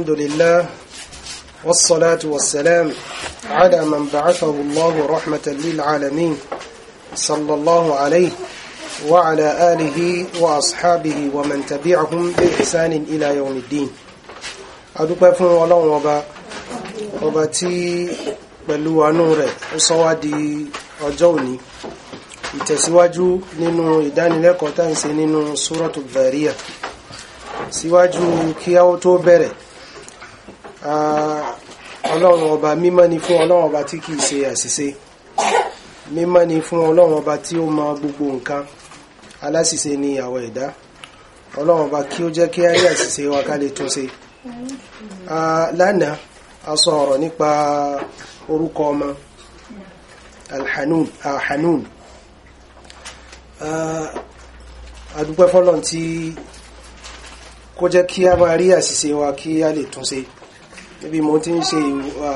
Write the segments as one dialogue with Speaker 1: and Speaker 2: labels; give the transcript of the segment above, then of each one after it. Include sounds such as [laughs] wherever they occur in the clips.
Speaker 1: الحمد لله والصلاة والسلام على من بعثه الله رحمة للعالمين صلى الله عليه وعلى آله وأصحابه ومن تبعهم بإحسان إلى يوم الدين أدوك فون والله وبا وبا تي بلو ونور وصوادي وجوني ìtẹ̀síwájú nínú ìdánilẹ́kọ̀ọ́ tá ń ṣe nínú súrọ̀tù Dhariyah kí a ó tó bẹ̀rẹ̀ Ah, ọlọ́run ọba mímọ́ ni fún ọlọ́run ọba tí kìí ṣe àṣìṣe mímọ́ ni fún ọlọ́run ọba tí ó mọ gbogbo nǹkan aláṣìṣe ni àwọn ẹ̀dá ọlọ́run ọba kí ó jẹ́ kí ayé àṣìṣe wa ká lè tún ṣe ah, lánàá a sọ ọ̀rọ̀ nípa orúkọ ọmọ alhanun alhanun adúpẹ́ ah, fọ́lọ́n tí kó jẹ́ kí a máa rí àṣìṣe wa kí a lè tún níbi mo ti ń ṣe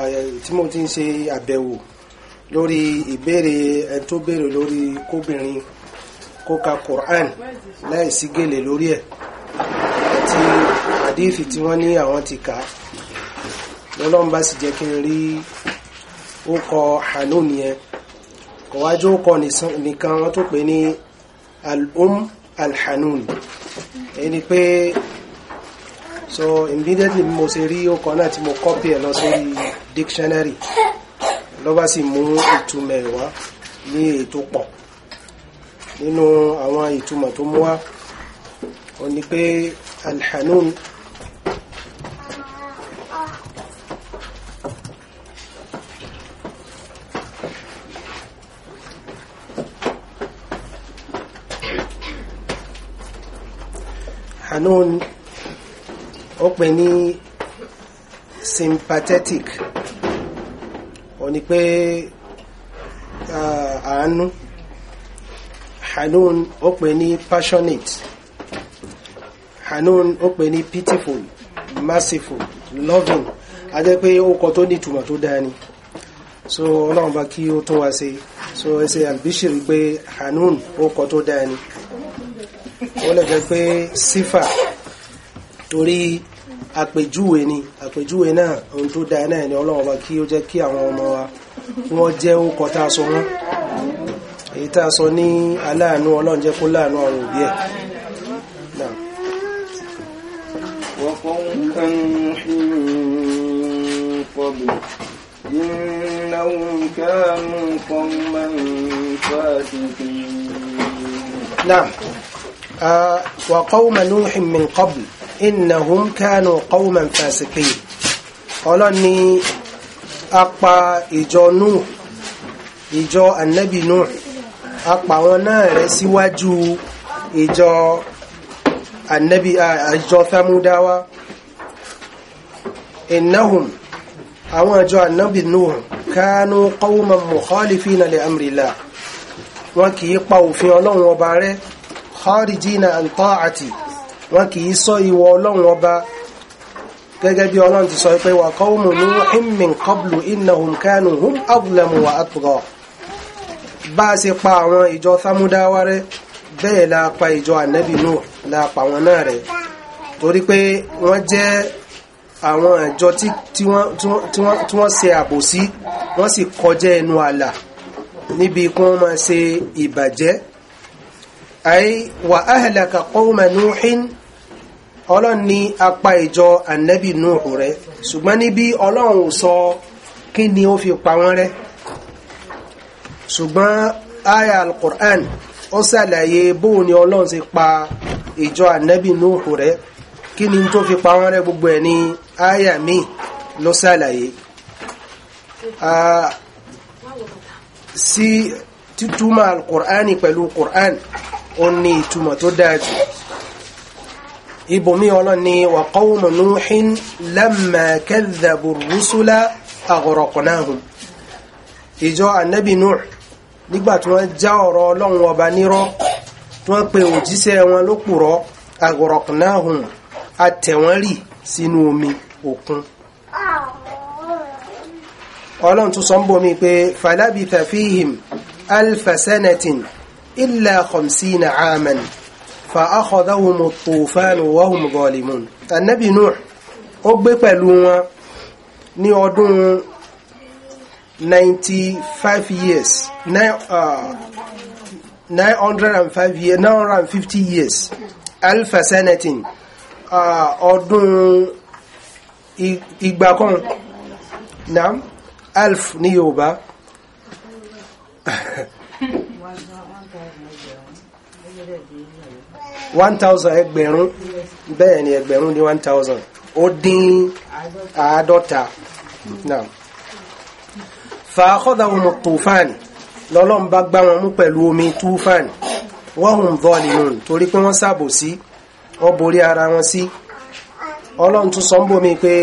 Speaker 1: eh, tí mo ti ń ṣe àbẹ̀wò lórí ìbéèrè ẹni tó béèrè lórí kóbìnrin kó ka Quran láìsí gèlè lórí ẹ̀ àti àdífì tí wọ́n ní àwọn ti kà á lọ́lọ́run bá sì jẹ́ kí n rí ó kọ Hanun yẹn kò nìkan wọ́n tó pè ní al-um al ẹni pé so immediately mo ṣe rí ọkọ̀ náà tí mo copy ẹ̀ lọ sórí dictionary ló bá sì mú ìtumọ̀ ẹ̀ wá ní ètò pọ̀ nínú àwọn ìtumọ̀ tó mú wá ó ní pé alhanun hanun ó pè ní sympathetic ó ní pé àánú hanun ó pè ní passionate hanun ó pè ní pitiful merciful loving a jẹ́ pé ó kọ tó ní ìtumọ̀ tó dáa ni so ọlọ́run bá kí ó tún wá ṣe so ẹsẹ̀ albishir pé hanun ó kọ tó dáa ni ó lè jẹ́ pé sífà torí àpèjúwe ni àpèjúwe náà ohun tó dáa náà ni ọlọ́run ọba kí ó jẹ́ kí àwọn ọmọ wa kí wọ́n jẹ́ ókọ tá a sọ wọ́n èyí tá a sọ ní aláàánú ọlọ́run jẹ́ kó láàánú àwọn òbí ẹ̀ Naam, wa qawma Nuhin min qabl innahum kanu qawman fasiqin ọlọ́run ní apá ìjọ Nuh ìjọ annabi Nuh apá wọn náà rẹ̀ síwájú ìjọ annabi àjọ thamudawa innahum àwọn àjọ annabi Nuh kanu qawman mukhalifina li amrillah wọn kìí pa òfin ọlọ́run ọba rẹ̀ kharijina an ta'ati wọn kì í sọ ìwọ ọlọ́run ọba gẹ́gẹ́ bí ọlọ́run ti sọ pé wà qawmu Nuhin min qablu innahum kanu hum azlamu wa atgha bá a ṣe pa àwọn ìjọ sámúdáwá rẹ bẹ́ẹ̀ la pa ìjọ ànábì Nuh la pa wọn náà rẹ torí pé wọ́n jẹ́ àwọn ìjọ tí wọ́n ṣe àbòsí wọ́n sì kọjá ẹnu àlà níbi kí wọ́n máa ṣe ìbàjẹ́ ay wa ahlaka qawma Nuhin ọlọ́run ní apá ìjọ ànábì Nuhu rẹ ṣùgbọ́n níbi ọlọ́run ò sọ kí ni ó fi pa wọ́n rẹ́ ṣùgbọ́n aya al-Qur'an ó ṣàlàyé bóun ni ọlọ́run ṣe pa ìjọ ànábì Nuhu rẹ kí ni tó fi pa wọ́n rẹ́ gbogbo ẹ̀ ní aya mi ló ṣàlàyé sí títúmọ̀ al pẹ̀lú Qur'an ó ní ìtumọ̀ tó dáa jù ibùmí ọlọ́ni wa qawmu nuhin lamma kadhabu rusula aghraqnahum ìjọ ànábì nuh nígbà tí wọ́n já ọ̀rọ̀ ọlọ́run ọba nírọ́ tí wọ́n pe òjíṣẹ́ wọn lópùrọ́ aghraqnahum àtẹ̀wọ́n rì sínú omi òkun ọlọ́run tún sọ ń bomi pé falabitha fihim alfa sanatin illa khamsina aman فأخذهم الطوفان وهم ظالمون النبي نوح ó gbé pẹ̀lú ọdún 95 years 9, 905 uh, years 950 years alfa sanatin uh, ọdún igba kan na alf ní Yorùbá
Speaker 2: [laughs]
Speaker 1: one thousand ẹgbẹ̀rún bẹ́ẹ̀ ni ẹgbẹ̀rún ní one thousand ó dín àádọ́ta náà fàákọ́dà wọn tùfáàní lọ́lọ́n bá gbá wọn mú pẹ̀lú omi tùfáàní wọ́n hùn zalimun torí pé wọ́n sàbò sí wọ́n borí ara wọn sí ọlọ́run tún sọ ń bómi pé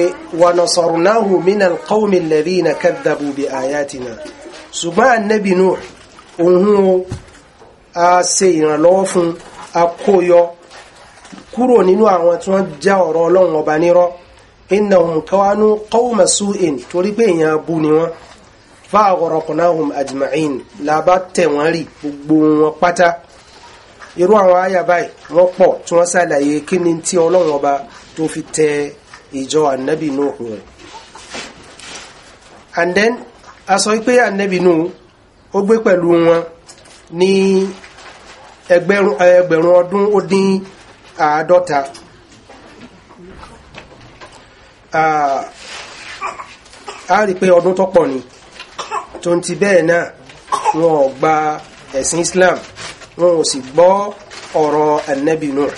Speaker 1: wa nasarnahu minal qawmi alladhina kadhabu bi ayatina ṣùgbọ́n ànẹ́bì òun a ṣe ìrànlọ́wọ́ fún un akóyọ kúrò nínú àwọn tí wọ́n já ọ̀rọ̀ ọlọ́run ọba nírọ́ innahum kawanu qawma su'in torí pé èèyàn abú ni wọ́n fa aghraqnahum ajma'in làbá tẹ̀ wọ́n rì gbogbo wọn pátá irú àwọn àyà báyìí wọ́n pọ̀ tí wọ́n ṣàlàyé kí ni tí ọlọ́run ọba tó fi tẹ ìjọ ànábì Nuhu rẹ̀ and then a sọ pé ànábì Nuhu ó gbé pẹ̀lú wọn ní Eh, ẹgbẹ̀rún ọdún ó dín àádọ́ta ah, a rí pé ọdún tó pọ̀ ni tó ń ti bẹ́ẹ̀ náà wọn ò gba ẹ̀sìn Islam wọn ò sì gbọ́ ọ̀rọ̀ Ànábì Nuh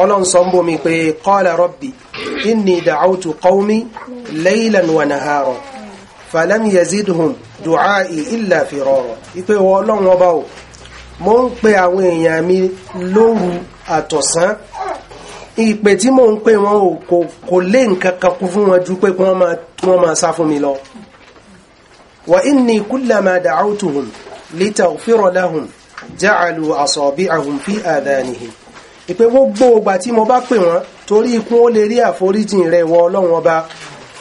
Speaker 1: ọlọ́run sọ ń bómi pé qala rabbi inni da'awtu qawmi laylan wa nahara falam yazidhum du'ai illa firara ipe ọlọ́run ọba o mo ń pe àwọn èèyàn mi lóru àtọ̀sán ìpè tí mò ń pè wọn ò kò kò lé nǹkan kan kú fún wọn ju pé kí wọ́n máa wọ́n máa sá fún mi lọ wa inni kullama da'awtuhum litaghfira lahum ja'alu asabi'ahum fi adanihim ìpè gbogbo ìgbà tí mo bá pè wọ́n torí ikú ó lè rí àforíjìn rẹ̀ wọ ọlọ́run ọba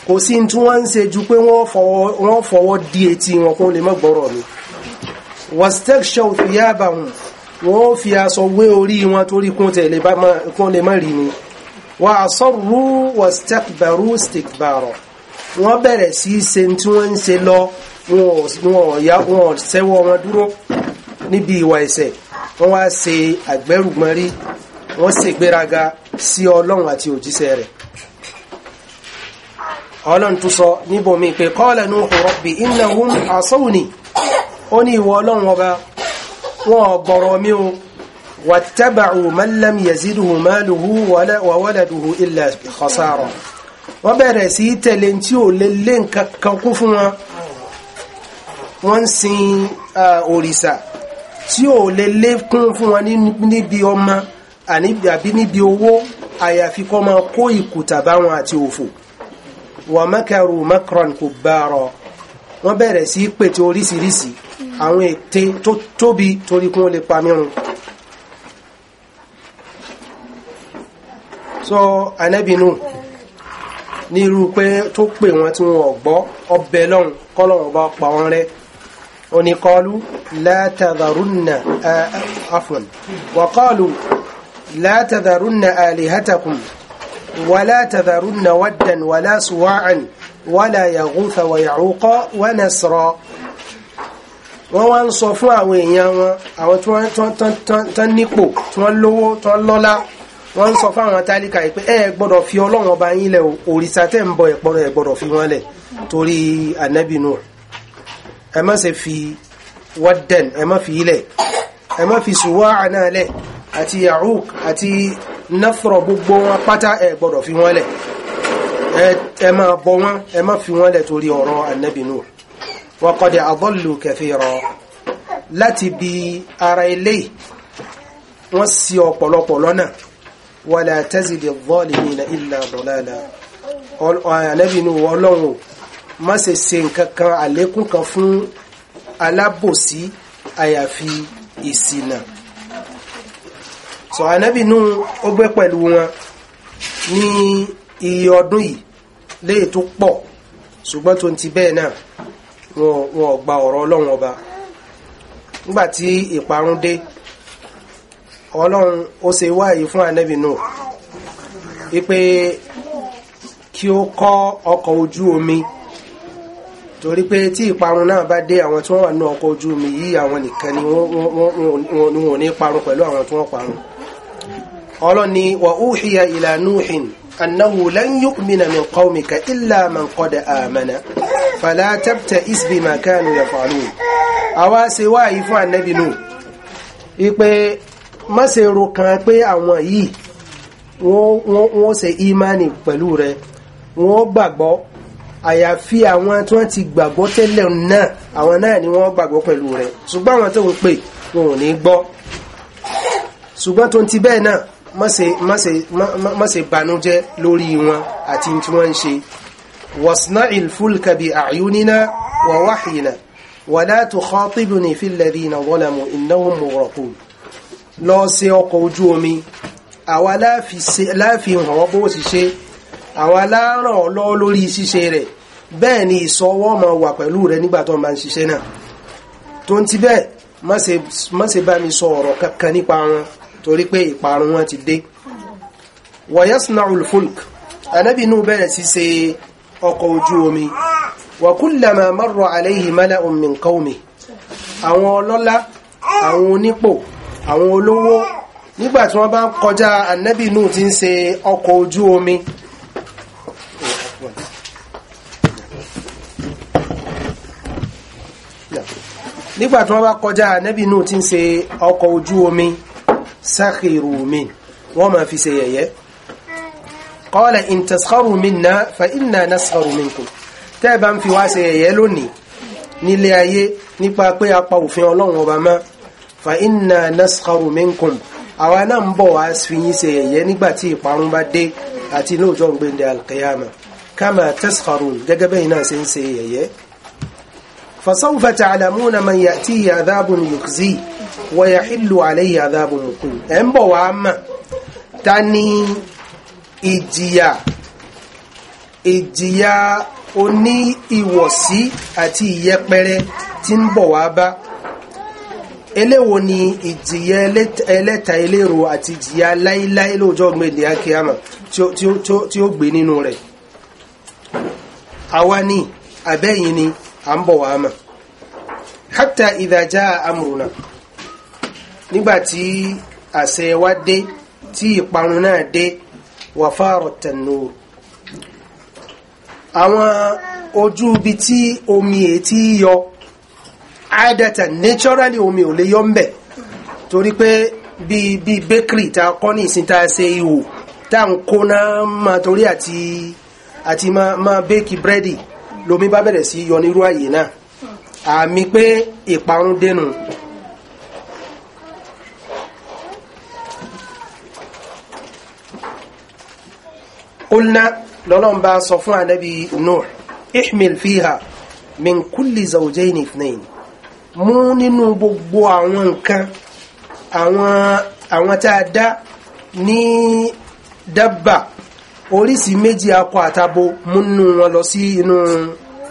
Speaker 1: kò sí tí wọ́n ń ṣe ju pé wọ́n fọwọ́ di etí wọn kó lè má gbọ́rọ̀ mi wastakshaw thiyabahum wọ́n fi aṣọ wé orí wọn torí kún tẹ̀lé kún lè má rí ni wa asarru wastakbaru istikbara wọ́n bẹ̀rẹ̀ sí ṣe tí wọ́n ń ṣe lọ wọn ò sẹ́wọ́ wọn dúró níbi ìwà ẹ̀ṣẹ̀ wọ́n wá ṣe àgbẹ́rùgbọ́n rí wọ́n ṣègbéraga sí ọlọ́run àti òjíṣẹ́ rẹ̀ ọlọ́run tún sọ níbòmí pé qala Nuhu rabbi innahum asawni ó ní ìwọ ọlọ́run ọba wọn ọ̀gbọ̀rọ̀ mi o wattaba'u man lam yaziduhu maluhu wa waladuhu illa khasara wọ́n bẹ̀rẹ̀ sí tẹ̀lé tí ò lè lé nǹkan kan kún fún wọn wọ́n ń sin òrìṣà tí ò lè lé kún fún wọn níbi ọmọ àbí níbi owó àyàfi kọ́ máa kó ìkùtà bá wọn àti òfò wa makaru makran kubbara wọ́n bẹ̀rẹ̀ sí pètè oríṣiríṣi àwọn ète tó tóbi torí kún lè pa mírun so anẹ́bìnú ní irú pé tó pè wọn tí wọn gbọ́ ọbẹ̀ lọ́run kọ́lọ́run bá pa wọn rẹ́ oni kọlu látàdàrúnà afọn wà látàdàrúnà àlìhátàkùn wà látàdàrúnà wàdàn wà lásùwáàn wà láyàgúta wà yàúkọ wà nasrọ wọ́n wá ń sọ fún àwọn èèyàn wọn àwọn tí wọ́n tán nípò tí wọ́n lówó tí wọ́n lọ́lá wọ́n ń sọ fún àwọn tálíkà yìí pé ẹ gbọ́dọ̀ fi ọlọ́run ọba yín lẹ̀ òrìṣà tẹ́ ń bọ ẹ̀pọ̀rọ̀ ẹ gbọ́dọ̀ fi wọ́n lẹ̀ torí ànábì nù ẹ má ṣe fi wọ́dẹ̀n ẹ má fi ilẹ̀ ẹ má fi sùwọ́ àná lẹ̀ àti yahook àti nafrọ̀ gbogbo wọn pátá ẹ gbọ́dọ̀ fi wọ́n lẹ̀ ẹ má bọ wọn ẹ má fi wọ́n lẹ̀ torí ọ̀rọ̀ ànábì nù wa qad adallu kathira láti bi ara ilé wọ́n ṣì ọ̀pọ̀lọpọ̀ lọ́nà wala tazidi adh-dhalimina illa dalala ànábìnú ọlọ́run má ṣe ṣe nǹkan kan àlékún kan fún alábòsí àyàfi ìṣìnà so ànábìnú ó gbé pẹ̀lú wọn ní iye ọdún yìí léè tó pọ̀ ṣùgbọ́n tó ti bẹ́ẹ̀ náà wọn ò gba ọ̀rọ̀ ọlọ́run ọba nígbà tí ìparun dé ọlọ́run ó ṣe wáyé fún ànábì nù wípé kí ó kọ́ ọkọ̀ ojú omi torí pé tí ìparun náà bá dé àwọn tí wọ́n wà ní ọkọ̀ ojú omi yìí àwọn nìkan ni wọ́n ní parun pẹ̀lú àwọn tí wọ́n parun ọlọ́ni wa uhiya ila nuhin أنه لن يؤمن من قومك إلا من قد آمن فلا تبتئس بما كانوا يفعلون àwa ṣe wáyìí fún ànábì nù ipe má ṣe ro kan pé àwọn yìí wọ́n ṣe ìmánì pẹ̀lú rẹ̀ wọ́n gbàgbọ́ àyàfi àwọn tí wọ́n ti gbàgbọ́ tẹ́lẹ̀ náà àwọn náà ni wọ́n gbàgbọ́ pẹ̀lú rẹ̀ ṣùgbọ́n àwọn tó ń pè wọn ò ní gbọ́ ṣùgbọ́n tó ń ti bẹ́ẹ̀ náà má ṣe banújẹ́ lórí wọn àti tí wọ́n ń ṣe wasna'il fulka bi a'yunina wa wahyina wa la tukhatibni fil ladhina zalamu innahum mughraqun lọ ṣe ọkọ̀ ojú omi àwa láàfihàn ọbó òṣìṣẹ́ àwa láàrán ọlọ́ lórí ṣíṣe rẹ̀ bẹ́ẹ̀ ni ìsọwọ́ ma wà pẹ̀lú rẹ̀ nígbà tó ma ń ṣiṣẹ́ náà torí pé ìparun wọn ti dé wayasna'ul fulk anábì inú bẹ̀rẹ̀ sí ṣe ọkọ̀ ojú omi wa kullama marra alayhi mala'un min qawmi àwọn ọlọ́lá àwọn onípò àwọn olówó nígbàtí wọ́n bá ń kọjá anábì inú ti ń ṣe ọkọ̀ ojú omi nígbàtí wọ́n bá kọjá anábì inú ti ń ṣe ọkọ̀ ojú omi sakhiru min wọ́n máa fi ṣe yẹ̀yẹ́ qala in taskharu minna fa inna naskharu minkum tẹ́ ẹ bá ń fi wá ṣe yẹ̀yẹ́ lónìí nílé ayé nípa pé a pa òfin ọlọ́run ọba mọ́ fa inna naskharu minkum àwa náà ń bọ̀ wá fi yín ṣe yẹ̀yẹ́ nígbà tí ìparun bá dé àti lóòjọ́ gbẹ̀ndẹ̀ alqiyama kama taskharun gẹ́gẹ́ bẹ́yìn náà ṣe ń ṣe yẹ̀yẹ́ فسوف تعلمون من يأتيه عذاب يخزي ويحل عليه عذاب مقيم ẹ̀ ń bọ̀ wá mọ̀ ta ni ìjìyà ìjìyà oní ìwọ̀sí àti ìyẹpẹrẹ tí ń bọ̀ wá bá eléwo ni ìjìyà ẹlẹ́ta eléro àti ìjìyà láíláí lóòjọ́ gbẹ̀lẹ̀ akíyàmà tí ó gbé ni àbẹ́yìn à ń bọ̀ wá mà hátà ìdájá amúrùnà nígbàtí àṣẹ wa dé tí ìparun náà dé wà fáàrọ̀ tẹ̀nù àwọn ojú ibi tí omi ètí yọ àádẹ́ta naturally omi ò lè yọ ń bẹ̀ torí pé bí bí bakery ta kọ́ ní ìsìn ta ṣe ihò tá à ń kóná máa torí àti àti bake búrẹ́dì lomi bá bẹ̀rẹ̀ sí yọ nírú àyè náà àmì pé ìparun dẹnu qulna lọ́lọ́n bá sọ fún ànábì Nuh ihmil fiha min kulli zawjayn ithnayn mú nínú gbogbo àwọn nǹkan àwọn àwọn tá a dá ní dábàá oríṣi méjì akọ àtabo múnú wọn lọ sí inú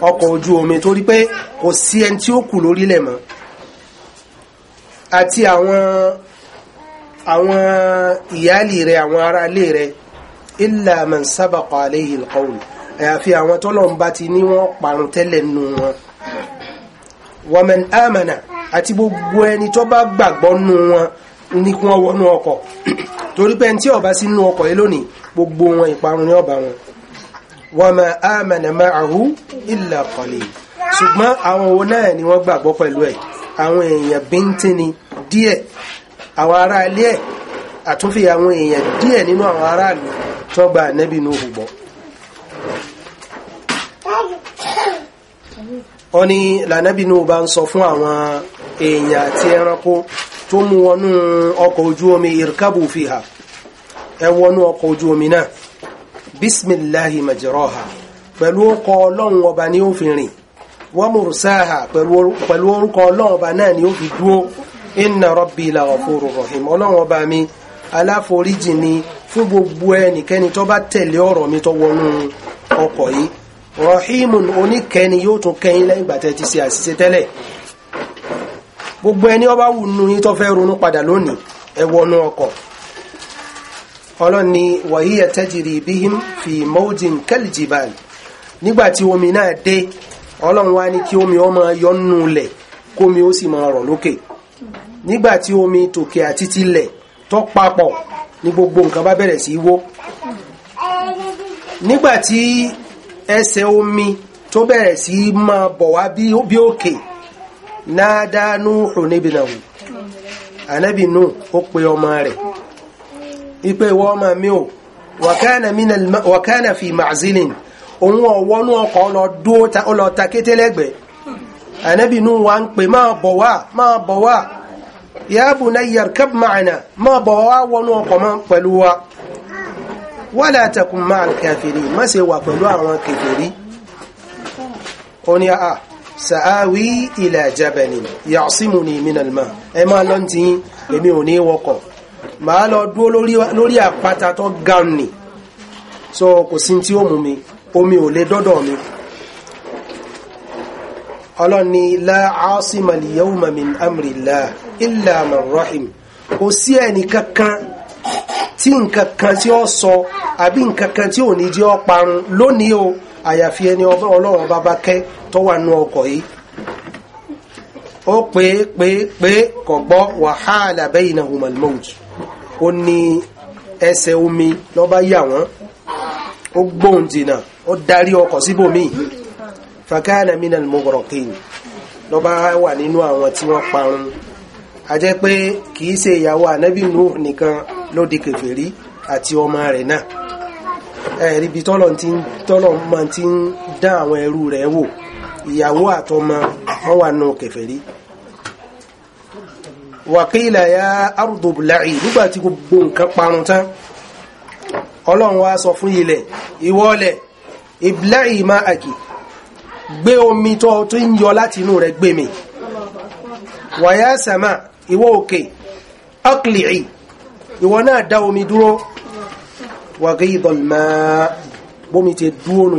Speaker 1: ọkọ̀ ojú omi torí pé kò sí ẹni tí ó kù lórílẹ̀ mọ́ àti àwọn àwọn ìyáàlì rẹ̀ àwọn aráalé rẹ̀ illa man sabaqa alayhi alqawl àyàfi àwọn tọ́lọ́run bá ti ní wọ́n parun tẹ́lẹ̀ nù wọn wa man àti gbogbo ẹni tó bá gbàgbọ́ nù wọn ní kí wọ́n wọnú ọkọ̀ torí pé ẹni tí ó sí nínú ọkọ̀ yìí lónìí gbogbo wọn ìparun ní ọba wọn wa ma amana ma'ahu illa qalil ṣùgbọ́n àwọn owó náà ni wọ́n gbàgbọ́ pẹ̀lú ẹ̀ àwọn èèyàn bíntín ni díẹ̀ àwọn ará ilé ẹ̀ àtúnfi àwọn èèyàn díẹ̀ nínú àwọn aráàlú tó gba ànẹ́bì ní òhùgbọ́ ó ní lànẹ́bì ní òbá ń sọ fún àwọn èèyàn àti ẹranko tó mú wọnú ọkọ̀ ojú omi irkabu fiha ẹ wọnú ọkọ̀ ojú omi náà bisimilahi majoroha pẹ̀lú ọkọ̀ ọlọ́run ọba ni ó fi rìn wọ́n mùrùsáhà pẹ̀lú orúkọ ọlọ́run ọba náà ni ó fi dúó inna rabbi la ghafuru rahim ọlọ́run ọba mi aláforíjì ni fún gbogbo ẹnikẹ́ni tó bá tẹ̀lé ọ̀rọ̀ mi tó wọnú ọkọ̀ yìí rahimun oníkẹ́ni yóò tún kẹ́yìn lẹ́yìn ìgbà tẹ́ ti ṣe àṣìṣe tẹ́lẹ̀ gbogbo ẹni ó wù nínú yín tó fẹ́ ronú padà lónìí ẹ wọnú ọkọ̀ ọlọ́run ni wàhíyà tajiri bíhìm fi mọ́ọ̀dìn kẹ́lìjìbàn nígbàtí omi náà dé ọlọ́run wá ní kí omi ọmọ máa yọnú kó kómi ó sì máa rọ̀ lókè nígbàtí omi tòkè àti tilẹ̀ tó papọ̀ ní gbogbo nǹkan bá bẹ̀rẹ̀ sí wó nígbàtí ẹsẹ̀ omi tó bẹ̀rẹ̀ sí máa bọ̀ wá bí òkè náà ó pe ọmọ rẹ̀ ipe ìwọ ọmọ mi ò wàkánà fi ma'zilin òun ọ̀wọ́nú ọkọ̀ ọlọ́ta kété lẹ́gbẹ̀ẹ́ ànábìnú wa ń pè máa bọ̀ wá máa bọ̀ wá ya bunayya arkab ma'ana máa bọ̀ wá wọnú ọkọ̀ pẹ̀lú wa wala takun ma'al kafirin má ṣe wà pẹ̀lú àwọn kèfèrí ó ní àà sa'awi ila jabalin ya'simuni minal ma ẹ máa lọ́ntí èmi ò ní wọkọ̀ màá lọ dúró lórí àpáta tó gaun ni so kò sí tí ó mú mi omi ò lè dọ́dọ̀ mi ọlọ́ni la asima al-yawma min amrillah illa man rahim kò sí ẹni kankan tí nkankan tí ó sọ àbí nkankan tí ò ní jẹ́ ó parun lónìí o àyàfi ẹni ọlọ́run bàbá kẹ́ tó wà nú ọkọ̀ yìí ó pé pé pé kò gbọ́ wa hala baynahuma ó ní ẹsẹ̀ omi ló bá yà wọ́n ó gbóhùn dìnà ó darí ọkọ̀ síbòmíì fakana minal mughraqin ló bá wà nínú àwọn tí wọ́n parun a jẹ́ pé kìí ṣe ìyàwó ànábì Nuh nìkan ló di kèfèrí àti ọmọ rẹ̀ náà ẹ̀ríbi tọ́lọ̀ máa ti ń dá àwọn ẹrú rẹ̀ wò ìyàwó àtọmọ wọn wà nù kèfèrí wàkílà ya ardu bla'i nígbà tí gbogbo nǹkan parun tán ọlọ́run wá sọ fún ilẹ̀ ìwọ́lẹ̀ ibla'i ma àkì gbé omi tó tó ń yọ láti inú rẹ̀ gbé mi wàyá sàmà ìwọ òkè akli'i ìwọ náà dá omi dúró wàgídọ̀ máa ti dúró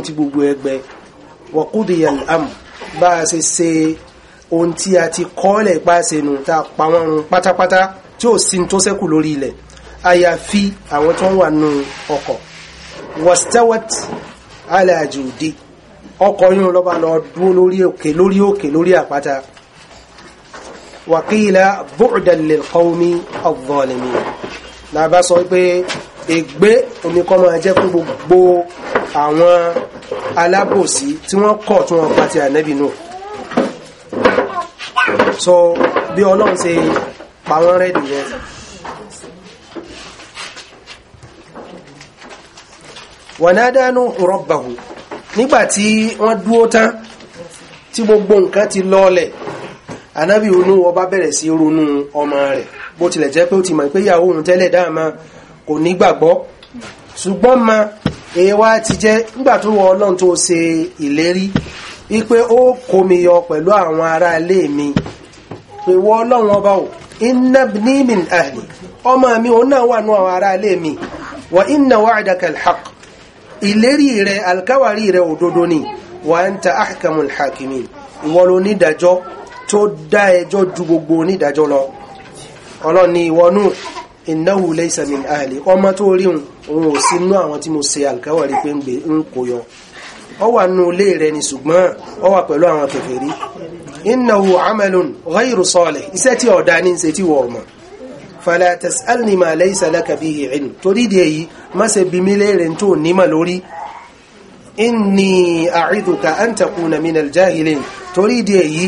Speaker 1: ohun tí a ti kọ́lẹ̀ ipáṣẹ nù tá a pa wọ́n run pátápátá tí ò sí tó ṣẹ́kù lórí ilẹ̀ àyàfi àwọn tó ń wà nù ọkọ̀ wastawat ala judi ọkọ̀ yìí lọ́ba lọ dúró lórí òkè lórí òkè lórí àpáta wàkílà bu'dan lil qawmi adh-dhalimin làbá sọ pé ègbé omi kọ́ máa jẹ́ fún gbogbo àwọn alábòsí tí wọ́n kọ̀ tí wọ́n pa ti ànẹ́bì náà sọ bí ọlọ́run ṣe pa wọ́n rẹ̀ nìyẹn wọ̀nádánú rọ́bàhù nígbàtí wọ́n dúó tán tí gbogbo nǹkan ti lọ́ọ̀lẹ̀ anábì onú ọba bẹ̀rẹ̀ sí ronú ọmọ rẹ̀ bó tilẹ̀ jẹ́ pé ó ti mọ̀ pé ìyàwó òun tẹ́lẹ̀ dáàmà kò nígbàgbọ́ ṣùgbọ́n ma èèwà wọ ọlọ́run tó ṣe ìlérí wípé ó yọ pẹ̀lú àwọn ará ilé mi pé wọ́n ọlọ́run ọba ò inna ibni min ahli ọmọ mi òun náà wà nú àwọn ará ilé mi wa inna wa'daka alhaq ìlérí rẹ alkawari rẹ òdodo ni wa anta ahkamul hakimin ìwọ ló nídàjọ́ tó dá ẹjọ́ ju gbogbo onídàjọ́ lọ ọlọ́run ni ìwọ nù innahu laysa min ahli ọmọ tó rí òun ò sí nú àwọn tí mo ṣe alkawari pé ń kò yọ ọ wà nú ilé rẹ ni ṣùgbọ́n ọ wà pẹ̀lú àwọn kèfèrí innahu amalun ghayru salih iṣẹ́ tí ọ̀dá ní ṣe tí wọ̀rùmọ̀ fala tas'alni ma laysa laka bihi ilm torí di èyí má ṣe bí mi léèrè tó nímọ̀ lórí inni a'idhuka an takuna min al-jahilin torí di èyí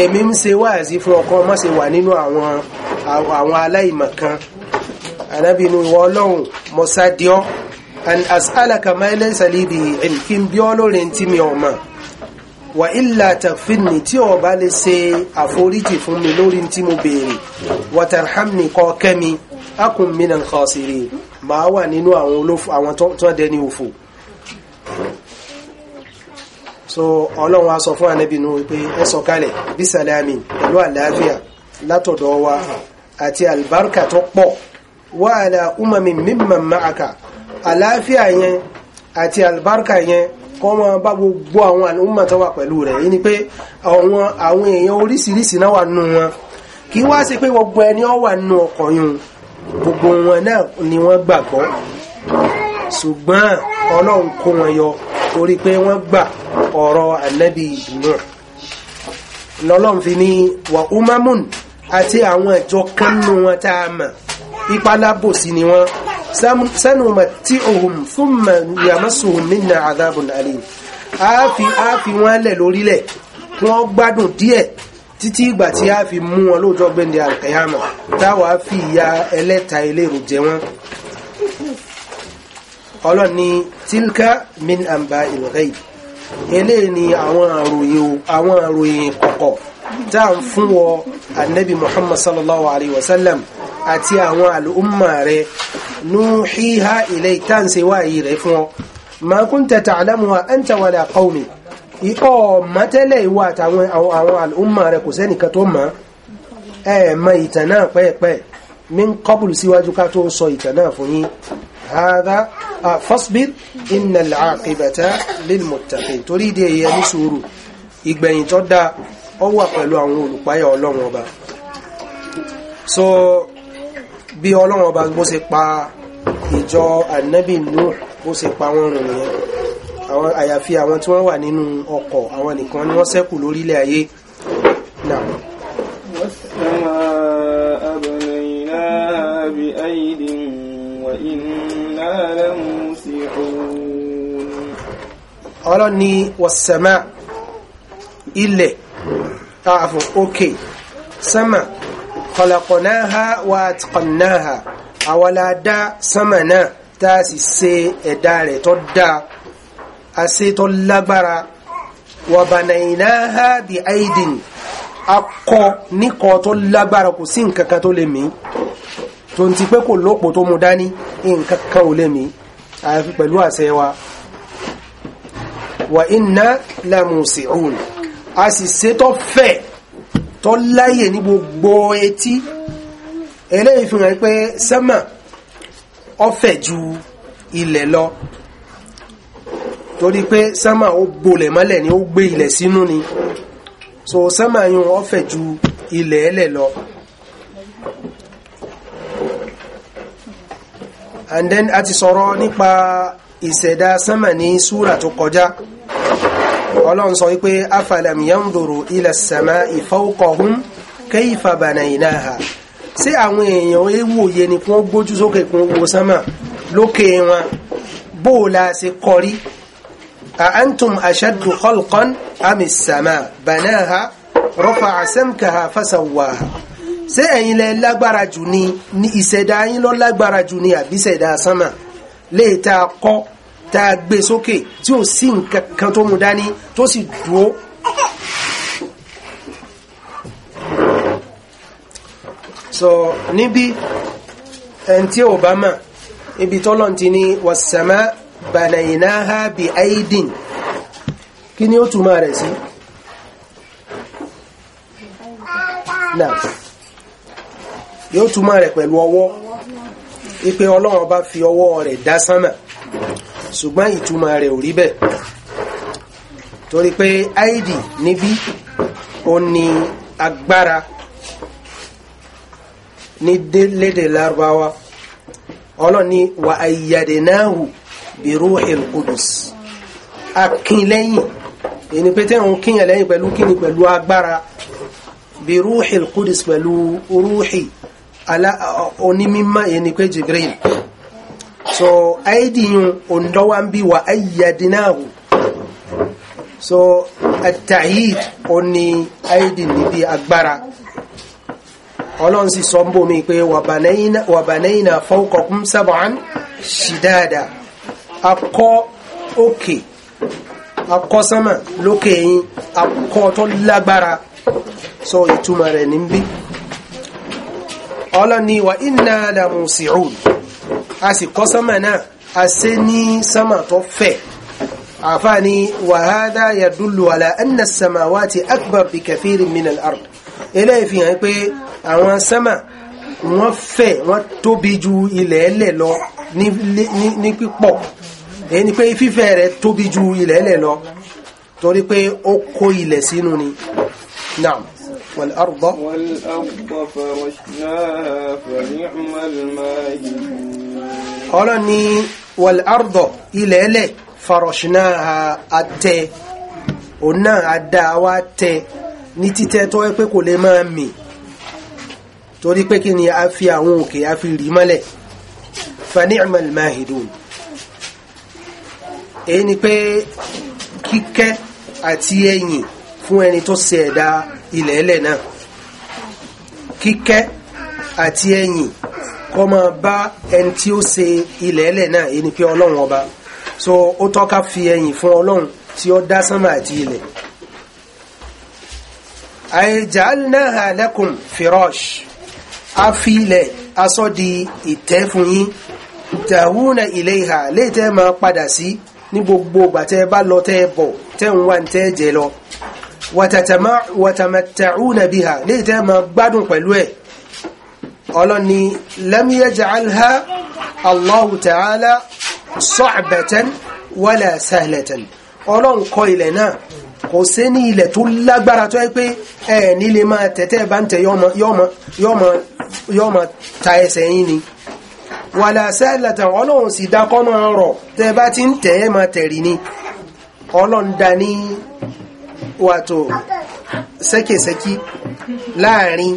Speaker 1: èmi ń ṣe wáàzí fún ọkọ má ṣe wà nínú àwọn àwọn aláìmọ̀kan anábìnú ìwọ ọlọ́run mọ̀sádìọ́ an as'alaka ma laysa li bihi ilm kí n bí ọlọ́rin tí mi ọmọ wà ilà tàfínì tí o bá lè ṣe àforíjì fún mi lórí tí mo béèrè wàtàrhámnì kọ kẹ́mi akùn mìíràn kọ́sìrì màá wà nínú àwọn tó dẹni òfò so ọlọ́run a sọ fún ànábì Nuhu pé ẹ sọ̀kalẹ̀ bí sàlámì pẹ̀lú àlàáfíà látọ̀dọ̀ wa àti àlùbáríkà tó pọ̀ wà àlà umami mímọ̀ máa kà àlàáfíà yẹn àti àlùbáríkà yẹn kọ́ ma bá gbogbo àwọn àlùmọ̀ tó wà pẹ̀lú rẹ̀ yìí ni pé àwọn àwọn èèyàn oríṣiríṣi náà wà nù wọn kì í wá sí pé gbogbo ẹni ọ wà nù ọkọ̀ yun gbogbo wọn náà ni wọ́n gbàgbọ́ ṣùgbọ́n ọlọ́run kó wọn yọ torí pé wọ́n gbà ọ̀rọ̀ ànábì Nuh lọ́lọ́run fi ní wà umamun àti àwọn ìjọ kan nù wọn tá a mọ̀ ìpalábòsí ni wọ́n سنمتعهم ثم يمسهم منا عذاب أليم a fi a fi wọ́n lẹ̀ lórílẹ̀ kí wọ́n gbádùn díẹ̀ títí ìgbà tí a fi mú wọn lóòjọ́ gbẹ̀ndẹ̀ àkẹyàmọ̀ táwa fi ìyà ẹlẹ́ta eléèrò jẹ wọ́n ọlọ́ni tilka min amba ilghaib eléyìí ni àwọn àròyìn àwọn àròyìn kọ̀kọ̀ tá à ń fún wọ anabi muhammad sallallahu alayhi wa sallam àti àwọn àlùmọ̀ rẹ̀ nuhiha ilayka tàǹsì wáyé rẹ̀ fún ọ ma kunta ta'lamuha anta wala qaumi ikọ̀ mọ́tẹ́lẹ̀ ìwà àtàwọn àwọn àlùmọ̀ rẹ̀ kò sẹ́nìkan tó mọ̀ ẹ̀ mọ ìtàn náà pẹ́ẹ̀pẹ́ min qablu síwájú ká tó sọ ìtàn náà fún yín hadha fasbir innal aqibata lil muttaqin torí ìdí èyí ẹni sùúrù ìgbẹ̀yìn tó dáa ọ wà pẹ̀lú àwọn olùpáyà ọlọ́run ọba so bí ọlọ́run ọba bó ṣe pa ìjọ ànábì Nuh bó ṣe pa wọ́n rùn nìyẹn àwọn àyàfi àwọn tí wọ́n wà nínú ọkọ̀ àwọn nìkan ni wọ́n ṣẹ́kù lórílẹ̀ ayé náà. والسماء ni wàsàmà ilẹ̀ ààfò òkè sánmà khalaqnaha wa atqannaha àwa la dá sánmà náà tá a sì ṣe ẹ̀dá rẹ̀ tó dáa a ṣe tó lágbára wa banaynaha bi aidin akọ níkọ tó lágbára kò sí nǹkan tó lè mí tó ń ti pé kò lópò tó mu dání nǹkan ò lè mí àyàfi pẹ̀lú àṣẹ wa wa inna la a sì ṣe tó fẹ́ẹ̀ tó láyè ní gbogbo etí eléyìí fi hàn pé sẹ́mà ọ̀fẹ́ ju ilẹ̀ lọ torí pé sẹ́mà ó gbolẹ̀ mọ́lẹ̀ ni ó gbé ilẹ̀ sínú ni so sẹ́mà yun ọ̀fẹ́ ju ilẹ̀ ẹlẹ̀ lọ. and then a ti sọ̀rọ̀ nípa ìṣẹ̀dá sẹ́mà ní súrà tó kọjá ọlọ́run sọ wípé afalam yanduru ila as-sama'i fawqahum kayfa banaynaha ṣé àwọn èèyàn ewòye ni kí wọ́n gbójú sókè kí wọ́n wo sánmà lókè wọn bóòlà ṣe kọrí a antum ashaddu khalqan am as-sama' banaha rafa'a samkaha fasawwaha ṣé lágbára jù ni ìṣẹ̀dá yín lọ lágbára jù ni àbí ìṣẹ̀dá sánmà léè kọ́ tá a gbé sókè tí ò sí nǹkan kan tó mú dání tó sì dúró so níbi ẹni tí ò bá mọ̀ ibi tọ́lọ̀ ti ní wàsàmá bànàyìnáhà bí aidin kí ni ó túmọ̀ rẹ̀ sí náà yóò túmọ̀ rẹ̀ pẹ̀lú ọwọ́ ipe ọlọ́run bá fi ọwọ́ rẹ̀ dá sánmà ṣùgbọ́n ìtumọ̀ rẹ̀ ò rí bẹ́ẹ̀ torí pé áìdì níbí ó ní agbára ní lédè lárúbáwá ọlọ́ni wa ayyadnahu bi ruhil qudus akínlẹ́yìn ẹni pé tẹ́hùn kíyàn lẹ́yìn pẹ̀lú kíni pẹ̀lú agbára bi ruhil qudus pẹ̀lú rúhì onímímọ́ ẹni pé Jibril so aidiyun ondowanbi wa ayyadinahu so atahid oni aidi níbi agbára ọlọ́run sì sọ ń bò mí pé wa banayna fawqakum sab'an shidada akọ́ òkè akọ́ lókè yín akọ́ tó lágbára so ìtumọ̀ rẹ̀ níbi ọlọ́ni wa inna la a sì kọ́ sánmà náà a ṣe ní sánmà tó fẹ̀ àfáàní wa hadha yadullu ala anna as-samawati akbar bi kathirin min al-ard eléyìí fi hàn pé àwọn sánmà wọ́n fẹ̀ wọ́n tóbi ju ilẹ̀ ẹlẹ̀ lọ ní pípọ̀ èyí ni pé fífẹ̀ rẹ̀ tóbi ju ilẹ̀ ẹlẹ̀ lọ torí pé ó kó ilẹ̀ sínú ni naam wal-arda wal-arda farashnaha ọ̀rọ̀ ni wal ardo ilẹ̀ ẹlẹ̀ farọ̀ṣìnà àtẹ òun náà àdá wa tẹ ní títẹ́ tó yẹ pé kò lè máa mì torí pé kí ni a fi àwọn òkè a fi rì mọ́lẹ̀ fa ni'mal mahidun èyí ni pé kíkẹ́ àti ẹ̀yìn fún ẹni tó ṣe ẹ̀dá náà kíkẹ́ àti ẹ̀yìn kọ́ máa bá ẹni tí ó ṣe ilẹ̀ ẹlẹ̀ náà ẹni pé ọlọ́run ọba so ó tọ́ka fi ẹ̀yìn fún ọlọ́run tí ó dá sánmà àti ilẹ̀ àìjàlnáhà lakum firash a fi ilẹ̀ asọ́ di ìtẹ́ fún yín tàhúnà ilayha léètẹ́ máa padà sí ní gbogbo ìgbà bá lọ tẹ́ bọ̀ tẹ́ ń wá tẹ́ jẹ lọ wàtàtàmà wàtàmàtàhúnà biha léètẹ́ máa gbádùn pẹ̀lú ẹ̀ ọlọ́ni lam yaj'alha Allahu ta'ala sa'batan wala sahlatan ọlọ́run kọ ilẹ̀ náà kò sí ní ilẹ̀ tó lágbára tó yẹ pé ẹ̀ nílé máa tẹ̀tẹ̀ bá ń tẹ̀ yọ́mọ ta ẹsẹ̀ yín ni wàlá sahlatan ọlọ́run sì dákọ́ rọ̀ tẹ́ bá ti ń tẹ̀ ẹ́ máa tẹ̀rì ni ọlọ́run dá ní wàtò sẹ́kẹ̀sẹ́kí láàrin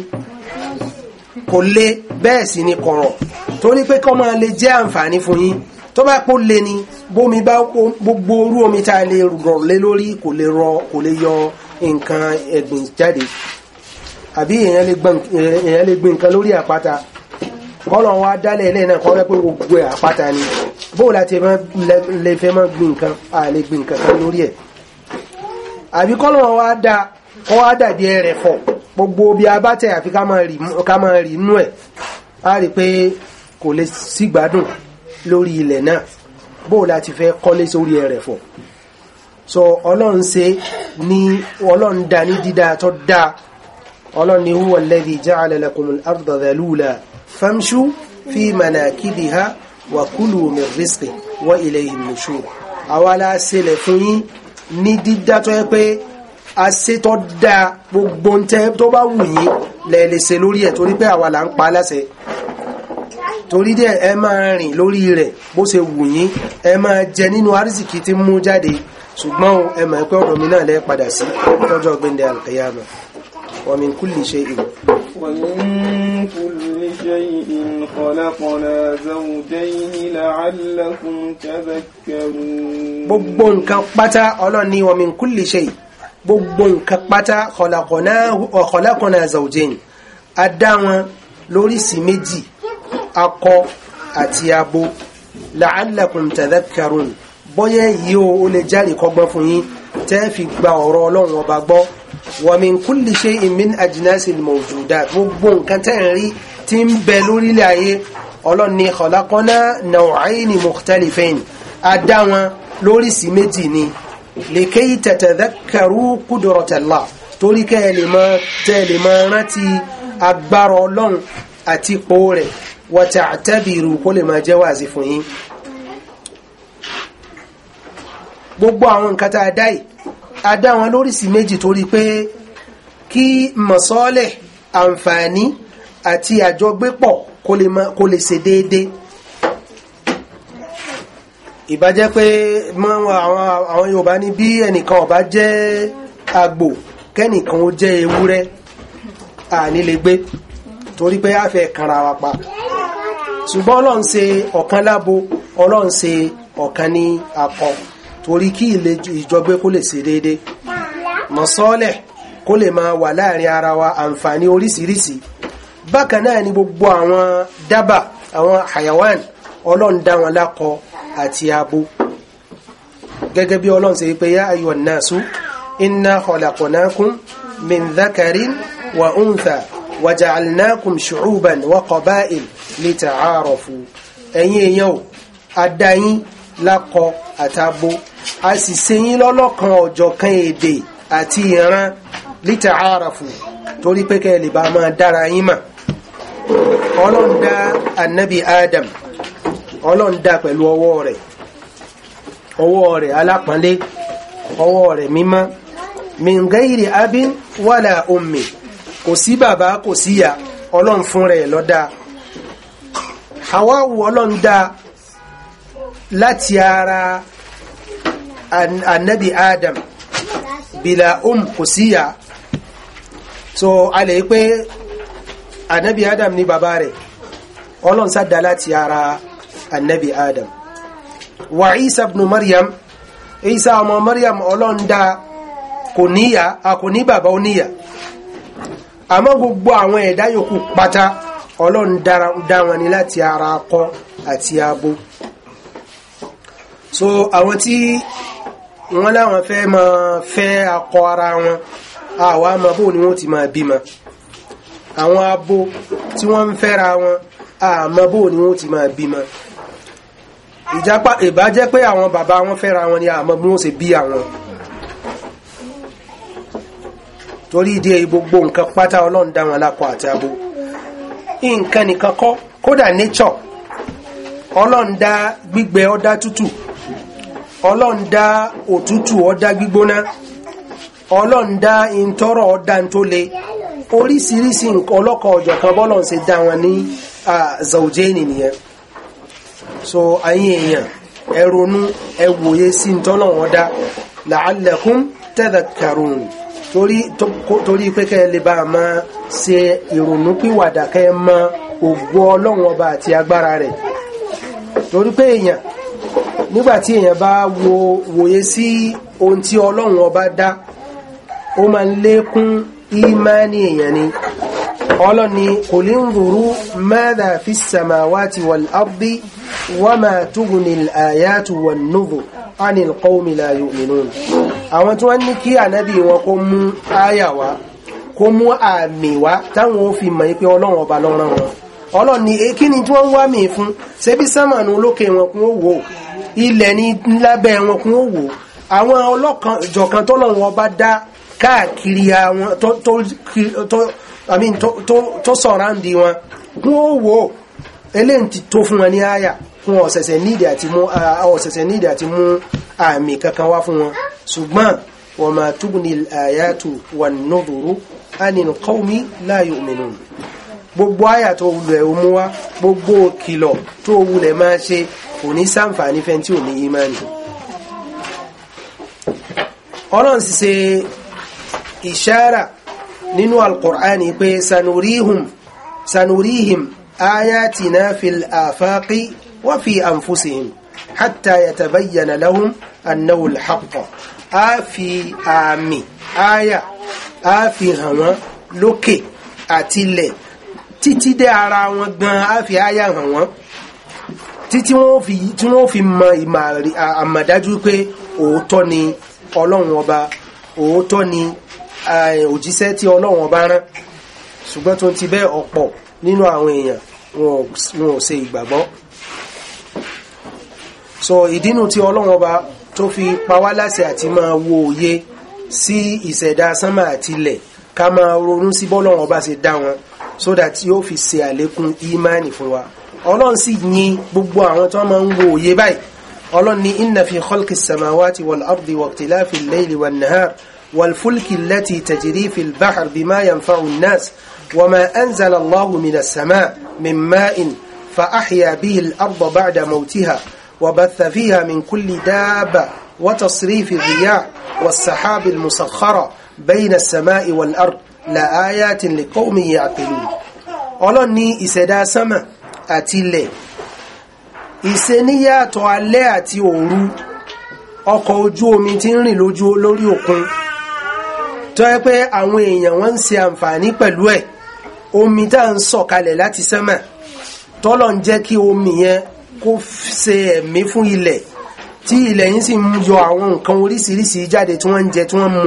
Speaker 1: kò le bẹ́ẹ̀ sì ni kọ̀rọ̀ torí pé kọ́ máa lè jẹ́ àǹfààní fún yín tó bá pò le ni bómi bá gbogbo orú omi tá a lè rọ̀ lé lórí kò lè rọ kò lè yọ nǹkan ẹ̀gbìn jáde àbí èèyàn lè gbé nǹkan lórí àpáta kọ́lọ̀ wa dálẹ̀ ilé náà kọ́ pé gbogbo àpáta ni bóò láti lè fẹ́ mọ́ gbé nǹkan a lè gbé nǹkan kan lórí ẹ̀ àbí kọ́lọ̀ wa dá kọ́ wa dàbí ẹrẹ̀fọ̀ gbogbo bí a bá tẹ̀ àfi ká máa rí inú ẹ̀ a rí pé kò lè sígbádùn lórí ilẹ̀ náà bó láti fẹ́ kọ́lé sórí ẹ̀rẹ̀ fọ̀ so ọlọ́run ṣe ní ọlọ́run dá ní dídá tó dá ọlọ́run ni huwa alladhi ja'ala lakumul arda dhalula famshu fi manakibiha wa kulu min rizqi wa ilayhin nushur àwa la ṣẹlẹ̀ fún yín ní dídá tó yẹ pé asetọ́ da gbogbo ntẹ́ tó bá wù yín lẹ́ẹ̀lẹ́sẹ̀ lórí ẹ̀ torí pé àwa là ń pa aláṣẹ torí dẹ̀ ẹ máa rìn lórí rẹ̀ bó ṣe wù yín ẹ máa jẹ nínú arísìkí tí ń mú jáde ṣùgbọ́n ẹ mọ̀ pé ọ̀dọ̀ mi náà lẹ́ padà sí lọ́jọ́ gbẹ̀ndẹ̀ alqiyama wa min kulli
Speaker 3: shay'in. wa
Speaker 1: gbogbo nǹkan pátá ọlọ́ni wa min kulli shay'in gbogbo nǹkan pátá khalaqna zawjayn a dá wọn lóríṣi méjì akọ àti abo la'allakum tadhakkarun bọ́yẹ́ yìí o lè járe kọgbọ́n fún yín tẹ́ fi gba ọ̀rọ̀ ọlọ́run ọba gbọ́ wa min kulli shay'in min ajnasil gbogbo nǹkan tẹ́ ń rí tí ń bẹ lórílẹ̀ ayé ọlọ́run ni khalaqna naw'ayni mukhtalifayn a dá wọn lóríṣi méjì ni likay tatadhakkaru qudratallah torí kẹ́ẹ̀lì mọ́ tẹ́ẹ̀lì mọ́ rántí agbára ọlọ́run àti ipò rẹ̀ wa ta'tabiru kó lè máa jẹ́ wáàsí fún yín gbogbo àwọn nǹkan tá a dá yìí a dá wọn lóríṣi méjì torí pé kí mọ̀sọ́lẹ̀ àǹfààní àti àjọgbépọ̀ kó lè ṣe déédéé ìbájẹ́ pé àwọn Yorùbá ní bí ẹnìkan ọba jẹ́ àgbò kẹ́nìkan ó jẹ́ ewúrẹ́ àní lè gbé torí pé a fẹ́ kanra wa pa ṣùgbọ́n Ọlọ́run ṣe ọ̀kan lábo Ọlọ́run ṣe ọ̀kan ní akọ torí kí ilé ìjọgbé kó lè ṣe déédé mọ̀sọ́lẹ̀ kó lè máa wà láàrin ara wa àǹfààní oríṣiríṣi bákan náà ni gbogbo àwọn dábà àwọn hayawan Ọlọ́run dá wọn lákọ àti abo gẹ́gẹ́ bí ọlọ́run ṣe pé yá ayọ̀ nàásù inna khalaqnakum min dhakarin wa untha wa ja'alnakum shu'uban wa qaba'il lita'arafu ẹ̀yin èèyàn o adáyín lákọ àtàbò a sì ṣe yín lọ́lọ́kan ọ̀jọ̀kan èdè àti ìran lita'arafu torí pé kẹ́ lè bá máa dára yín mà ọlọ́run annabi adam ọlọ́run dá pẹ̀lú ọwọ́ rẹ̀ ọwọ́ rẹ̀ alápọ̀nlé ọwọ́ rẹ̀ mímọ́ min gairi abin wala ummi kò sí bàbá kò sí ya ọlọ́run fún rẹ̀ ló dá hawawu ọlọ́run dá láti ara annabi adam bila um kò sí ya so a lè pé annabi adam ni bàbá rẹ̀ ọlọ́run sá dá láti ara annabi adam wa isa ibn maryam isa ọmọ maryam ọlọ́ndà kò níyà a kò ní bàbá oníyà àmọ́ gbogbo àwọn ẹ̀dá yòókù pátá ọlọ́ndà wọn ni láti ara akọ àti abo so àwọn tí wọ́n láwọn fẹ́ máa fẹ́ akọ ara wọn àwa máa bó ni wọ́n ti máa bímọ àwọn abo tí wọ́n ń fẹ́ra wọn àmọ́ bó ni wọ́n ti máa bímọ ìjápá ìbá jẹ́ pé àwọn bàbá wọn fẹ́ra wọn ni àmọ́ bí wọ́n ṣe bí àwọn torí ìdí èyí gbogbo nǹkan pátá ọlọ́run dá wọn lákọ àti abo nǹkan nìkan kọ́ kódà nature ọlọ́run dá gbígbẹ ó dá tútù ọlọ́run dá òtútù ó dá gbígbóná ọlọ́run dá ìntọ́rọ̀ ó tó le oríṣiríṣi nǹkan ọlọ́kọ̀ ọ̀jọ̀kan bọ́lọ̀ ń ṣe dá wọn ní zaujeni nìyẹn so ayé èèyàn ẹ ronú ẹ wòye sí ntọ́lọ́wọ́n dá la'allakum tadhakkarun torí pé kẹ́ ẹ lè bá a máa ṣe ìrònú pìwàdà kẹ́ ẹ mọ ògbó ọlọ́run ọba àti agbára rẹ̀ torí pé èèyàn nígbàtí èèyàn bá wo wòye sí ohun tí ọlọ́run ọba dá ó máa ń lékún ìmáni èèyàn ni ọlọ́ni kò lè ń rúrú mẹ́dà fi sàmáwá ti wà lábí وما تغني الآيات والنذر عن القوم لا يؤمنون àwọn tí wọ́n ní kí ànábì wọn kó mú áyà wá kó mú àmì wá táwọn ó fi mọ̀ pé ọlọ́run ọba lọ́rán wọn ọlọ́run ni èkí ni tí wọ́n ń wá mì fún ṣebí sámànù lókè wọn kún ó wò ilẹ̀ ní lábẹ́ wọn kún ó wò àwọn ọlọ́kan jọ̀kan tọ́lọ́run ọba dá káàkiri àwọn tó sọ̀ráǹdì wọn kún ó wò eléyìí ti tó fún wọn ní áyà wọn ọ̀sẹ̀sẹ̀ níìdì àti mú ọ̀sẹ̀sẹ̀ níìdì àti mú àmì kankan wá fún wọn ṣùgbọ́n wa ma tubni al-ayatu wan-nudhuru anil qawmi la yu'minun gbogbo àyà tó wulẹ̀ ó mú wá gbogbo kìlọ̀ tó wulẹ̀ máa ṣe kò ní sáǹfààní fẹ́ tí ò ní ìmánì ọlọ́run sì ṣe ìṣára nínú al pé sanurihim ayatina fil afaqi وفي أنفسهم حتى يتبين لهم أنه الحق آفي آمي آية آفي هما لوكي أتيلي títí dé ara wọn gan á fi áyà hàn wọn títí wọn fi tí wọn fi mọ àmọ̀dájú pé òótọ́ ni ọlọ́run ọba òótọ́ ni òjíṣẹ́ tí ọlọ́run ọba rán ṣùgbọ́n tó ti bẹ́ẹ̀ ọ̀pọ̀ nínú àwọn èèyàn wọn ò ṣe ìgbàgbọ́ so ìdínú tí ọlọ́run ọba tó fi pa wá láṣẹ àti máa wo òye sí ìṣẹ̀dá sánmà àti ilẹ̀ ká máa ronú sí bọ́lọ́run ọba ṣe dá wọn so that yóò fi ṣe àlékún ìmánì fún wa ọlọ́run sì yin gbogbo àwọn tó máa ń wo òye báyìí ọlọ́run ní inna fi khalqi samawati wal ardi wa ikhtilafi al-layli wan nahar wal fulki allati tajri fil bahr bima yanfa'u an-nas وما أنزل الله من السماء من ماء فأحيا به الأرض بعد موتها وبث فيها من كل دابة وتصريف الرياح والسحاب المسخرة بين السماء والأرض لآيات لقوم يعقلون ọlọ́run ní ìṣẹ̀dá sánmà àti ilẹ̀ ìṣeníyàtọ̀ alẹ́ àti òru ọkọ̀ ojú omi tí ń rìn lójú lórí òkun tó yẹ pé àwọn èèyàn wọ́n ń ṣe àǹfààní pẹ̀lú ẹ̀ omi tá à ń sọ̀kalẹ̀ láti sánmà tọ́lọ̀ ń jẹ́ kí omi yẹn kó ṣe ẹ̀mí fún ilẹ̀ tí ilẹ̀ yìí sì ń yọ àwọn nǹkan oríṣiríṣi jáde tí wọ́n ń jẹ tí wọ́n ń mu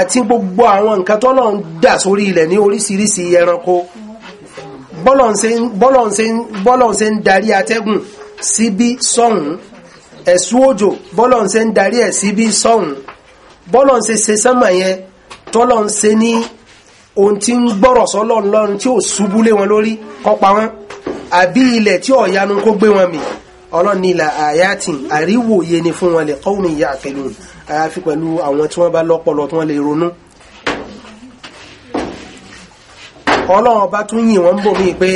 Speaker 1: àti gbogbo àwọn nǹkan tọ́lọ̀ ń dà sórí ilẹ̀ ní oríṣiríṣi ẹranko bọ́lọ̀ ń ṣe ń darí atẹ́gùn síbí sọ́hùn ẹ̀sùn òjò bọ́lọ̀ ń ṣe ń darí ẹ̀ síbí sọ́hùn bọ́lọ̀ ń ṣe ṣe sánmà yẹn tọ́lọ̀ ṣe ní ohun tí ń gbọ́rọ̀ sọ́lọ́ tí ò ṣubú lé wọn lórí kọ́pa wọn àbí ilẹ̀ tí ọ̀yanu kó gbé wọn mì ọlọ́run ní la ayatin àríwòye ni fún wọn lè qawmi ya'qilun àyàfi pẹ̀lú àwọn tí wọ́n bá lọ́pọlọ tí wọ́n lè ronú ọlọ́run bá tún yìn wọ́n bò mí pé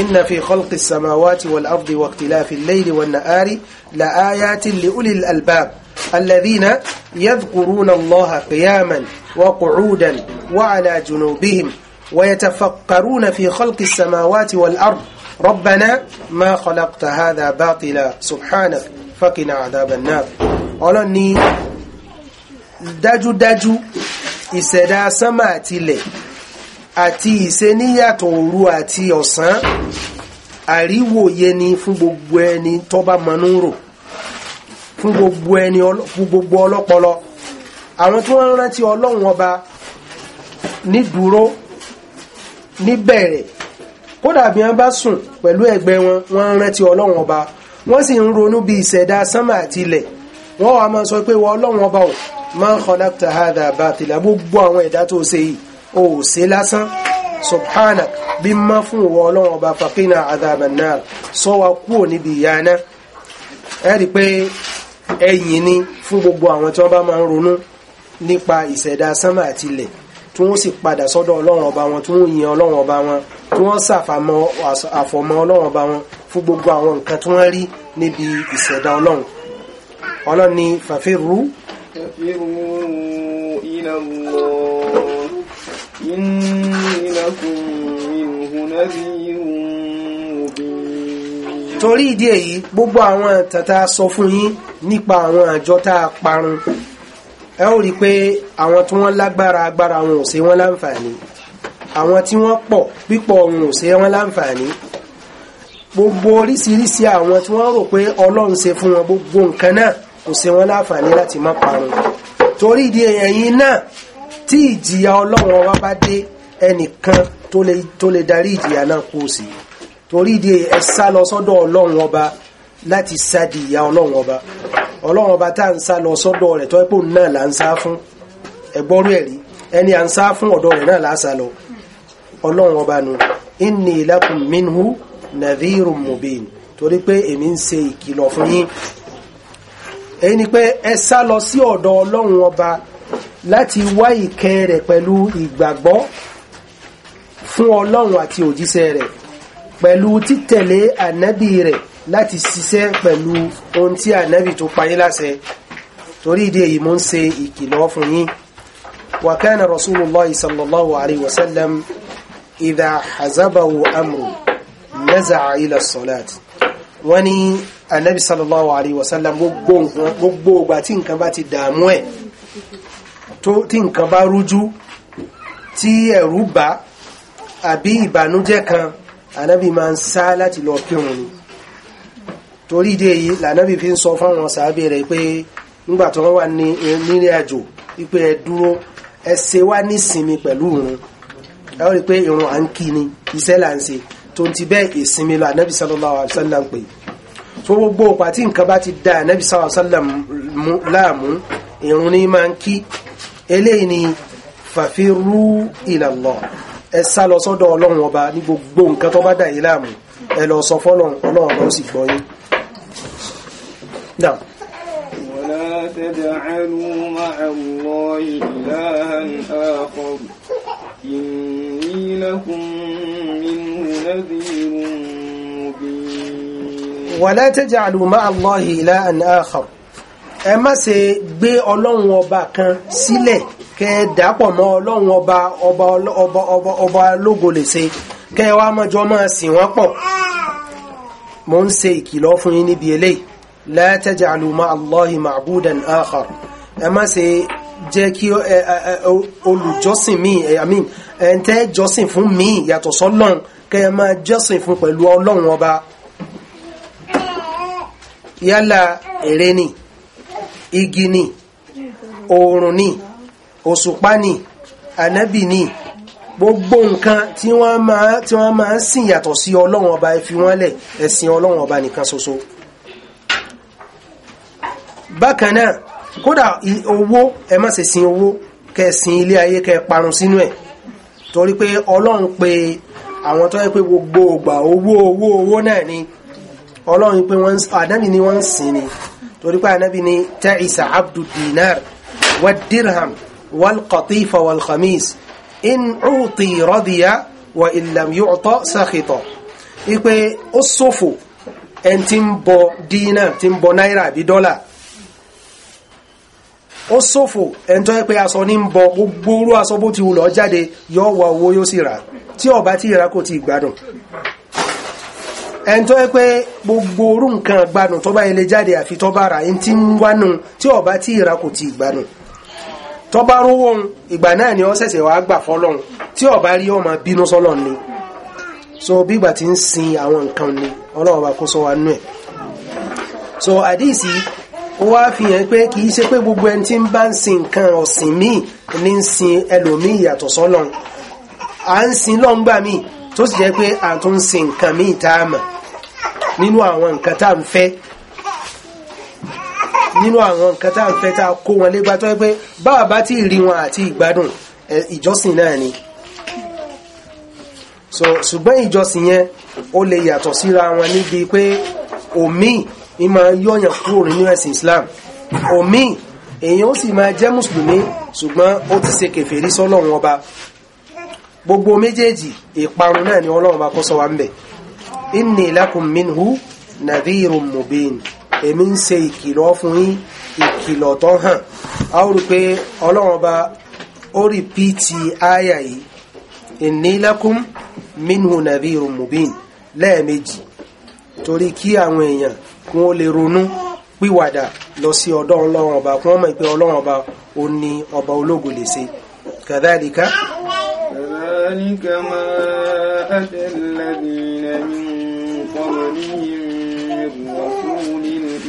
Speaker 1: inna fi khalqis samawati wal ardi wa ikhtilafil layli wan nahari la ayatin li ulil albab الذين يذكرون الله قياما وقعودا وعلى جنوبهم ويتفكرون في خلق السماوات والأرض ربنا ما خلقت هذا باطلا سبحانك فقنا عذاب النار ọlọ́run ni dájúdájú ìṣẹ̀dá sánmà àti ilẹ̀ àti ìṣeníyàtọ̀ òru àti ọ̀sán àríwòye ni fún gbogbo ẹni tó bá mọnú rò fún gbogbo ẹni fún gbogbo ọlọ́pọlọ àwọn tí wọ́n rántí ọlọ́run ọba nídúró níbẹ̀rẹ̀ kódà bí wọ́n bá sùn pẹ̀lú ẹ̀gbẹ́ wọn wọ́n rántí ọlọ́run ọba wọ́n sì ń ronú bí ìṣẹ̀dá sánmà àti ilẹ̀ wọ́n wàá máa sọ pé wọ́n ọlọ́run ọba ò ma khalaqta hadha batila gbogbo àwọn ẹ̀dá tó ṣe yìí ò ṣe lásán subhanak bí má fún ìwọ ọlọ́run ọba faqina adhaban sọ wa kúrò níbi ìyáná ẹ rí i pé ẹ̀yìn ni fún gbogbo àwọn tí wọ́n bá máa ń ronú nípa ìṣẹ̀dá sánmà àti ilẹ̀ tí wọ́n sì padà sọ́dọ̀ ọlọ́run ọba wọn tí wọ́n yin ọlọ́run ọba wọn tí wọ́n ṣàfàmọ́ àfọ̀mọ́ ọlọ́run ọba wọn fún gbogbo àwọn nǹkan tí wọ́n rí níbi ìṣẹ̀dá ọlọ́run ọlọ́run ni fàfẹ́rù.
Speaker 3: fàfẹ́rù ila Allah inni lakum minhu nadhirun
Speaker 1: mubin. torí ìdí èyí gbogbo àwọn tata sọ fún yín nípa àwọn àjọ tá a parun ẹ ó rí i pé àwọn tí wọ́n lágbára agbára wọn ò ṣe wọ́n láǹfààní àwọn tí wọ́n pọ̀ pípọ̀ wọn ò ṣe wọ́n láǹfààní gbogbo oríṣiríṣi àwọn tí wọ́n rò pé ọlọ́run ṣe fún wọn gbogbo nǹkan náà kò ṣe wọ́n láǹfààní láti má parun torí ìdí ẹ̀yin náà tí ìjìyà ọlọ́run ọba bá dé ẹnìkan tó lè darí ìjìyà náà kù sí torí ìdí ẹ sá lọ sọ́dọ̀ ọlọ́run ọba láti sadi ìyá ọlọ́run ọba ọlọ́run ọba tá à ń sá lọ sọ́dọ̀ rẹ̀ tó ẹ́ náà là ń sá fún ẹ̀gbọ́rú ẹ̀rí ẹni à ń sá fún ọ̀dọ̀ rẹ̀ náà minhu nadhirun mubin torí pé èmi ń ṣe ìkìlọ̀ fún yín èyí ni pé ẹ sá lọ sí ọ̀dọ̀ ọlọ́run ọba láti wá ìkẹ́ rẹ̀ pẹ̀lú ìgbàgbọ́ fún ọlọ́run àti òjíṣẹ́ rẹ̀ pẹ̀lú títẹ̀lé ànábì láti ṣiṣẹ́ pẹ̀lú ohun tí ànábì tó payé láṣẹ torí ìdí èyí mo ń ṣe ìkìlọ̀ fún yín wa rasulullah sallallahu alaihi wasallam sallam idha hazabahu amru naza'a ila salat wọ́n ní ànábì sallallahu alaihi wasallam sallam gbogbo ìgbà tí nǹkan bá ti dààmú ẹ̀ tí nǹkan bá rújú tí ẹ̀rù bá àbí ìbànújẹ́ kan ànábì máa ń sá láti lọ kírun ni torí ìdí èyí lànàbì fi ń sọ fáwọn sàábì rẹ̀ pé nígbà tí wọ́n wà ní nílé àjò wípé ẹ dúró ẹ ṣe wá nísinmi pẹ̀lú ìrun ẹ ó rí i pé ìrun à ń kí ni iṣẹ́ là ń ṣe tó ti bẹ́ẹ̀ ìsinmi lọ ànábì sallallahu alaihi wasallam pé tó gbogbo òpá tí nǹkan bá ti da ànábì sallallahu láàmú ìrun ni máa ń kí eléyìí ni fàfirú ila Allah ẹ sá lọ sọ́dọ̀ ọlọ́run ọba ní gbogbo nǹkan tó bá dà yìí láàmú ẹ lọ sọ fọ́lọ́run ọlọ́run ọba sì gbọ́ yín. نعم
Speaker 3: ولا تجعلوا مع الله إلها آخر إني لكم منه نذير
Speaker 1: ولا تجعلوا مع الله إلها آخر ẹ má ṣe gbé ọlọ́run ọba kan sílẹ̀ kẹ dàpọ̀ mọ́ ọlọ́run ọba ọba ọba ọba lógo lè ṣe kẹ wàá mọ́jọ́ máa sìn wọ́n pọ̀ mo ń ṣe ìkìlọ̀ fún yín níbi eléyìí la taj'alu ma'a Allahi ma'budan akhar ẹ má ṣe jẹ́ kí olùjọ́sìn mi àmín ẹ̀ǹtẹ́ jọ́sìn fún mi yàtọ̀ sọ́lọ́n kẹ́ ẹ máa jọ́sìn fún pẹ̀lú ọlọ́run ọba yálà ère ni igi ni oòrùn ni òṣùpá ni ànábì ni gbogbo nǹkan tí wọ́n máa tí wọ́n máa sìn yàtọ̀ sí ọlọ́run ọba ẹ wọ́n lẹ̀ ẹ̀sìn ọlọ́run ọba nìkan ṣoṣo. So -so bákan náà kódà owó ẹ má ṣe sin owó kẹsìn ilé ayé kẹ parun sínú ẹ̀ torí pé ọlọ́run pé àwọn tó yẹ pé gbogbo ògbà owó owó owó náà ni ọlọ́run pé wọ́n ànábì ni wọ́n ń sìn ni torí pé ànábì ni ta'isa abdu dinar wa dirham wal qatifa wal khamis in uti radiya wa illam yu'ta sakhita ipe ó ṣòfò ẹni tí ń bọ dinar tí ń bọ náírà àbí dọ́là ó ṣòfò ẹ̀ntọ́ ẹ pé aṣọ ní ń bọ gbogbo orú aṣọ bó ti wù lọ jáde yóò wọ owó yóò sì rà tí ó bá ti kò ti gbádùn ẹ̀ntọ́ ẹ pé gbogbo orú nǹkan gbádùn tó bá ilé jáde àfi tó rà ń ti ń wánu tí ó bá ti kò ti gbádùn tó bá rówó ìgbà náà ni ó ṣẹ̀ṣẹ̀ wàá gbà fọlọ́run tí ọba bá rí ó bínú sọ́lọ́ ni so bígbà tí ń sin àwọn nǹkan ni ọlọ́run bá kó sọ wa nú ẹ̀ so àdíìsí wá fi hàn pé kì í ṣe pé gbogbo ẹni tí ń bá ń sin nǹkan ọ̀sìn míì ní ń sin ẹlòmíì yàtọ̀ sọ́lọ́run à ń sin lọ́ngbà míì tó sì jẹ́ pé à tún ń sin nǹkan míì tá a mọ̀ nínú àwọn nǹkan tá à ń fẹ́ nínú àwọn nǹkan tá à ń fẹ́ tá a kó wọn lé gbàtọ́ pé báwa bá ti rí wọn àti ìgbádùn ìjọsìn náà ni ṣùgbọ́n ìjọsìn yẹn ó lè yàtọ̀ síra wọn níbi pé òmíì ní máa yọ̀yàn kúrò nínú ẹ̀sìn Islam omi èèyàn ó sì máa jẹ́ mùsùlùmí ṣùgbọ́n ó ti ṣe kèfèrí sọ́lọ́run ọba gbogbo méjèèjì ìparun náà ni ọlọ́run bá kó sọ wa ń bẹ̀ inni lakum minhu nadhirun mubin èmi ń ṣe ìkìlọ̀ fún yín ìkìlọ̀ tó hàn a ó rí pé ọlọ́run ọba ó rí píìtì áyà yìí inni lakum minhu nadhirun mubin lẹ́ẹ̀mejì torí kí àwọn èèyàn kí wọ́n lè ronú pìwàdà lọ sí ọ̀dọ̀ ọlọ́run ọba kí wọ́n mọ̀ ọlọ́run ọba ó ní ọba ológo lè ṣe kàdáàdìká.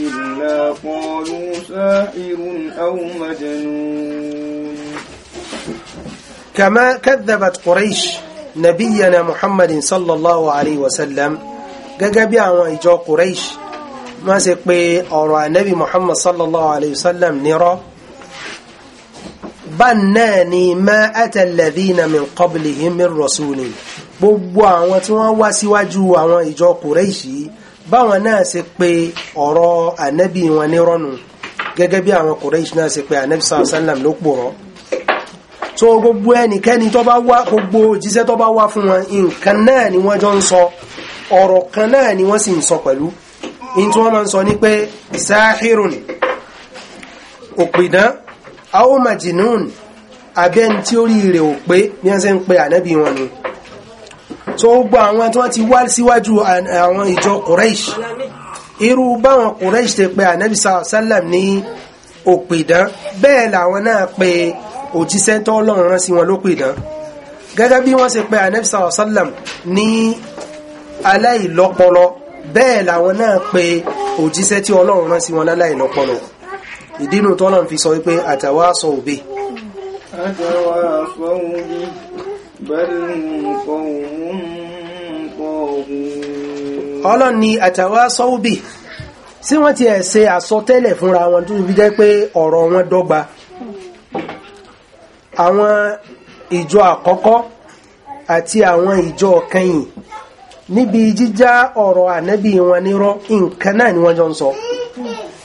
Speaker 3: إلا قالوا ساحر أو مجنون
Speaker 1: كما كذبت قريش نبينا محمد صلى الله عليه وسلم gẹ́gẹ́ bí àwọn ìjọ má ṣe pé ọ̀rọ̀ ànábì muhammad sallallahu alayhi wa sallam nírọ́ báà náà ni má àtàlẹ́dínà min qablihim min rasulin gbogbo àwọn tí wọ́n wá síwájú àwọn ìjọ kùrẹ́ìṣì báwọn náà ṣe pé ọ̀rọ̀ ànábì wọn nírọ́ nù gẹ́gẹ́ bí àwọn kùrẹ́ìṣì náà ṣe pé ànábì sallallahu alayhi wa sallam ló pòrọ́ so gbogbo ẹnikẹ́ni tó bá wá gbogbo òjíṣẹ́ tó bá wá fún wọn nǹkan náà ni wọ́n jọ ń sọ ọ̀rọ̀ kan náà ni wọ́n sì ń sọ pẹ̀lú in tí wọ́n máa ń sọ ní pé sáhírùn òpìdán àwọn majinun abẹ́ ní tí ó rí rẹ̀ ò pé bí wọ́n ń pe ànábì wọn ni tó gbọ́ àwọn tí wọ́n ti wá síwájú àwọn ìjọ Quraysh irú báwọn Quraysh ti pe ànábì sallam ní òpìdán bẹ́ẹ̀ làwọn náà pe òjíṣẹ́ tó Ọlọ́run rán sí wọn lópìdán gẹ́gẹ́ bí wọ́n ṣe pe ànábì sallam ní aláìlọ́pọlọ bẹ́ẹ̀ làwọn náà pe òjíṣẹ́ tí ọlọ́run rán sí wọn láláì lọ́pọlọ ìdínú tọ́lọ́run fi sọ wípé àtàwàsọ òbí
Speaker 3: àtàwàsọ òbí ọlọ́run
Speaker 1: ni àtàwàsọ òbí sí wọ́n ti ẹ̀ ṣe àsọtẹ́lẹ̀ fúnra wọn tó fi jẹ́ pé ọ̀rọ̀ wọn dọ́gba àwọn ìjọ àkọ́kọ́ àti àwọn ìjọ kẹ́yìn níbi jíjá ọ̀rọ̀ ànábì wọn nírọ́ nǹkan náà ni wọ́n jọ ń sọ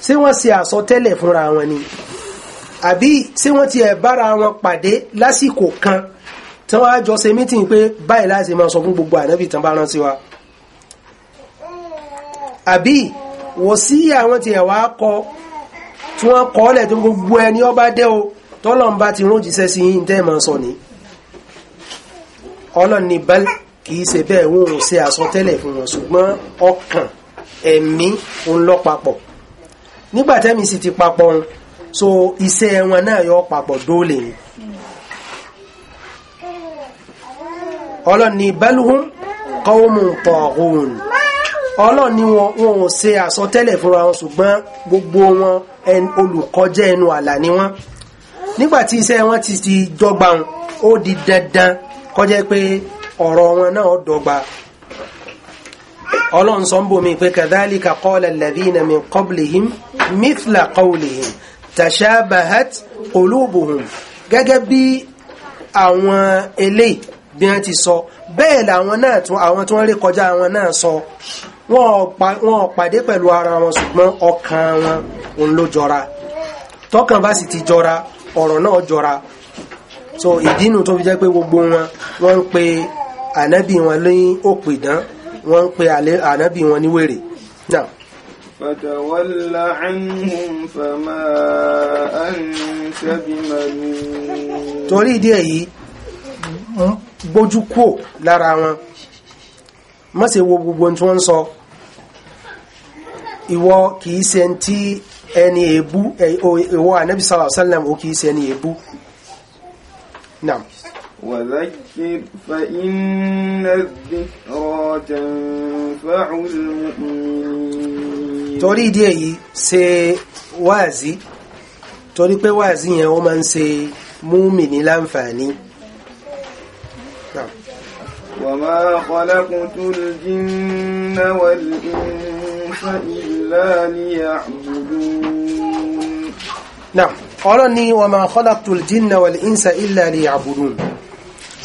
Speaker 1: ṣé wọ́n ṣe àsọtẹ́lẹ̀ fúnra wọn ni àbí ṣé wọ́n ti ẹ̀ bára wọn pàdé lásìkò kan tí wọ́n á jọ ṣe mítìn pé báyìí láti máa sọ fún gbogbo ànábì tán bá rántí wa àbí wọ́n sí àwọn ti ẹ̀ wá kọ tí wọ́n kọ́ ọ́lẹ̀ tó gbogbo ẹni ọba dẹ́ o tọ́lọ́mbà ti rún jíṣẹ́ sí yín tẹ́ máa sọ ni ọlọ́ni bẹ́ẹ̀ kìí ṣe bẹ́ẹ̀ wọn ò ṣe àsọtẹ́lẹ̀ fún wọn ṣùgbọ́n ọkàn ẹ̀mí ń lọ papọ̀ nígbà tẹ́mi sì ti papọ̀ ń so iṣẹ́ wọn náà yọ papọ̀ dóòlè ni ọlọ́ni balhum qawmun taghun ọlọ́ni wọn wọn ò ṣe àsọtẹ́lẹ̀ fúnra wọn ṣùgbọ́n gbogbo wọn olùkọjẹ́ ẹnu àlà ni wọn nígbà tí iṣẹ́ wọn ti ti dọ́gba ó di dandan kọjá pé ọ̀rọ̀ wọn náà dọ́gba ọlọ́run sọ ń bomi pé kadhalika qala alladhina min qablihim mithla qawlihim tashabahat qulubuhum gẹ́gẹ́ bí àwọn eléyìí bí wọ́n ti sọ bẹ́ẹ̀ làwọn náà tún àwọn tí wọ́n rí kọjá àwọn náà sọ wọ́n pàdé pẹ̀lú ara wọn ṣùgbọ́n ọkàn wọn òun ló jọra tọkàn bá sì ti jọra ọ̀rọ̀ náà jọra so ìdínú tó fi jẹ́ pé gbogbo wọn wọ́n ń pe ànábì wọn ní òpìdán wọ́n ń pe ànábì wọn ní wèrè náà.
Speaker 3: فتول عنهم فما أنت بملوم torí ìdí èyí
Speaker 1: gbójú kò lára wọn má ṣe wo gbogbo tí wọ́n ń sọ ìwọ kìí ṣe tí ẹni èébú ìwọ ànábì sallallahu alaihi wasallam ó kìí ṣe ẹni èébú
Speaker 3: وذكر فإن الذكرى تنفع المؤمنين torí ìdí
Speaker 1: سي ṣe wáàzí torí pé wáàzí yẹn ó máa ń
Speaker 3: وما خلقت الجن والإنس إلا ليعبدون
Speaker 1: نعم ọlọ́ni وما خلقت الجن والإنس إلا ليعبدون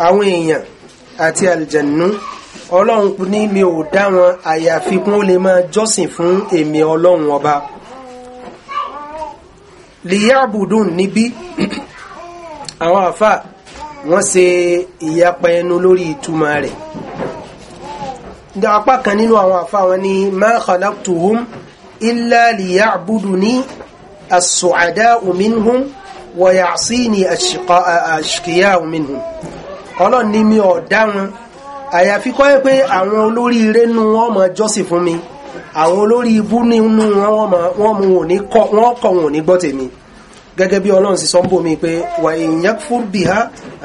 Speaker 1: àwọn èèyàn àti àlìjẹ̀nú ọlọ́run ní mi ò dá wọn àyàfi kún ó lè máa jọ́sìn fún èmi ọlọ́run ọba liyabudun níbí àwọn àfà wọ́n ṣe ìyapa ẹnu lórí ìtumọ̀ rẹ̀ apá kan nínú àwọn àfà wọn ni ma khalaqtuhum illa liyabuduni as-su'ada'u minhum wa ya'sini ash-shiqa'u minhum ọlọ́run ní mi ọ̀dá wọn àyàfi kọ́ pé àwọn olórí ire nu wọn mọ jọ́sìn fún mi àwọn olórí ibú nínú wọn wọn mú wọn ní kọ wọn kọ wọn ní gbọ́ tèmi gẹ́gẹ́ bí ọlọ́run sì sọ ń bò mí pé wà in yakfur biha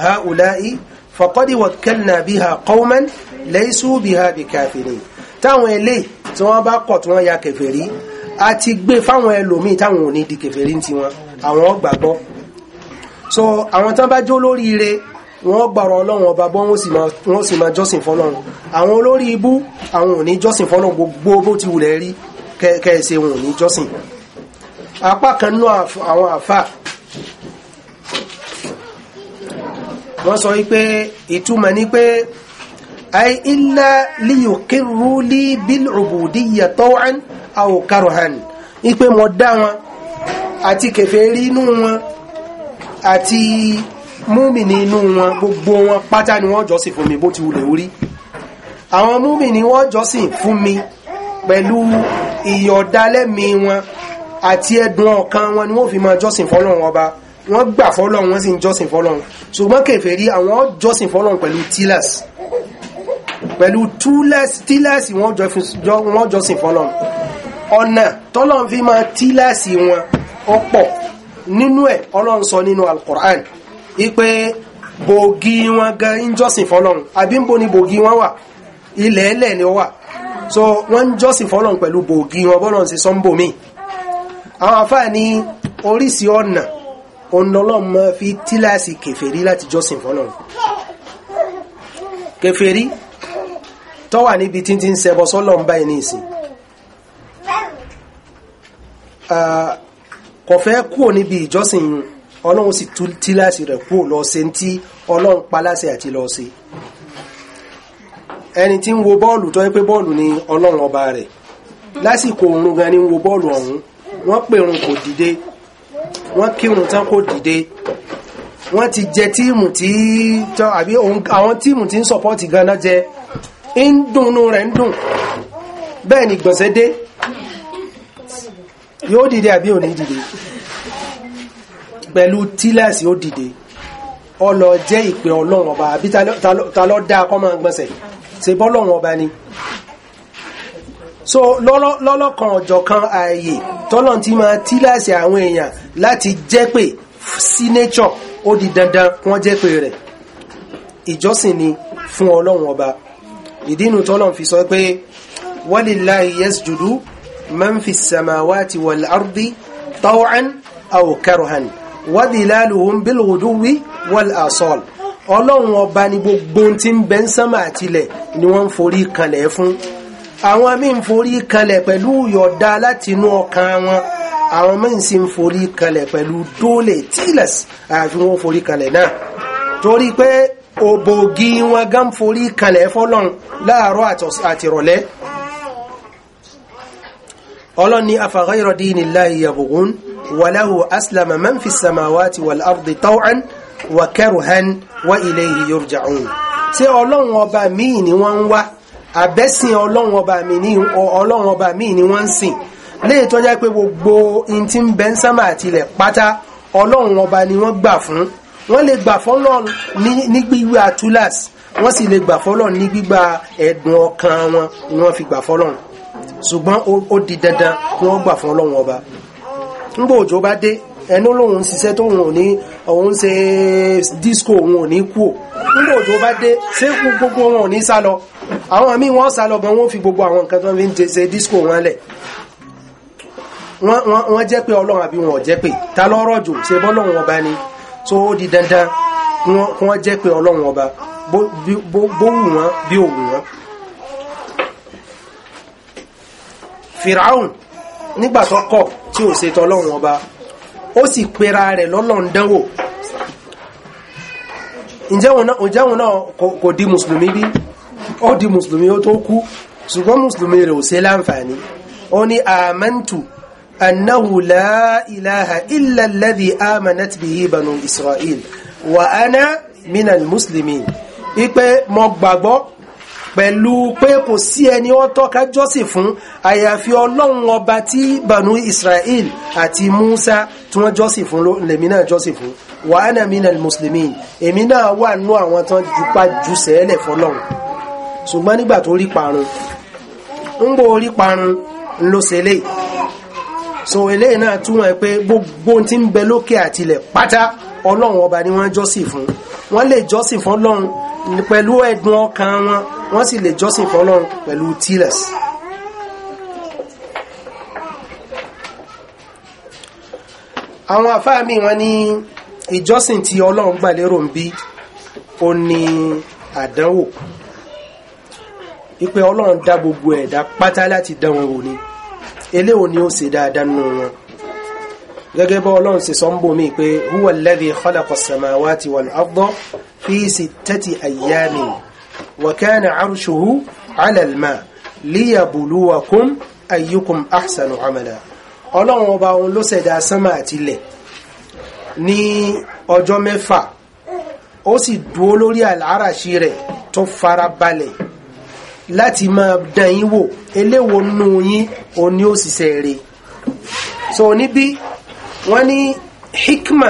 Speaker 1: haula'i faqad wakkalna biha qauman laysu biha bikafirin táwọn eléyìí tí wọ́n bá kọ̀ tí wọ́n ya kèfèrí a ti gbé fáwọn ẹlòmíì táwọn ò ní di kèfèrí tiwọn àwọn gbàgbọ́ so àwọn tán bá jó lóríire wọ́n gbàrọ̀ ọlọ́run ọba gbọ́ wọ́n sì máa jọ́sìn fọlọ́run àwọn olórí ibú àwọn ò ní jọ́sìn fọlọ́run gbogbo bó ti wulẹ̀ rí kẹ́ẹ̀ṣe wọn ò ní jọ́sìn apá kan nú àwọn àfà wọ́n sọ wípé ìtumọ̀ ni pé ay illa liyuqirru li bil ubudiyya taw'an aw karhan ipe mo dá wọn àti kèfèrí inú wọn àti múmìnì inú wọn gbogbo wọn pátá ni wọ́n jọ́sìn fún mi bó ti wulẹ̀ orí àwọn múmìnì wọ́n jọ́sìn fún mi pẹ̀lú ìyọ̀dálẹ́mi wọn àti ẹ̀dùn ọkàn wọn ni wọ́n fi máa jọ́sìn fọ́lọ́run ọba wọ́n gbà fọ́lọ́run wọ́n sì ń jọ́sìn fọ́lọ́run ṣùgbọ́n kèfèrí àwọn jọ́sìn fọ́lọ́run pẹ̀lú tílẹ̀s pẹ̀lú tílẹ̀s wọ́n jọ́sìn fọ́lọ́run ọ̀nà tọ́lọ́run fi máa tílẹ̀s wọn ọ̀pọ̀ nínú ẹ̀ ọlọ́run sọ nínú Al-Qur'an ipe bògì wọn gan ń jọ́sìn fọ́lọ́run àbí ń bo ni bògì wọn wà ilẹ̀ ẹlẹ̀ ni ó wà so wọ́n ń jọ́sìn fọ́lọ́run pẹ̀lú bògì wọn bọ́lọ́run sí sọ́ńbò mi àwọn afáà ní oríṣi ọ̀nà ọ̀nà ọlọ́run máa fi tíláàsì kèfèrí láti jọ́sìn fọ́lọ́run kèfèrí tó wà níbi tí ti ń ṣẹbọ sọ́lọ́ ń báyìí ní ìsìn kò fẹ́ kúrò níbi ìjọ́sìn yìí ọlọ́run sì tú tíláàsì rẹ̀ kúrò lọ ṣe tí ọlọ́run paláṣẹ àti lọ ṣe ẹni tí ń wo bọ́ọ̀lù tó yẹ pé bọ́ọ̀lù ni ọlọ́run ọba rẹ̀ lásìkò òun gan ni ń wo bọ́ọ̀lù ọ̀hún wọ́n pèrun kò dìde wọ́n kírun tán kò dìde wọ́n ti jẹ tíìmù tí tọ́ àbí àwọn tíìmù tí ń sọ̀pọ́ọ̀tì ganan jẹ ń dùnnú rẹ̀ ń dùn bẹ́ẹ̀ ni gbọ̀nsẹ̀ dé yóò dìde àbí ò ní dìde pẹ̀lú tílẹ̀sì ó dìde ọlọ jẹ́ ìpè ọlọ́run ọba àbí ta ló dá akọ́ máa gbọ́nsẹ̀ ṣe bọ́ ọba ni so lọ́lọ́kan ọ̀jọ̀kan ààyè tọ́lọ̀ tí máa tílẹ̀sì àwọn èèyàn láti jẹ́ pé sí nature ó di dandan wọ́n jẹ́ pé rẹ̀ ìjọsìn ni fún ọlọ́run ọba ìdínú tọ́lọ̀ fi sọ pé walillahi yasjudu man fi samawati wal ardi taw'an aw karhan wa dhilaluhum bil ghuduwi wal asal ọlọ́run ọba ni gbogbo tí ń bẹ ń sánmà àtilẹ̀ ni wọ́n ń forí kanlẹ̀ fún àwọn míì ń forí kanlẹ̀ pẹ̀lú yọ̀dá láti ọkàn wọn àwọn míì sì ń forí kanlẹ̀ pẹ̀lú dólè tílẹ̀s àfi wọn forí kanlẹ̀ náà torí pé òbògì wọn gán forí kanlẹ̀ fọlọ́run láàárọ̀ àtìrọ̀lẹ́ ọlọ́ni afa ghayra dinillahi yabghun وله أسلم من في السماوات والأرض طوعا وكرها وإليه يرجعون ṣé ọlọ́run ọba míì ni wọ́n ń wá àbẹ́sìn ọlọ́run ọba míì ni wọ́n ń sìn léyìí tó jẹ́ pé gbogbo in ti ń bẹ ń sámà àti ilẹ̀ pátá ọlọ́run ọba ni wọ́n gbà fún wọ́n lè gbà fọ́lọ́run ní gbígbà tulas wọ́n sì lè gbà fọ́lọ́run ní gbígbà ẹ̀dùn ọkàn wọn ni wọ́n fi gbà fọ́lọ́run ṣùgbọ́n ó di dandan kí wọ́n gbà fún ọlọ́run ọba ńgbò òjò bá dé ẹnu lòun ń ṣiṣẹ́ tó òun ní òun ṣe disco òun ò ní kú ò ńgbò òjò bá dé ṣé gbogbo wọn ò ní sá lọ àwọn míì wọ́n sá lọ gan wọ́n fi gbogbo àwọn nǹkan tó ń fi ṣe disco wọn lẹ̀ wọ́n jẹ́ pé ọlọ́run àbí wọn ò jẹ́ pé ta lọ́rọ̀ jù ṣe bọ́lọ́run ọba ni tó di dandan wọ́n jẹ́ pé ọlọ́run ọba bó wù wọ́n bí òwù wọ́n. Fìràhùn nígbà tó kọ̀ tí ò ṣe tọ́lọ́run ọba ó sì pera rẹ̀ lọ́lọ́run dánwò ǹjẹ́ òun náà kò di mùsùlùmí bí ó di mùsùlùmí ó tó kú ṣùgbọ́n mùsùlùmí rẹ̀ ò ṣe láǹfààní ó ní àmẹ́ntù annahu la ilaha illa alladhi amanat bihi banu israel wa ana minal muslimin ipe mo gbàgbọ́ pẹ̀lú pé kò sí ẹni wọ́n tọ́ka jọ́sìn fún àyàfi ọlọ́run ọba tí banu israel àti musa tí wọ́n jọ́sìn fún lèmi náà jọ́sìn fún wa ana minal muslimin èmi náà wà nú àwọn tán jupa ju sẹ́ẹ̀lẹ̀ fọlọ́run ṣùgbọ́n nígbà tó rí parun ń bò rí parun ń lo sẹ́lẹ̀ so eléyìí náà túmọ̀ pé gbogbo tí ń bẹ lókè àtilẹ̀ pátá ọlọ́run ọba ni wọ́n jọ́sìn fún wọ́n lè jọ́sìn fún ọlọ́run pẹ̀lú ẹ̀dùn ọkàn wọn wọ́n sì lè jọ́sìn fún ọlọ́run pẹ̀lú tilas. àwọn afáàmì wọn ní ìjọ́sìn tí ọlọ́run gbà lérò ń bí ó ní àdánwò wípé ọlọ́run dá gbogbo ẹ̀dá pátá láti dán wọn wò ni eléwo ni ó ṣe dáadáa nínú wọn gẹ́gẹ́ bọ́ ọlọ́run sì sọ ń bò mí pé huwa alladhi khalaqa as-samawati wal-arda fi sittati ayyamin wa kana 'arshuhu 'ala al-ma' liyabluwakum ayyukum ahsanu 'amala ọlọ́run ọba òun ló ṣẹ̀dá sánmà àti ilẹ̀ ní ọjọ́ mẹ́fà ó sì dúó lórí àlàáràṣí rẹ̀ tó fara balẹ̀ láti máa dán yín wò eléwo nù yín o ní òṣìṣẹ́ rẹ̀ so níbí wọ́n ní hikma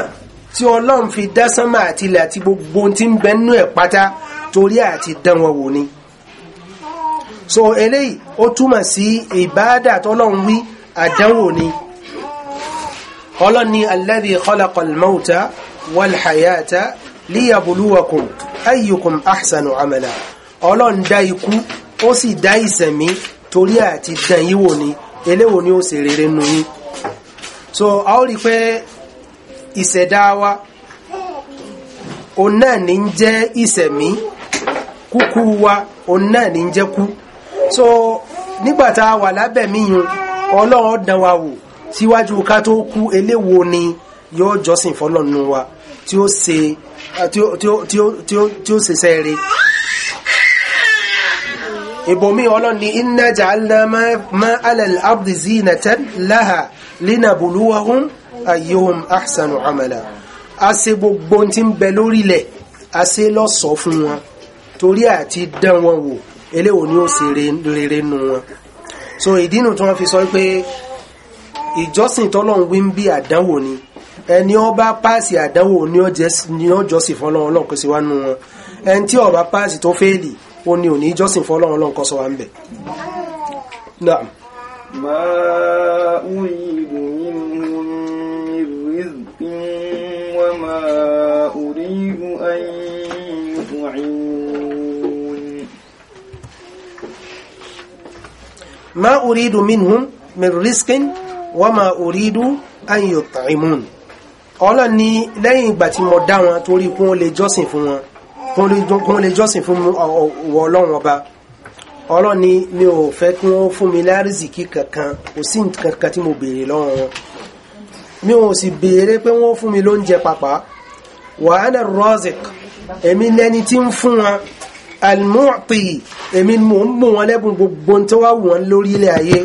Speaker 1: tí ọlọ́run fi dá sánmà àti ilẹ̀ àti gbogbo tí ń bẹnú ẹ̀ pátá torí àti dán wọn wò ni so eléyìí ó túmọ̀ sí ìbáàdà tọ́lọ́run wí àdánwò ni ọlọ́run ni alladhi khalaqal mawta wal hayata liyabluwakum ọlọ́run dá ikú ó sì dá ìsẹ̀mí torí àti dán yín ni eléwo ni ó ṣe rere nù yín so a ó rí pé ìṣẹ̀dá wa òun náà ní ń jẹ́ ìṣẹ̀mí kúkú wa òun náà ní ń jẹ́ kú so nígbàtá wà lábẹ̀míyun ọlọ́run dán wa wò síwájú ká tó kú eléwo ni yóò jọ́sìn fọ́lọ́nù wa tí ó ṣe tí ó ṣe sẹ́ẹ̀rẹ́ ìbòmí ọlọ́ni inna ja'alna ma 'ala al-ardi zinatan laha linabuluwahum ayyuhum ahsanu amala a ṣe gbogbo tí ń bẹ lórí ilẹ̀ a ṣe lọ́sọ̀ fún wọn torí àti dán wọn wò eléwo ni ó ṣe rere nu wọn so ìdínú tí wọ́n fi sọ pé ìjọsìn tọ́lọ́run wí ń bí ni ẹni ó bá páàsì àdánwò ni ó jọ́sìn fọ́lọ́run ọlọ́run kò sí wá nu wọn ẹni tí ó bá páàsì tó fẹ́ẹ̀lì ó ní òní jọ́sìn fọ́lọ́run ọlọ́run kò sọ wá ń bẹ̀. Naam.
Speaker 3: ما أريد منهم من رزق وما أريد أن يطعمون
Speaker 1: ما أريد منهم من رزق وما أريد أن يطعمون ọlọ́ ni lẹ́yìn ìgbà tí mo dá wọn torí kún ó lè jọ́sìn fún wọn kún ó lè jọ́sìn fún ọ̀wọ̀ ọlọ́run ọba ọlọ́run ni mi ò fẹ́ kí wọ́n fún mi lárísìkí kankan kò sí nǹkan tí mo béèrè lọ́wọ́ wọn mi ò sì béèrè pé wọ́n fún mi lóúnjẹ pàpà wa ana ar-raziq èmi lẹni tí ń fún wọn al èmi mò ń bù wọn lẹ́bùn gbogbo tó wá wù wọn lórí ilẹ̀ ayé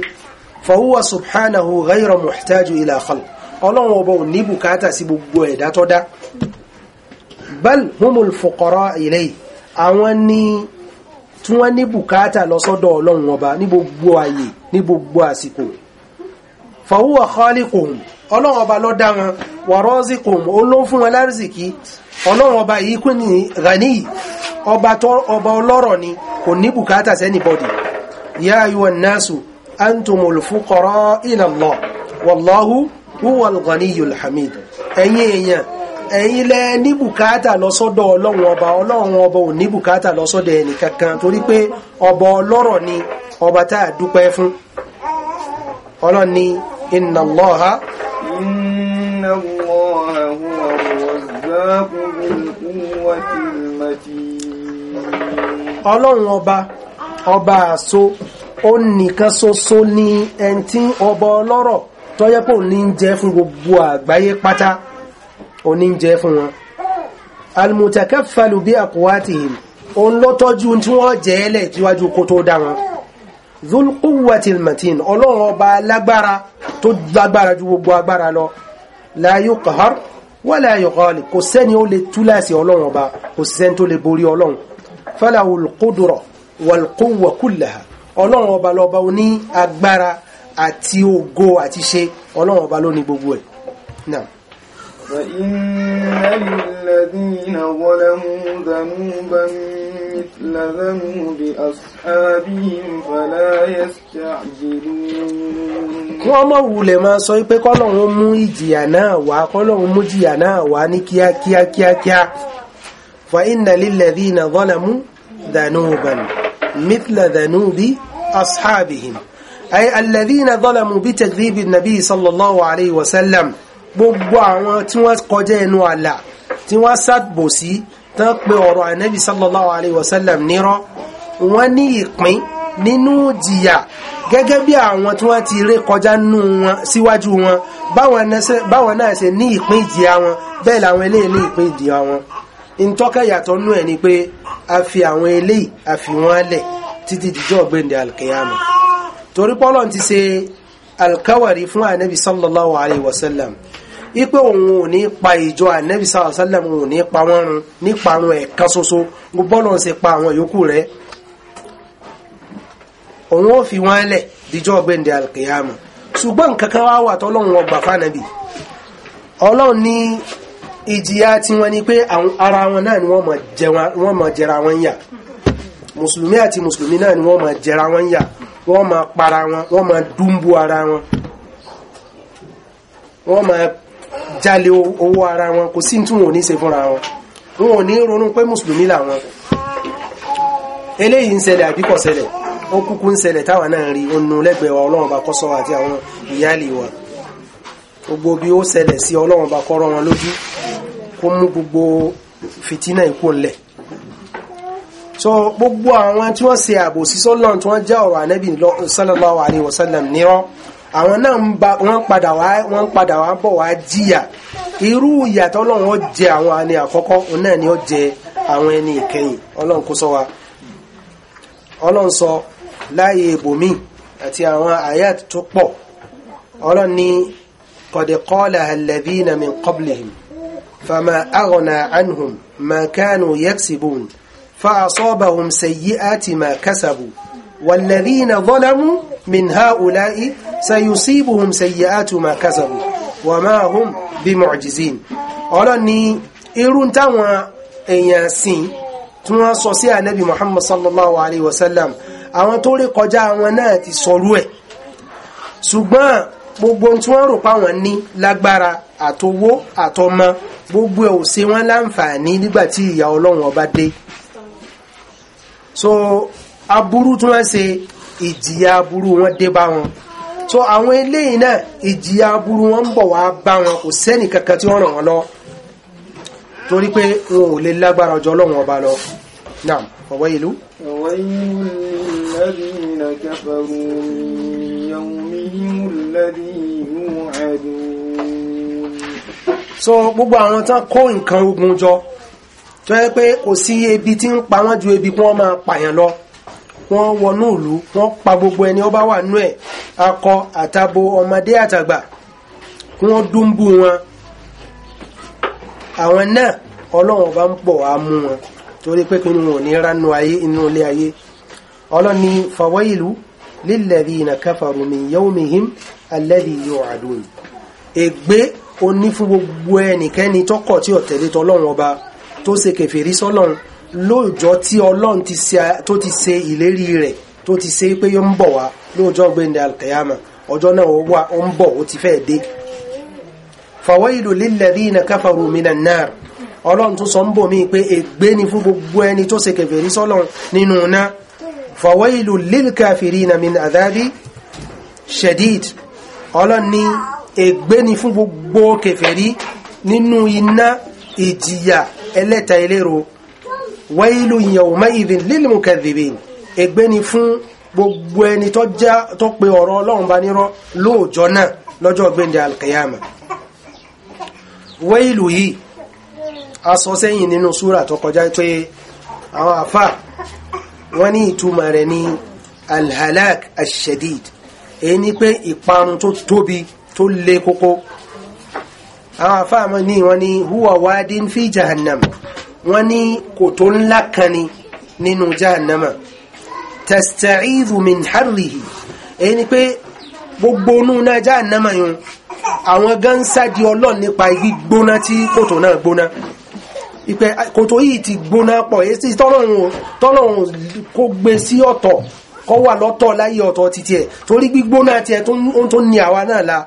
Speaker 1: fa huwa subhanahu ghayra muhtaju ila khalq ọlọ́run ọba ò ní bùkátà sí gbogbo ẹ̀dá tó dá bal humul fuqara ilayhi àwọn ni tí wọ́n ní bùkátà lọ sọ́dọ̀ ọlọ́run ọba ní gbogbo àyè ní gbogbo àsìkò fàwúwà khaliquhum ọlọ́run ọba ló dá wọn wa raziquhum olóhùn fún wọn lárísìkí ọlọ́run ọba yìí kún ní ghani ọba tó ọba ọlọ́rọ̀ ni kò ní bùkátà sẹ́nìbọ̀dì ya ayyuhan nasu antumul fuqara ila Allah wallahu huwal ghaniyyul èèyàn ẹ̀yin lẹ ní bùkátà lọ́sọ́dọ̀ ọlọ́run ọba ọlọ́run ọba ò ní bùkátà lọ́sọ́dọ̀ ẹnì kankan torí pé ọba ọlọ́rọ̀ ni ọba tá a dúpẹ́ fún ọlọ́run ni inna Allaha ọlọ́run ọba ọba àso ó nìkan ṣoṣo ni ẹni tí ọba ọlọ́rọ̀ tó yẹ fún gbogbo àgbáyé pátá oníjẹ fún wọn almutakaffalu bí aqwatihim òun ló tọ́jú tí wọ́n jẹ́ ẹlẹ̀ tíwájú kó tó dá wọn dhul quwwatil matin ọlọ́run ọba lágbára tó lágbára ju gbogbo agbára lọ la yuqhar wala yuqali kò sẹ́ni ó lè túláàsì ọlọ́run ọba kò sẹ́ni tó lè borí ọlọ́run falahul qudra wal ọlọ́run ọba lọ́ba ó ní agbára àti ògo àti ṣe ọlọ́run ọba ló gbogbo ẹ̀ náà
Speaker 3: فإن للذين ظلموا ذنوبا مثل ذنوب أصحابهم فلا يستعجلون wọ́n
Speaker 1: mọ̀ wulẹ̀ máa sọ pé kọ́lọ́run mú ìjìyà náà wá kọ́lọ́run mú ìjìyà náà wá ní kíákíá kíákíá fa inna lilladhina zalamu dhanuban mithla dhanubi ashabihim ay alladhina zalamu bi takdhibi an-nabi sallallahu alayhi wa sallam gbogbo àwọn tí wọ́n kọjá ẹnu àlà tí wọ́n ṣàbòsí tán pé ọ̀rọ̀ ànábì sallallahu alayhi wa sallam nírọ́ wọ́n ní ìpín nínú jìyà gẹ́gẹ́ bí àwọn tí wọ́n ti ré kọjá nù wọn síwájú wọn báwọn náà ṣe ní ìpín ìjìyà wọn bẹ́ẹ̀ làwọn eléyìí ní ìpín ìjìyà wọn ntọ́kẹ́ yàtọ̀ nú ẹ̀ ni pé a fi àwọn eléyìí a fi wọ́n lẹ̀ títí dìjọ́ gbẹ̀ndẹ̀ alkiyama torí pọ́lọ́n ti ṣe alkawari fún ànábì sallallahu alayhi wa sallam ipe òun ò ní pa ìjọ ànẹ́bí sáà òun ò ní pa wọ́n run nípa àwọn ẹ̀kan ṣoṣo ṣe pa àwọn yòókù rẹ̀ òun ó fi wọ́n lẹ̀ díjọ́ gbẹ̀ndẹ̀ alkiyama ṣùgbọ́n nǹkan wá wà tọ́lọ́run ọgbà fánàbì ọlọ́run ní ìjìyà tí wọ́n pé ara wọn náà ni wọ́n máa jẹra wọn yà mùsùlùmí àti mùsùlùmí náà ni wọ́n jalè owó ara wọn kò sí tí wọn ò ní ṣe fúnra wọn wọn ò ní ronú pé mùsùlùmí làwọn eléyìí ń ṣẹlẹ̀ àbí kò ṣẹlẹ̀ ó kúkú ń ṣẹlẹ̀ táwọn náà rí onú lẹ́gbẹ̀ẹ́ wa ọlọ́run bá kọ́sọ́ àti àwọn ìyáàlì wa gbogbo bí ó ṣẹlẹ̀ sí ọlọ́run bá kọ́rọ́ wọn lójú kó mú gbogbo fìtínà ikú ńlẹ̀ so gbogbo àwọn tí wọ́n ṣe àbòsí sọ́lọ́run tí wọ́n já ọ̀rọ̀ ànábì sallallahu alaihi wasallam nírọ́ àwọn náà wọ́n padà wá wọ́n padà wá bọ̀ wá jìyà irú ìyàtọ̀ ọlọ́run jẹ àwọn ẹni àkọ́kọ́ òun náà ni ó jẹ àwọn ẹni ìkẹyìn ọlọ́run kó sọ wa ọlọ́run sọ láàyè ibòmí àti àwọn àyàt tó pọ̀ ọlọ́run ni qad qalaha alladhina min qablihim fama aghna anhum ma kanu yaksibun fa asabahum sayyi'ati ma kasabu walladhina zalamu من هؤلاء سيصيبهم سيئات ما كسبوا وما هم بمعجزين ọlọ́run ni irú táwọn èèyàn sìn tí wọ́n sọ sí ànábì muhammad sallallahu alayhi wa sallam àwọn tó rí kọjá àwọn náà ti sọrú ẹ̀ ṣùgbọ́n gbogbo tí wọ́n rò páwọn ní lágbára àtowó àtọmọ gbogbo ẹ̀ ò ṣe wọ́n láǹfààní nígbà tí ọlọ́run ọba dé so aburú tí wọ́n ṣe ìjìyà aburú wọn dé bá wọn so àwọn eléyìí náà ìjìyà aburú wọn ń bọ̀ wá bá wọn kò sẹ́ni kankan tí wọ́n ràn wọ́n lọ torí pé wọn ò lè lágbára ọjọ́ ọlọ́run ọba lọ naam ọ̀wọ́ ìlú. so gbogbo àwọn tán kó nǹkan ogun jọ tó yẹ pé kò sí ebi tí ń pa wọ́n ju ebi kí wọ́n máa pààyàn lọ wọ́n wọnú ìlú wọ́n pa gbogbo ẹni ọba wà nú ẹ̀ akọ àtabo ọmọdé àtàgbà kí wọ́n dúnbù wọn àwọn náà ọlọ́run ọba ń bọ̀ wá mú wọn torí pé kí wọn ò ní ránú ayé inú ilé ayé ọlọ́run ní fawailu lilladhina kafaru min yawmihim alladhi yu'adun ègbé oní fún gbogbo ẹnikẹ́ni tọkọ̀ tí ó tẹ̀lé ọba tó ṣe kèfèrí sọ́lọ́run lóòjọ́ tí ọlọ́run tó ti ṣe ìlérí rẹ̀ tó ti ṣe pé yóò ń bọ̀ wá lóòjọ́ gbẹ̀ndẹ̀ alkiyama ọjọ́ náà ó wà ó ń bọ̀ ó ti fẹ́ dé fawailu lilladhina kafaru minan nar ọlọ́run tó sọ ń bò mí pé ègbé ni fún gbogbo ẹni tó ṣe kèfèrí sọ́lọ́run nínú náà fawailu lilkafirina min adhabi shadid ọlọ́run ní ègbé ni fún gbogbo kèfèrí nínú iná ìjìyà ẹlẹ́ta eléro wailu yawmaidhin lil mukadhibin ègbé ni fún gbogbo ẹni tó já tó pe ọ̀rọ̀ ọlọ́run bá nírọ́ lóòjọ́ náà lọ́jọ́ gbẹ̀ndẹ̀ alkiyama wailu yìí a sọ sẹ́yìn nínú súra tó kọjá pé àwọn àfà wọ́n ní ìtumọ̀ rẹ̀ ní alhalak ashadid èyí ni pé ìparun tó tóbi tó le kókó àwọn àfà mọ́ ní wọ́n ní huwa wadin fi jahannam wọ́n ní kòtò ńlá kan ni nínú jahannama tasta'idhu min harrihi èyí ni pé gbogbo inú náà jahannama yun àwọn gan sádi ọlọ́run nípa gbígbóná tí kòtò náà gbóná ìpẹ́ kòtò yìí ti gbóná pọ̀ èsì tọ́lọ́run tọ́lọ́run kó gbé sí ọ̀tọ̀ kọ́ wà lọ́tọ̀ láyé ọ̀tọ̀ títí ẹ̀ torí gbígbóná ti ẹ̀ tó ní àwa náà la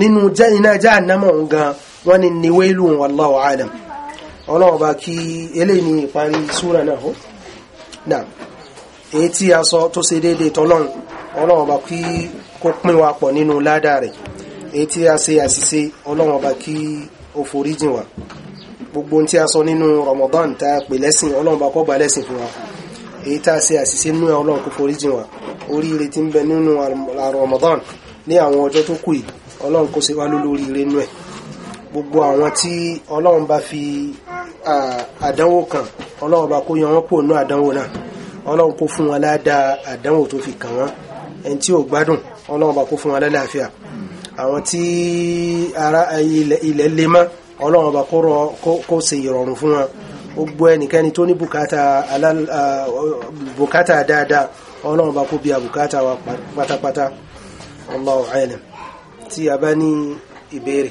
Speaker 1: nínú iná jahannama òun gan wọ́n ni níwélù wallahu alam ọlọ́run bá kí eléyìí ní ìparí súra náà ó náà èyí tí a sọ tó ṣe déédéé tọ́lọ́run ọlọ́run bá kí kó pín wa pọ̀ nínú ládàá rẹ̀ èyí tí a ṣe àṣìṣe ọlọ́run bá kí ó foríjìn wa gbogbo tí a sọ nínú Ramadan tá a pè lẹ́sìn ọlọ́run bá kó gbà lẹ́sìn fún wa èyí tá a ṣe àṣìṣe nínú ọlọ́run kó foríjìn wa oríire tí ń bẹ nínú Ramadan ní àwọn ọjọ́ tó kù yìí ọlọ́run kó ṣe wá lólórí ire nú ẹ̀ gbogbo àwọn tí ọlọ́run bá fi àdánwò kan ọlọ́run bá kó yan wọ́n pò nú àdánwò náà ọlọ́run kó fún wọn ládàá àdánwò tó fi kàn wọ́n ẹni tí ò gbádùn ọlọ́run bá kó fún wọn lálàáfíà àwọn tí ara ilẹ̀ lè mọ́ ọlọ́run bá kó ṣe ìrọ̀rùn fún wọn gbogbo ẹnikẹ́ni tó ní bùkátà dáadáa ọlọ́run bá kó bí àbùkátà wa pátápátá Allahu alam tí a bá ní ìbéèrè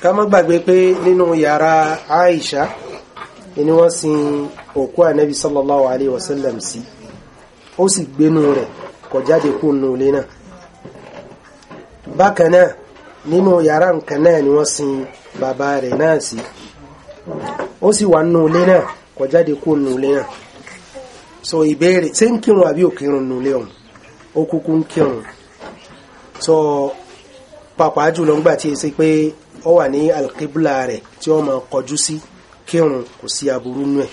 Speaker 1: ká má gbàgbé pé nínú yàrá Aisha ni wọ́n sin òkú ànábi sallallahu alayhi wa sallam sí ó sì gbénu rẹ̀ kò jáde kú nù ilé náà bákan nínú yàrá nǹkan ni wọ́n sin bàbá rẹ̀ náà sí ó sì wà nù ilé náà kò jáde kú nù ilé náà so ìbéèrè ṣé ń kírun àbí ò nnule nù ilé ọ̀hún ó kúkú ń kírun so pàpà jùlọ ńgbà tí pé ó wà ní alqibla rẹ̀ tí ó máa kọjú sí kírun kò sí aburú nù ẹ̀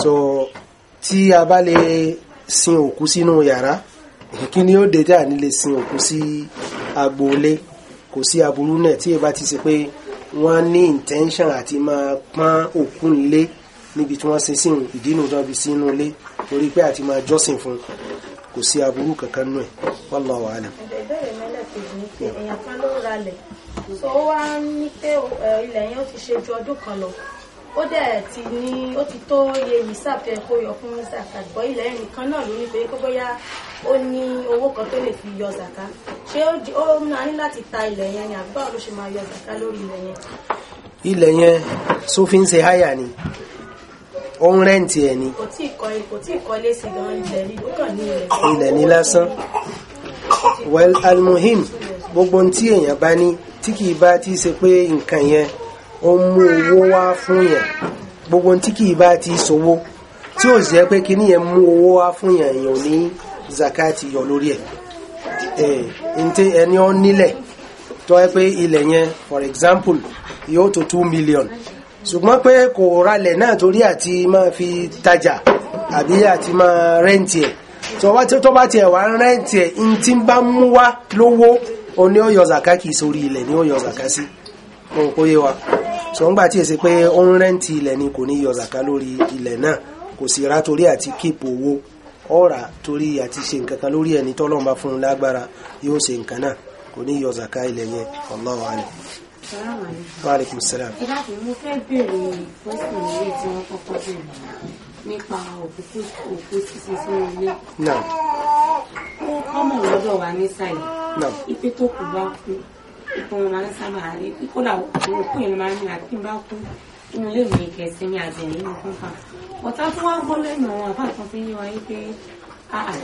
Speaker 1: so tí a bá lè sin òkú sínú yàrá kí ni ó dé tá à ní lè sin òkú sí agboolé kò sí aburú náà tí ẹ ti ṣe pé wọ́n ní intention àti máa pọ́n òkú nílé níbi tí wọ́n sin sínú ìdínú tó bí sínú ilé torí pé àti máa jọ́sìn fún kò sí aburú kankan nù ẹ̀ wallahu alam.
Speaker 4: ẹ̀dẹ̀ ìbéèrè mẹ́lẹ̀ kejì ní pé èèyàn kan ló ralẹ̀ so ó wá ní pé ilẹ̀ yẹn ó ti ṣe ju ọdún kan lọ ó dẹ̀ ti ní ó ti tó iye yìí sàfẹ́ kó yọ fún zakat bọ́ ilẹ̀ yẹn nìkan náà ló ní pé kó bóyá ó ní owó kan tó lè fi yọ zaka ṣé ó máa ní láti ta ilẹ̀ yẹn ni àbí báwo ló ṣe máa yọ zaka lórí ilẹ̀ yẹn.
Speaker 1: ilẹ̀ yẹn sófin ṣe háyà ni ó ń rẹ́ǹtì ẹ̀ ni.
Speaker 4: kò tí ì kọ́ kò tí ì kọ́lé sí gan ilẹ̀ ní ó kàn ní ilẹ̀.
Speaker 1: ilẹ̀ ní lásán well almuhim gbogbo ohun tí èèyàn bá ní tí kìí bá ti ṣe pé nǹkan yẹn ó ń mú owó wá fún yàn gbogbo tí kìí bá ti ṣòwò tí ó jẹ́ pé kíní yẹn mú owó wá fún yàn èèyàn ní zakati yọ lórí ẹ̀ eh, ẹni ó nílẹ̀ tó yẹ pé ilẹ̀ yẹn for example yóò tó two million ṣùgbọ́n pé kò ralẹ̀ náà torí àti máa fi tajà àbí àti máa rẹ́ǹtì ẹ̀ tó bá tiẹ̀ wá rẹ́ǹtì ẹ̀ ń tí ń bá mú wá lówó ó ní ọ̀yọ́ zaka kì í sórí ilẹ̀ ní ọ̀yọ́ zaka sí mo rò pé yé wa sọ ń gbà tí èsì pé ó ń rẹ́ǹtì ilẹ̀ ni kò ní yọ zaka lórí ilẹ̀ náà kò sì ra torí àti kíìpù owó ọ̀rà torí àti ṣe nǹkan kan lórí ẹni tọ́lọ́run bá fún un lágbára yóò ṣe nǹkan náà kò ní yọ zaka ilẹ̀ yẹn Allahu alim. Wàhálàkùn sẹ́lẹ̀m.
Speaker 5: Ìdáàbò mo fẹ́ bèèrè pọ́sìtì ilé tí wọ́n kọ́kọ́ bèèrè nípa òkú sísí sí ilé. Náà. Ó kọ́mọ̀ lọ́dọ̀ wa ní sáyẹ̀ ipe tó kù bá kú ipe wọn máa ń sábà rí kódà òkú yẹn máa ń ní àti bá kú inú ilé mi kẹsì ní àjẹyìn ní fúnfà ọ̀tá tó wá gbọ́ lẹ́nu àwọn àbá kan fi yé wa wípé ah, ah,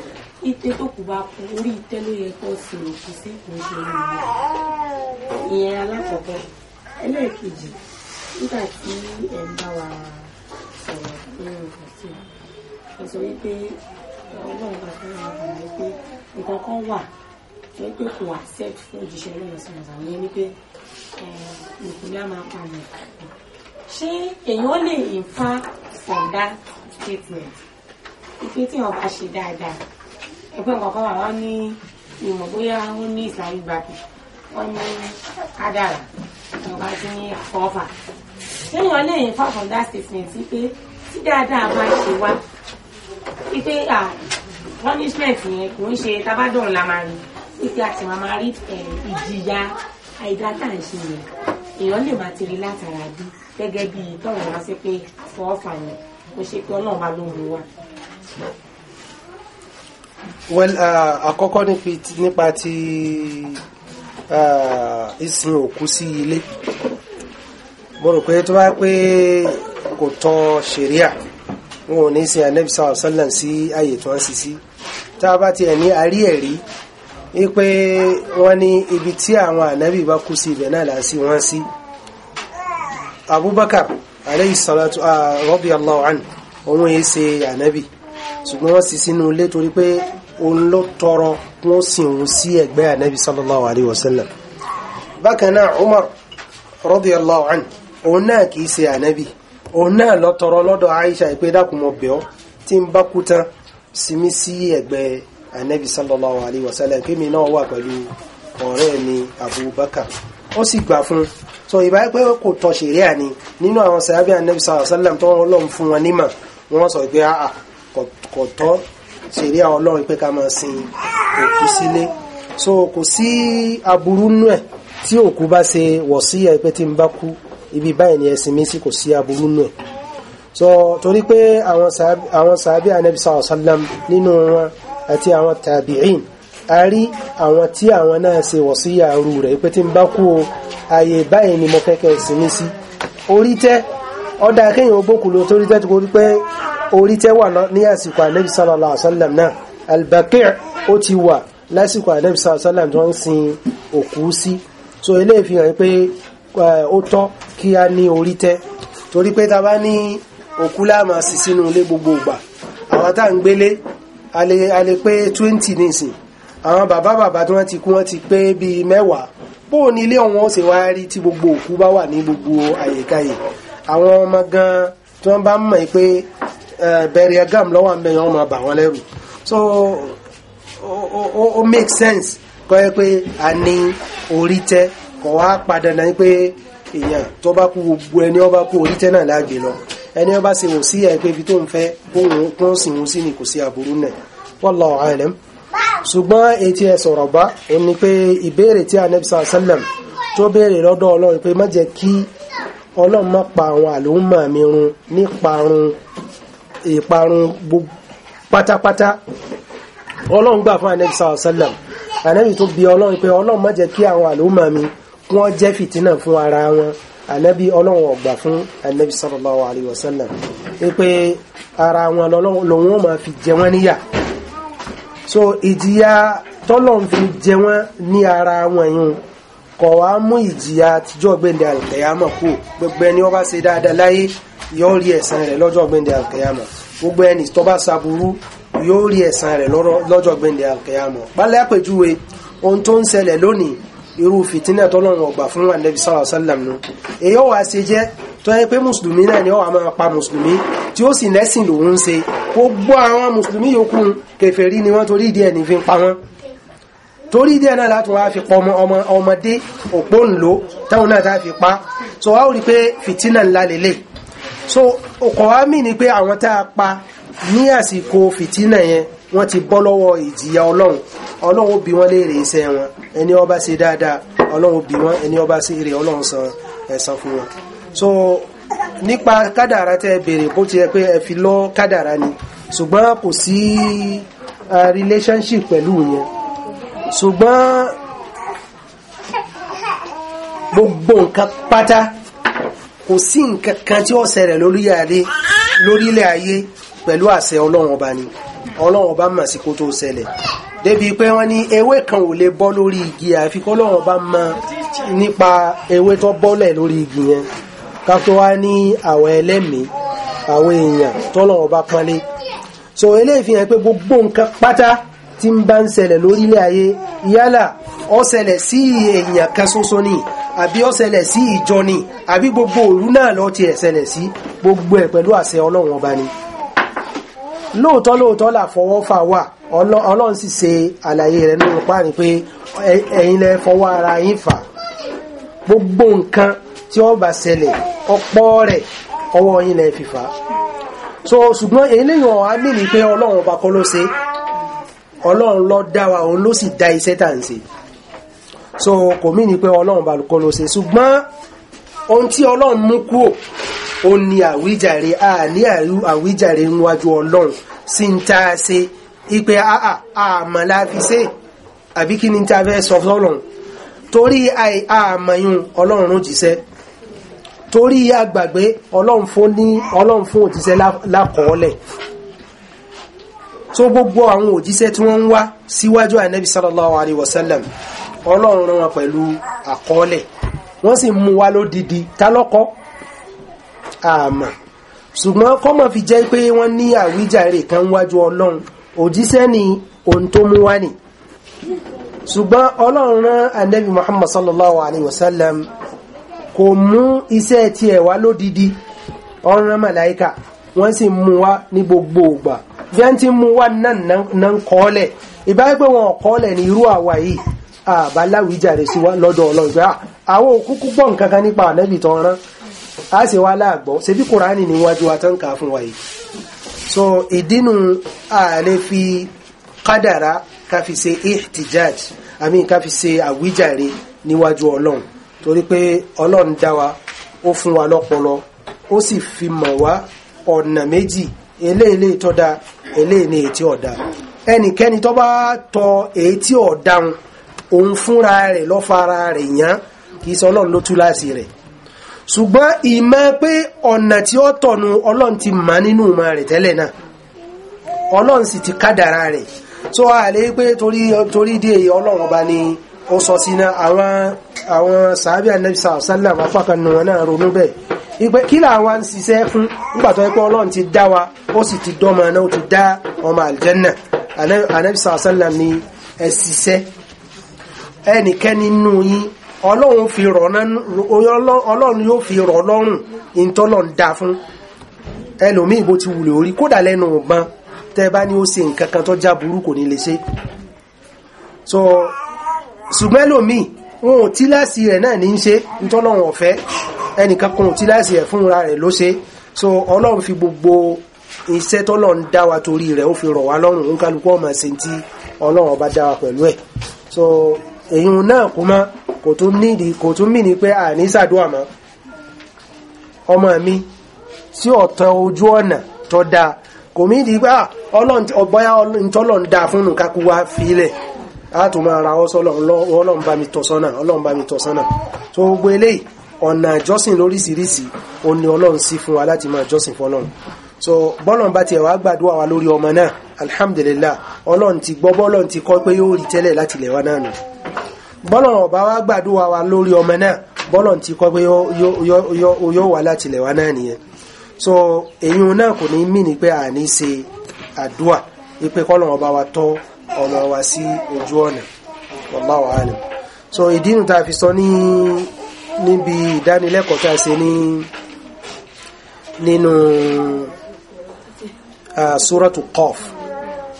Speaker 5: ipe tó kù bá kú orí itẹ́ ló yẹ kó sì lò kú sí kò ṣe é
Speaker 2: nìyẹn
Speaker 5: ìyẹn alákọ̀ọ́kọ́ ẹlẹ́ẹ̀kejì nígbà tí ẹ̀ ń bá wa sọ̀rọ̀ nínú ìfọ̀sí ẹ̀ sọ wípé ọlọ́run bá fẹ́ràn àwọn wípé nǹkan kan wà ẹgbẹ́ àwọn accept fún òjíṣẹ́ lọ́sọ̀rọ̀ àwọn yẹn ni pé ìpínlẹ̀ máa pa mi. ṣé èèyàn lè infer from that statement ife tí wọn bá ṣe dáadáa ẹgbẹ́ nǹkan kan wà wọ́n ní ìmọ̀ bóyá wọ́n ní ìsàlẹ̀ gbàgbé wọ́n ní kádàrà wọ́n bá ti ní kọ́fà. ṣé èèyàn lè infer from that statement pé tí dáadáa bá ṣe wá pé punishment yẹn kò ń ṣe tábàdàn la máa rí wípé a ti máa máa rí ìjìyà àìdá tá à ń ṣe yẹn èèyàn lè máa ti rí látara bí gẹ́gẹ́ bí tọ́wọ̀ wá sí pé fọ́ọ̀fà yẹn kò ṣe pé ọlọ́run bá ló ń wá.
Speaker 1: well uh, àkọ́kọ́ nípa ti uh, ìsìn òkú sí ilé mo rò pé tó bá pé kò tọ́ ṣẹ̀ríà wọn ò ní sin anabi sallam sí àyè tí wọ́n sì sí tá a bá tiẹ̀ ní àrí ẹ̀rí ipe wọ́n ní ibi tí àwọn ànábì bá kú sí ibẹ̀ náà làásí wọ́n sí abubakar alayhi salatu ah, radiyallahu anhu òun èé ṣe ànábì ṣùgbọ́n wọ́n sì sínú ilé torí pé òun ló tọrọ wọ́n sì òun sí ẹ̀gbẹ́ ànábì sallallahu alayhi wa sallam bákan náà umar radiyallahu anhu òun náà kìí ṣe ànábì òun náà lọ tọrọ lọ́dọ̀ aisha ìpé dákùnmọ̀ bẹ́ọ́ tí ń bá kú tán sinmi sí ẹ̀gbẹ́ anabi sallallahu alayhi wa sallam kí mi náà wà pẹ̀lú ọ̀rẹ́ mi abubakar ó sì gbà fún so ìbá pé kò tọ́ ṣẹ̀ríà ni nínú àwọn sàábì anabi sallallahu alayhi wa sallam tó wọn lọ́n fún wọn nímọ̀ wọ́n sọ pé àà kò tọ́ so kò sí aburú nú ẹ̀ tí òkú ibi báyìí ni ẹ̀sìn mi sí so torí pé àwọn sàábì anabi sallallahu alayhi wa sallam nínú wọn àti àwọn tàbíìn a rí àwọn tí àwọn náà ṣe wọ̀síyà arú rẹ̀ pé tí ń bá kú o ààyè báyìí ni mo fẹ́ kẹ́ ìsinmi sí orí tẹ́ ọ̀dà kéèyàn gbókùn lọ torí tẹ́ torí pé orí tẹ́ wà ní àsìkò ànábì sallallahu alaihi wasallam náà albaqi ó ti wà lásìkò ànábì sallallahu eh, àwọn tá ń gbélé a lè pé twenty nísìn àwọn bàbá bàbá tí wọ́n ti kú wọ́n ti pé bíi mẹ́wàá bóò ní ilé ọ̀hún ó ṣe wá rí tí gbogbo òkú bá wà ní gbogbo àyèkáyè àwọn ọmọ gan tí wọ́n bá mọ̀ pé bẹ̀rẹ̀ gam lọ́wọ́ àmì ẹ̀yàn ọmọ bà wọ́n lẹ́rù so ó make sense kọ́ ẹ pé a ní orí tẹ́ kọ̀ wá padà náà pé èèyàn tó bá kú gbogbo ẹni ó kú orí tẹ́ náà lágbè lọ ẹni ọba ṣe wò sí ẹgbẹ́ ibi tó ń fẹ́ kóhun kún sí wọn sí ni kò sí aburú náà wallahu alam ṣùgbọ́n etí ẹ sọ̀rọ̀ bá ó ní pé ìbéèrè tí anabi sallam tó béèrè lọ́dọ̀ ọlọ́run pé má jẹ́ kí ọlọ́run má pa àwọn àlòmọ̀ mi run níparun ìparun pátápátá ọlọ́run gbà fún anabi sallam anabi tó bi ọlọ́run pé ọlọ́run má jẹ́ kí àwọn àlòmọ̀ mi wọ́n jẹ́ fìtínà fún ara wọn ànábì ọlọ́run ọ̀gbà fún ànábì sallallahu alayhi wa sallam wípé ara wọn lòun ó máa fi jẹ wọ́n níyà so ìjìyà tọ́lọ́run fi jẹ wọ́n ní ara wọn yìí kọ̀ wá mú ìjìyà àtijọ́ gbẹ̀ndẹ̀ alkiyama kú gbogbo ẹni ó bá ṣe dáadáa láyé yóò rí ẹ̀san rẹ̀ lọ́jọ́ gbẹ̀ndẹ̀ alkiyama gbogbo ẹni tó bá ṣaburú yóò rí ẹ̀san rẹ̀ lọ́jọ́ gbẹ̀ndẹ̀ alkiyama pálẹ́ àpèjúwe ohun tó ń ṣẹlẹ̀ lónìí irú fìtínà tọ́lọ́run ọgbà fún ànábì sallallahu alaihi wasallam nù èyí ó wá ṣe jẹ́ tó yẹ pé mùsùlùmí náà ni ó wà máa pa mùsùlùmí tí ó sì lẹ́sìn lòun ṣe gbogbo àwọn mùsùlùmí yòókù kèfèrí ni wọ́n torí ìdí ẹ̀ ní fi ń pa wọ́n torí díẹ̀ náà látún wá fi pọmọ ọmọdé òpó ńlò táwọn náà tá fi pa so wá rí pé fìtínà ńlá lélẹ̀ so ọkọ̀ wá mì ní pé àwọn tá a pa ní àsìkò fìtínà yẹn wọ́n ti bọ́ lọ́wọ́ ìjìyà ọlọ́run ọlọ́run ó bi wọ́n léèrè iṣẹ́ wọn ẹni ó ṣe dáadáa ọlọ́run ó bi wọ́n ẹni ó ṣe èrè ọlọ́run san ẹ̀san fún wọn. so nípa kádàrá tẹ́ béèrè bó ti yẹ pé ẹ fi lọ kádàrá ni ṣùgbọ́n kò sí relationship pẹ̀lú yẹn ṣùgbọ́n gbogbo nǹkan pátá kò sí nǹkan kan tí ó ṣẹlẹ̀ lórí ilẹ̀ ayé pẹ̀lú àṣẹ ọlọ́run ọba ni ọlọ́run ọba mà sí kó tó ṣẹlẹ̀ débi pé wọ́n ní ewé kan ò lè bọ́ lórí igi àfi kó ọlọ́run ọba mọ nípa ewé tó bọ́lẹ̀ lórí igi yẹn ká tó wá ní àwọn ẹlẹ́mìí àwọn èèyàn tọ́lọ́run ọba pọ́nlé so eléyìí fi hàn pé gbogbo nǹkan pátá tí ń bá ń ṣẹlẹ̀ lórílẹ̀ ayé yálà ó ṣẹlẹ̀ sí èèyàn kan ṣoṣo ni àbí ó ṣẹlẹ̀ sí ìjọ ni àbí gbogbo òru náà ló tiẹ̀ ṣẹlẹ̀ sí gbogbo ẹ̀ pẹ̀lú àṣẹ ọlọ́run ọba ni lóòótọ́ lóòótọ́ là fọwọ́ fà wà ọlọ́run sì ṣe àlàyé rẹ̀ lórí páàrin pé ẹ̀yin lẹ fọwọ́ ara yín fà gbogbo nǹkan tí wọ́n bá ṣẹlẹ̀ ọ̀pọ̀ rẹ̀ ọwọ́ yín lẹ fi fà so ṣùgbọ́n eléyàn á lè ní pé ọlọ́run ọba kọ́ ló ṣe ọlọ́run ló dá wa òun ló sì dá iṣẹ́ tà ń ṣe so kò mí ni pé ọlọ́run ọba kọ́ ló ṣe ṣùgbọ́n ohun tí ọlọ́run mú kúrò ó ní àwíjàre a ní àwíjàre níwájú ọlọ́run sí ń tá a ṣe ipe àà àmọ́ la fi ṣe àbí kí ni tá a fẹ́ sọ fọlọ́run torí àmọ́yún ọlọ́run jíṣẹ́ torí àgbàgbé ọlọ́run fún ní ọlọ́run fún òjíṣẹ́ lákọọ́lẹ̀ tó gbogbo àwọn òjíṣẹ́ tí wọ́n ń wá síwájú ànábì sallallahu alaihi wasallam ọlọ́run rán wọn pẹ̀lú àkọọ́lẹ̀ wọ́n sì mú wa lódidi tálọ́kọ́ àmà ṣùgbọ́n kọ́mọ̀ fi jẹ́ pé wọ́n ní àwíjàre kan wájú ọlọ́run òjíṣẹ́ ni ohun tó mú wá ni ṣùgbọ́n ọlọ́run rán anabi muhammad sallallahu alaihi wasallam, sallam kò mú iṣẹ́ tiẹ̀ wá lódidi ọ̀ràn màláìka wọ́n sì mú wá ní gbogbo ògbà bí wọ́n ti mú wá náà ń kọ́ọ́lẹ̀ ìbáyé pé wọn ọ̀kọ́ọ̀lẹ̀ ní irú àwa yìí àbáláwíjàre sí wa lọ́dọ̀ ọlọ́run pé àwọn òkúkú gbọ́ nǹkan kan nípa ànábì tán rán a sì wá láàgbọ́ ṣe bí kùránì níwájú wa tán kà fún wa yìí so ìdínú ààlẹ́ fi kádàrá ká fi ṣe ihtijaj àmì ká fi ṣe àwíjàre níwájú ọlọ́run torí pé ọlọ́run dá wa ó fún wa lọ́pọlọ ó sì fi mọ̀ wá ọ̀nà méjì eléèlé tó eléèlé tí ò ẹnikẹ́ni tó bá tọ èyí tí òun fúnra rẹ̀ lọ́fara rẹ̀ yàn kì í sọ ọlọ́run ló tú láàsì rẹ̀ ṣùgbọ́n ìmọ̀ pé ọ̀nà tí ó tọ̀nù ọlọ́run ti mà nínú ìmọ̀ rẹ̀ tẹ́lẹ̀ náà ọlọ́run sì ti kádàrá rẹ̀ tó a lè pé torí torí dé ọlọ́run ọba ni ó sọ sí náà àwọn àwọn sàábì anabi sàlọ sálà àpákan nù wọn náà ronú bẹ́ẹ̀ ìpè kí làwọn ń ṣiṣẹ́ fún nígbà tó yẹ pé ọlọ́run ti dá wa ó sì ti dọ́mọ náà ó ti dá ọmọ àlìjẹ́nà anabi sàlọ ni ẹ ṣiṣẹ́ ẹnikẹ́ni nínú yín ọlọ́run fi rọ̀ ọlọ́run yóò fi rọ̀ lọ́rùn ìtọ́lọ̀ ń da fún ẹlòmíì bó ti wùlẹ̀ orí kódà lẹ́nu ọ̀gbọ́n tẹ́ bá ní ó ṣe nǹkan kan tó já burú kò ní lè ṣe so ṣùgbọ́n ẹlòmíì wọn ò tí láàsì rẹ̀ náà ní í ṣe ìtọ́lọ́run ọ̀fẹ́ ẹnìkan kan ò tí láàsì rẹ̀ fúnra rẹ̀ ló ṣe so ọlọ́run fi gbogbo iṣẹ́ tọ́lọ̀ ń dá wa torí rẹ̀ ó fi rọ̀ wá lọ́rùn ó kálukú ọmọ sí ti ọlọ́run ọba dá wa pẹ̀lú ẹ̀ so èyí náà kò máa kò tún nídìí kò tún mì ní pé àní ṣàdúrà mọ́ ọmọ mi sí ọ̀tọ̀ ojú ọ̀nà tó dáa kò mí di pé ọgbọ́yá ìtọ́lọ̀ dáa fún nǹka kú wá fílẹ̀ látò máa ra ọ́sọ́ ọlọ́run bá mi tọ́ sọ́nà ọlọ́run bá ọ̀nà ìjọsìn lóríṣiríṣi ó ní ọlọ́run fún wa láti máa jọ́sìn so bọ́lọ̀n bọ́lọ̀ ọba wa gbàdúrà wa lórí ọmọ náà bọ́lọ̀ ti kọ́ pé yóò wà láti ilẹ̀ náà nìyẹn so èyí náà kò ní mí ni pé àní ṣe àdúà ipe kọ́lọ̀ ọba wa tọ́ ọmọ wa sí ojú ọ̀nà wallahu alim so ìdí nu tá fi sọ ní níbi ìdánilẹ́kọ̀ọ́ tá ṣe ní nínú suratu Qaf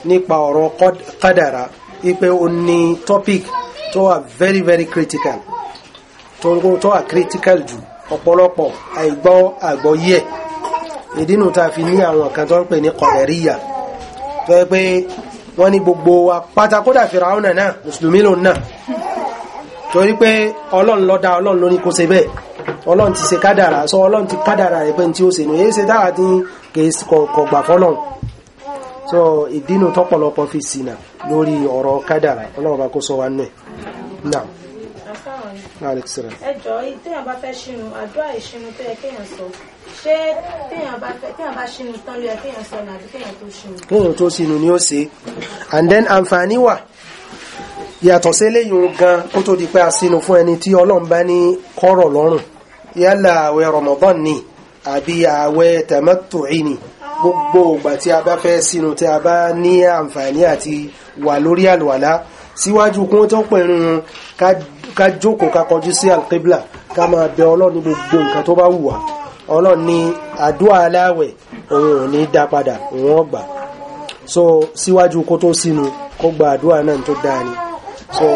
Speaker 1: nípa ọ̀rọ̀ kádàrá ipe ó ní topic tó wà very very critical tó wà critical jù ọ̀pọ̀lọpọ̀ àìgbọ́ àgbọ́yé ẹ̀ ìdínú ta fi ní àwọn kan tó ń pè ní kọ̀lẹ̀ríyà tó yẹ pé wọ́n ní gbogbo wa pátákódà fìràúnà náà mùsùlùmí lòun náà torí pé ọlọ́run ló dá ọlọ́run ló ní kó ṣe bẹ́ẹ̀ ọlọ́run ti ṣe kádàrà sọ ọlọ́run ti kádàrà rẹ̀ pé tí ó ṣe nù èyí ṣe táwa ti kọ̀gbà fọlọ́run so ìdínú tọ́pọ̀lọpọ̀ fi ṣìnà lórí ọ̀rọ̀ kádàrà ọlọ́run bá kó sọ wa nù ẹ̀ náà alexandra.
Speaker 4: ẹjọ téèyàn bá fẹ́ ṣinu àdúrà ìṣinu tó yẹ kéèyàn sọ ṣé téèyàn bá fẹ́ téèyàn bá ṣinu tán ló yẹ kéèyàn sọ ní àbí kéèyàn tó ṣinu.
Speaker 1: kéèyàn tó ṣinu ni ó ṣe and then àǹfààní wà yàtọ̀ sí eléyìí gan kó tó di pé a ṣinu fún ẹni tí ọlọ́run bá ní kọ́rọ̀ lọ́rùn yálà àwẹ̀ rọmọdán ni àbí àwẹ̀ tẹ̀mẹ́tò ni gbogbo ìgbà tí a bá fẹ́ sínú tí a bá ní àǹfààní àti wà lórí àlùwàlá síwájú kún tó pẹ̀rún ká jókòó ká kọjú sí alqibla ká máa bẹ ọlọ́run gbogbo nǹkan tó bá wù wá ọlọ́run ní àdúrà aláwẹ̀ òun ò ní dá padà òun ọgbà so síwájú kó tó sínú kó gba àdúrà náà tó dáa ni so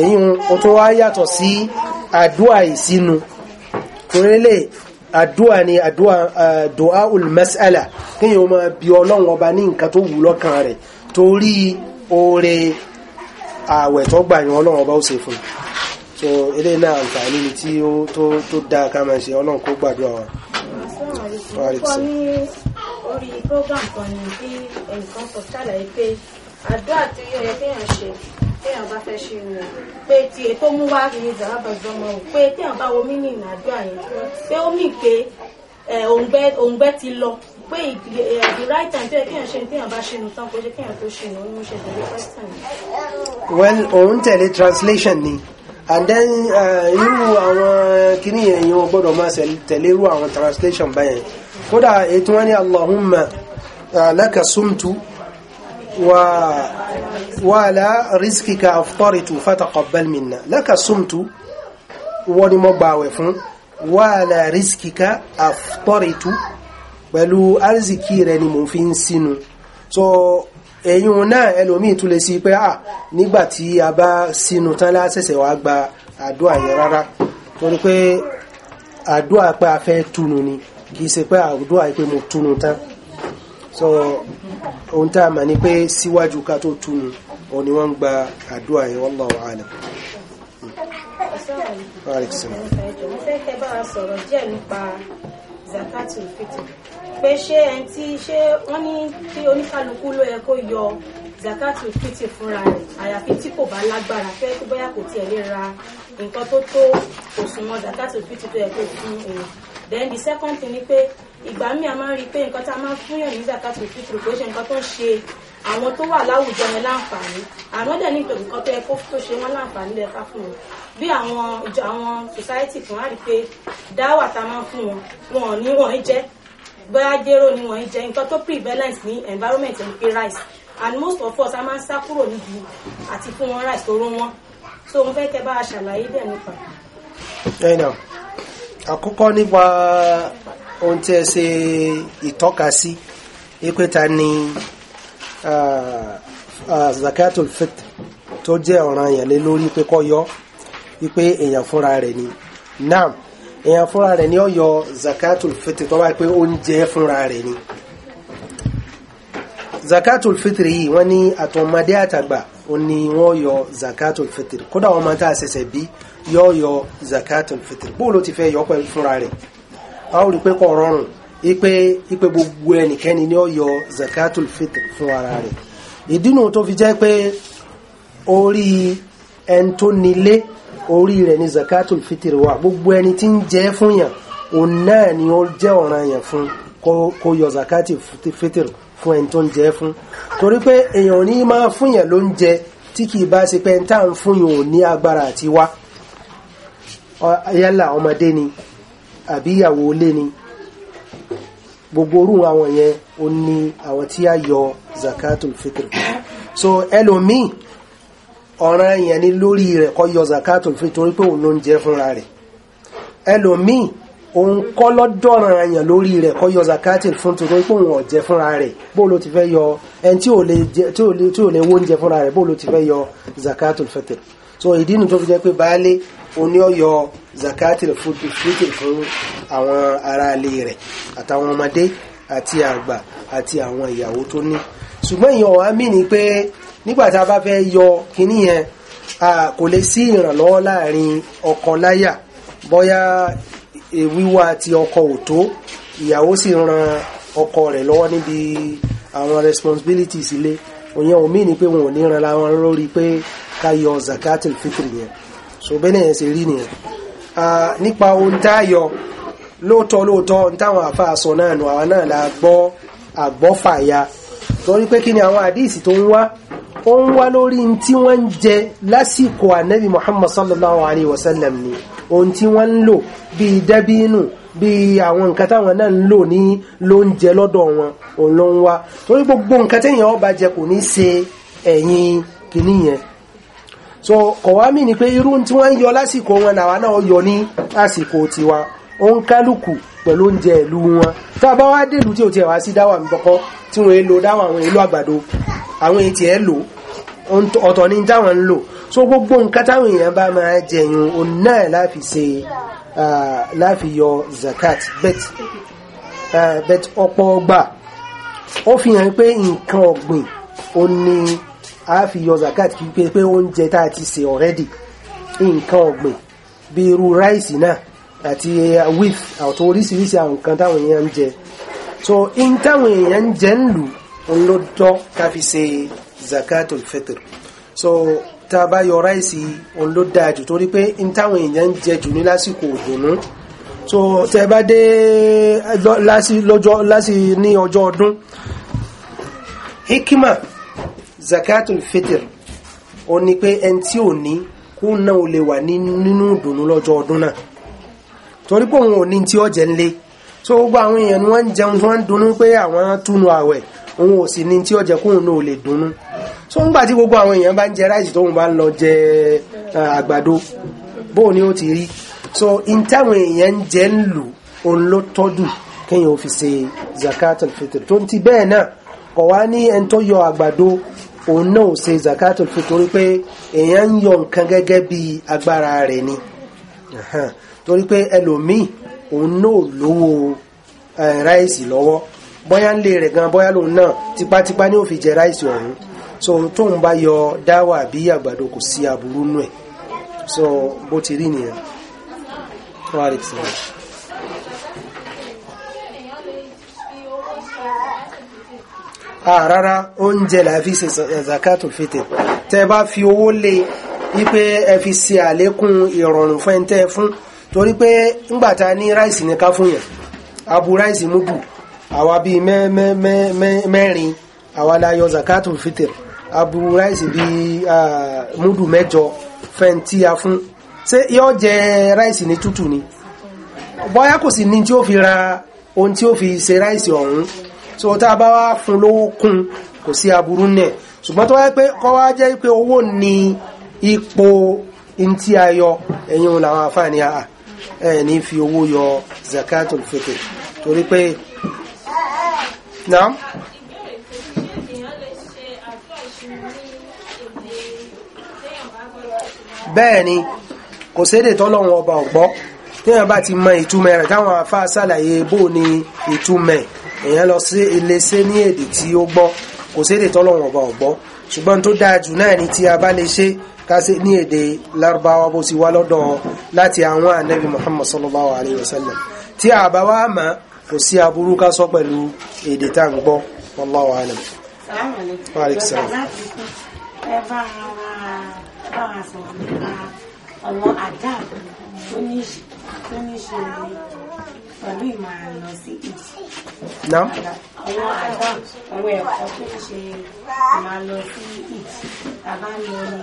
Speaker 1: èyí ó tó wá yàtọ̀ sí àdúrà ìsínú torílẹ̀ àdúà ni àdúà àdúà olùmẹ́sẹ̀lá kí yíò máa bí ọlọ́run ọba ní nǹkan tó wù lọ́kàn rẹ̀ torí oore ààwẹ̀ tó gbà yín ọlọ́run ọba ó ṣe fún so ilé náà àǹfààní ni tí ó tó dá ká máa ṣe ọlọ́run kó gbàdúrà wa.
Speaker 4: orí program kan ni bí ẹnìkan kò ṣàlàyé pé àdúrà tí yóò yẹ kéèyàn ṣe téèyàn bá fẹ́ ṣe wọn pé tí ètò mú wá ní ìzàlábàzọmọ ò pé téèyàn bá wo mímì ìrìnàjò àyè pé ó mì pé òǹgbẹ ti lọ pé the right time tó yẹ kéèyàn ṣe ni téèyàn bá ṣe nù kó jẹ́ kéèyàn tó ṣe nù ó ṣe tẹ̀lé first time.
Speaker 2: well
Speaker 1: òun tẹ̀lé translation ni and then irú àwọn kíní yẹn yẹn wọ́n gbọ́dọ̀ máa tẹ̀lé irú àwọn translation báyẹn kódà ètò wọn ni allahumma laka sumtu. وعلى رزقك أفطرت فتقبل منا لك صمت ونمو باوفن وعلى رزقك أفطرت pẹ̀lú arziki rẹ̀ ni mo fi ń sínú so èyàn náà ẹlòmíì tún lè sí pé à ah, nígbàtí a bá sínú tán lásẹ̀sẹ̀ wá gba àdúrà yẹn rárá torí pé àdúrà pé a fẹ́ túnu ni kìí ṣe pé àdúrà pé mo túnu tán so ohun tá a mà ní pé síwájú ká tó túnu o ni wọ́n ń gba àdúrà yẹn wallahu alam.
Speaker 4: mo fẹ́ kẹ́ bá wa sọ̀rọ̀ díẹ̀ nípa ní kí oníkálukú ló yẹ kó yọ zakatu fitr fúnra rẹ̀ àyàfi tí kò bá lágbára fẹ́ kó bóyá kò tiẹ̀ lè ra nǹkan tó tó òṣùwọ̀n zakatu fitr tó yẹ kó fún èèyàn then the second thing ni pé ìgbà míì a máa ń rí i pé nǹkan tá a máa fún yàn ní zakat fi fitiri kò ṣe nǹkan tó ń ṣe àwọn tó wà láwùjọ yẹn láǹfààní àmọ́ dẹ̀ ní nǹkan tó yẹ kó tó ṣe wọ́n láǹfààní lẹ́ka fún wọn bí àwọn ìjọ àwọn society kan á rí i pé dáwà tá a máa fún wọn wọn ní wọn ń jẹ bóyá jéró ni wọn ń jẹ nǹkan tó prevalence ní environment ẹni pé rice and most of us a máa ń sá kúrò níbi àti fún wọn rice tó rún wọn so mo fẹ́ kẹ́ bá a ṣàlàyé dẹ̀ nípa.
Speaker 1: ẹ̀yìn náà àkọ́kọ́ nípa ohun tí ẹ ṣe ìtọ́ka sí ni zakatul fitr tó jẹ́ ọ̀ràn èèyàn lé lórí pé kó yọ wípé èèyàn fúnra rẹ̀ ni naam èèyàn fúnra rẹ̀ ni ó yọ zakatul fitr tó bá pé oúnjẹ fúnra rẹ̀ ni zakatul fitr yìí wọ́n ní àtọmọdé àtàgbà ó ní wọ́n yọ zakatul fitr kódà ọmọ tá a ṣẹ̀ṣẹ̀ bí yọ yọ zakatul fitr bóòlù ti fẹ́ yọ pẹ̀lú fúnra rẹ̀ a ó rí pé kò rọrùn ipe ipe gbogbo ẹnikẹ́ni ni ó yọ zakatul fitr fún ara rẹ̀ ìdínú tó fi jẹ́ pé orí ẹni tó nílé orí rẹ̀ ni zakatul fitr wà gbogbo ẹni tí ń jẹ fún yàn òun náà ni ó jẹ́ ọ̀ràn yàn fún kó yọ zakatul fitr fún ẹni tó ń jẹ fún torí pé èèyàn ní máa fún yàn ló ń jẹ tí kìí bá ṣe pé ń tá ń fún yàn ò ní agbára àti wá yálà ọmọdé ni àbí ìyàwó ilé ni gbogbo orú àwọn yẹn ó ní àwọn tí a yọ zakatul fitr so ẹlòmíì ọ̀ràn yẹn ni lórí rẹ̀ kó yọ zakatul fitr torí pé òun ló ń jẹ fúnra rẹ̀ ẹlòmíì òun kọ́ lọ́dọ̀ràn yẹn lórí rẹ̀ kó yọ zakatul fún torí pé òun ò jẹ fúnra rẹ̀ bó ti fẹ́ yọ ẹni tí ò lè wó oúnjẹ fúnra rẹ̀ bó ti fẹ́ yọ zakatul fitr so ìdí nu tó fi jẹ́ pé baálé òun ni ó yọ Zakati fitr fún àwọn ará ilé rẹ̀ àtàwọn ọmọdé àti àgbà àti àwọn ìyàwó tó ní ṣùgbọ́n ìyàn wa mí ni pé nígbàtí a bá fẹ́ yọ kíní yẹn kò lè sí ìrànlọ́wọ́ láàrin ọkọ láyà bóyá e, wíwá ti ọkọ ò tó ìyàwó sì ran ọkọ rẹ̀ lọ́wọ́ níbi àwọn responsibilities ilé òyìn omi ni pé wọn ò ní ran la wọn lórí pé ká yọ zakatil fitr yẹn so bẹ́ẹ̀ ṣe rí nìyẹn nípa ohun tá yọ lóòótọ́ lóòótọ́ ní táwọn àfa àsọ náà nù àwọn náà la gbọ́ àgbọ́fàya torí pé kí ni àwọn àdíìsì tó ń wá ó ń wá lórí ohun tí wọ́n ń jẹ lásìkò ànábì Muhammad sallallahu alayhi wa sallam ni ohun tí wọ́n ń lò bíi dẹ́bínú bí àwọn nǹkan táwọn náà ń lò ní ló ń jẹ lọ́dọ̀ wọn òun ló ń wá torí gbogbo nǹkan téèyàn ọba jẹ kò ní ṣe ẹ̀yìn kìíní yẹn so kọ̀wámì ni pé irú tí wọ́n ń yọ lásìkò wọn làwa náà yọ ní àsìkò tiwa òun kálukú pẹ̀lú oúnjẹ ìlú wọn tá a bá wá dèlú tí ò tiẹ̀ wá sí dáwà nìbọ̀kọ́ tí wọ́n èlò dáwà àwọn èlò àgbàdo àwọn ètì ẹ̀ lò ọ̀tọ̀ ní táwọn ń lò so gbogbo nǹkan táwọn èèyàn bá máa jẹyun òun náà láfi ṣe láfi yọ zakat bet bet ọ̀pọ̀ ọgbà ó fi hàn pé nǹkan ọ̀gbìn ó ní a fi yọ zakat kí pé pé oúnjẹ tá a ti sè already nǹkan ọ̀gbìn bíi irú ráìsì náà àti uh, wíf àtún oríṣiríṣi àwọn nǹkan táwọn èèyàn ń jẹ so in táwọn èèyàn ń jẹ ń lù ń ló dọ́ ká fi ṣe zakatul fitr so tá a bá yọ ráìsì ń ló dáa jù torí pé in táwọn èèyàn ń jẹ jù ní lásìkò òdùnnú so tẹ bá dé lásì lọ́jọ́ lásì ní ọjọ́ ọdún hikima zakatul fitr ó ní pé ẹni tí ò ní kó náà ó lè wà nínú ìdùnnú lọ́jọ́ ọdún náà torí pé òun ò ní tí ó jẹ ńlé so gbogbo àwọn èèyàn ni wọ́n ń jẹun tí wọ́n ń dunnú pé àwọn túnú àwẹ̀ òun ò sì ní tí ó jẹ kóun náà so ń gbà tí gbogbo àwọn èèyàn bá ń jẹ ráìsì tóun bá ń lọ jẹ ni ó ti rí so in táwọn èèyàn ń jẹ ń lù òun ló tọ́dù kéèyàn zakat al-fitr tó ń ti bẹ́ẹ̀ náà kọ̀ ní ẹni tó yọ àgbàdo òun náà ò ṣe zakatul fitr torí pé èèyàn ń yọ nǹkan gẹ́gẹ́ bí agbára rẹ̀ ni torí pé ẹlòmíì òun náà lówó ráìsì lọ́wọ́ bóyá ń lè rẹ̀ gan bóyá lòun náà tipátipá ni ó fi jẹ ráìsì ọ̀hún so tóun bá yọ dáwà bí àgbàdo kò sí aburú nù ẹ̀ so bó ti rí nìyẹn. Wa alaikum ah rárá oúnjẹ là fi ṣe zakatul fitr tẹ́ bá fi owó lé ipe ẹ fi ṣe àlékún ìrọ̀rùn fún ẹni tẹ́ fún torí pé ńgbàta ní ráìsì ní ká fún yẹn abu ráìsì múbù àwa bíi mẹ́rin àwa la yọ zakatul fitr abu ráìsì bíi múbù mẹ́jọ fẹ́ntì a fún ṣé yọ jẹ ráìsì ní tútù ni bóyá kò sì ní tí ó fi ra ohun tí ó fi ṣe ráìsì ọ̀hún so tá a bá wá fún lówó kún kò sí aburú náà ṣùgbọ́n tó wáyé pé kọ́ wá jẹ́ pé owó ni ipò ntí ayọ ẹ̀yìn òun làwọn àfààní àà ẹ̀ ní fi owó yọ zakatul fete, torí pé naam. bẹ́ẹ̀ ni kò sédè tọ́lọ́run ọba ọ̀gbọ́ téèyàn bá ti mọ ìtumẹ̀ rẹ̀ táwọn afá ṣàlàyé bó ni ìtumẹ̀ èèyàn lọ sí ilé ṣe ní èdè tí ó gbọ́ kò sí èdè tọ́lọ́wọ̀n ọba ọ̀gbọ́ ṣùgbọ́n tó dáa jù náà ni tí a bá lè ṣe ká ṣe ní èdè lárúbáwá bó ti wá lọ́dọ̀ láti àwọn ànábì muhammad sallallahu alayhi wa sallam tí a bá wá mà kò sí aburú ká sọ pẹ̀lú èdè tá à ń gbọ́ wallahu alam.
Speaker 5: ẹ bá wa sọ̀rọ̀ tó ní ṣe
Speaker 2: pẹ̀lú ìmọ̀ lọ sí ìdí. Nà. Àwọn àdá
Speaker 5: àwọn ẹ̀kọ́ tó ń ṣe máa lọ sí ìdí. Tàbá lọ ní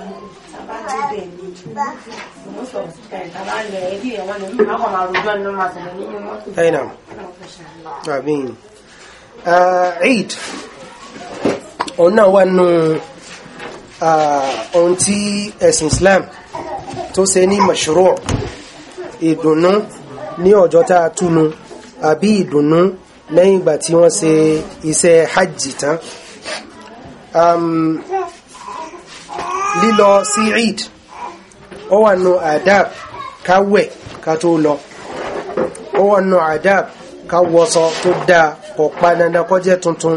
Speaker 5: tàbá
Speaker 1: Eid òun náà wà nù ohun tí ẹ̀sìn Islam tó ṣe ní mashru' ìdùnnú ní ọjọ́ tá a túnu àbí ìdùnnú lẹ́yìn ìgbà tí wọ́n ṣe iṣẹ́ hajj tán lílọ sí eid ó wà nù adab ká wẹ̀ ká tó lọ ó wà nù adab ká wọṣọ tó dáa kò pa dandan tuntun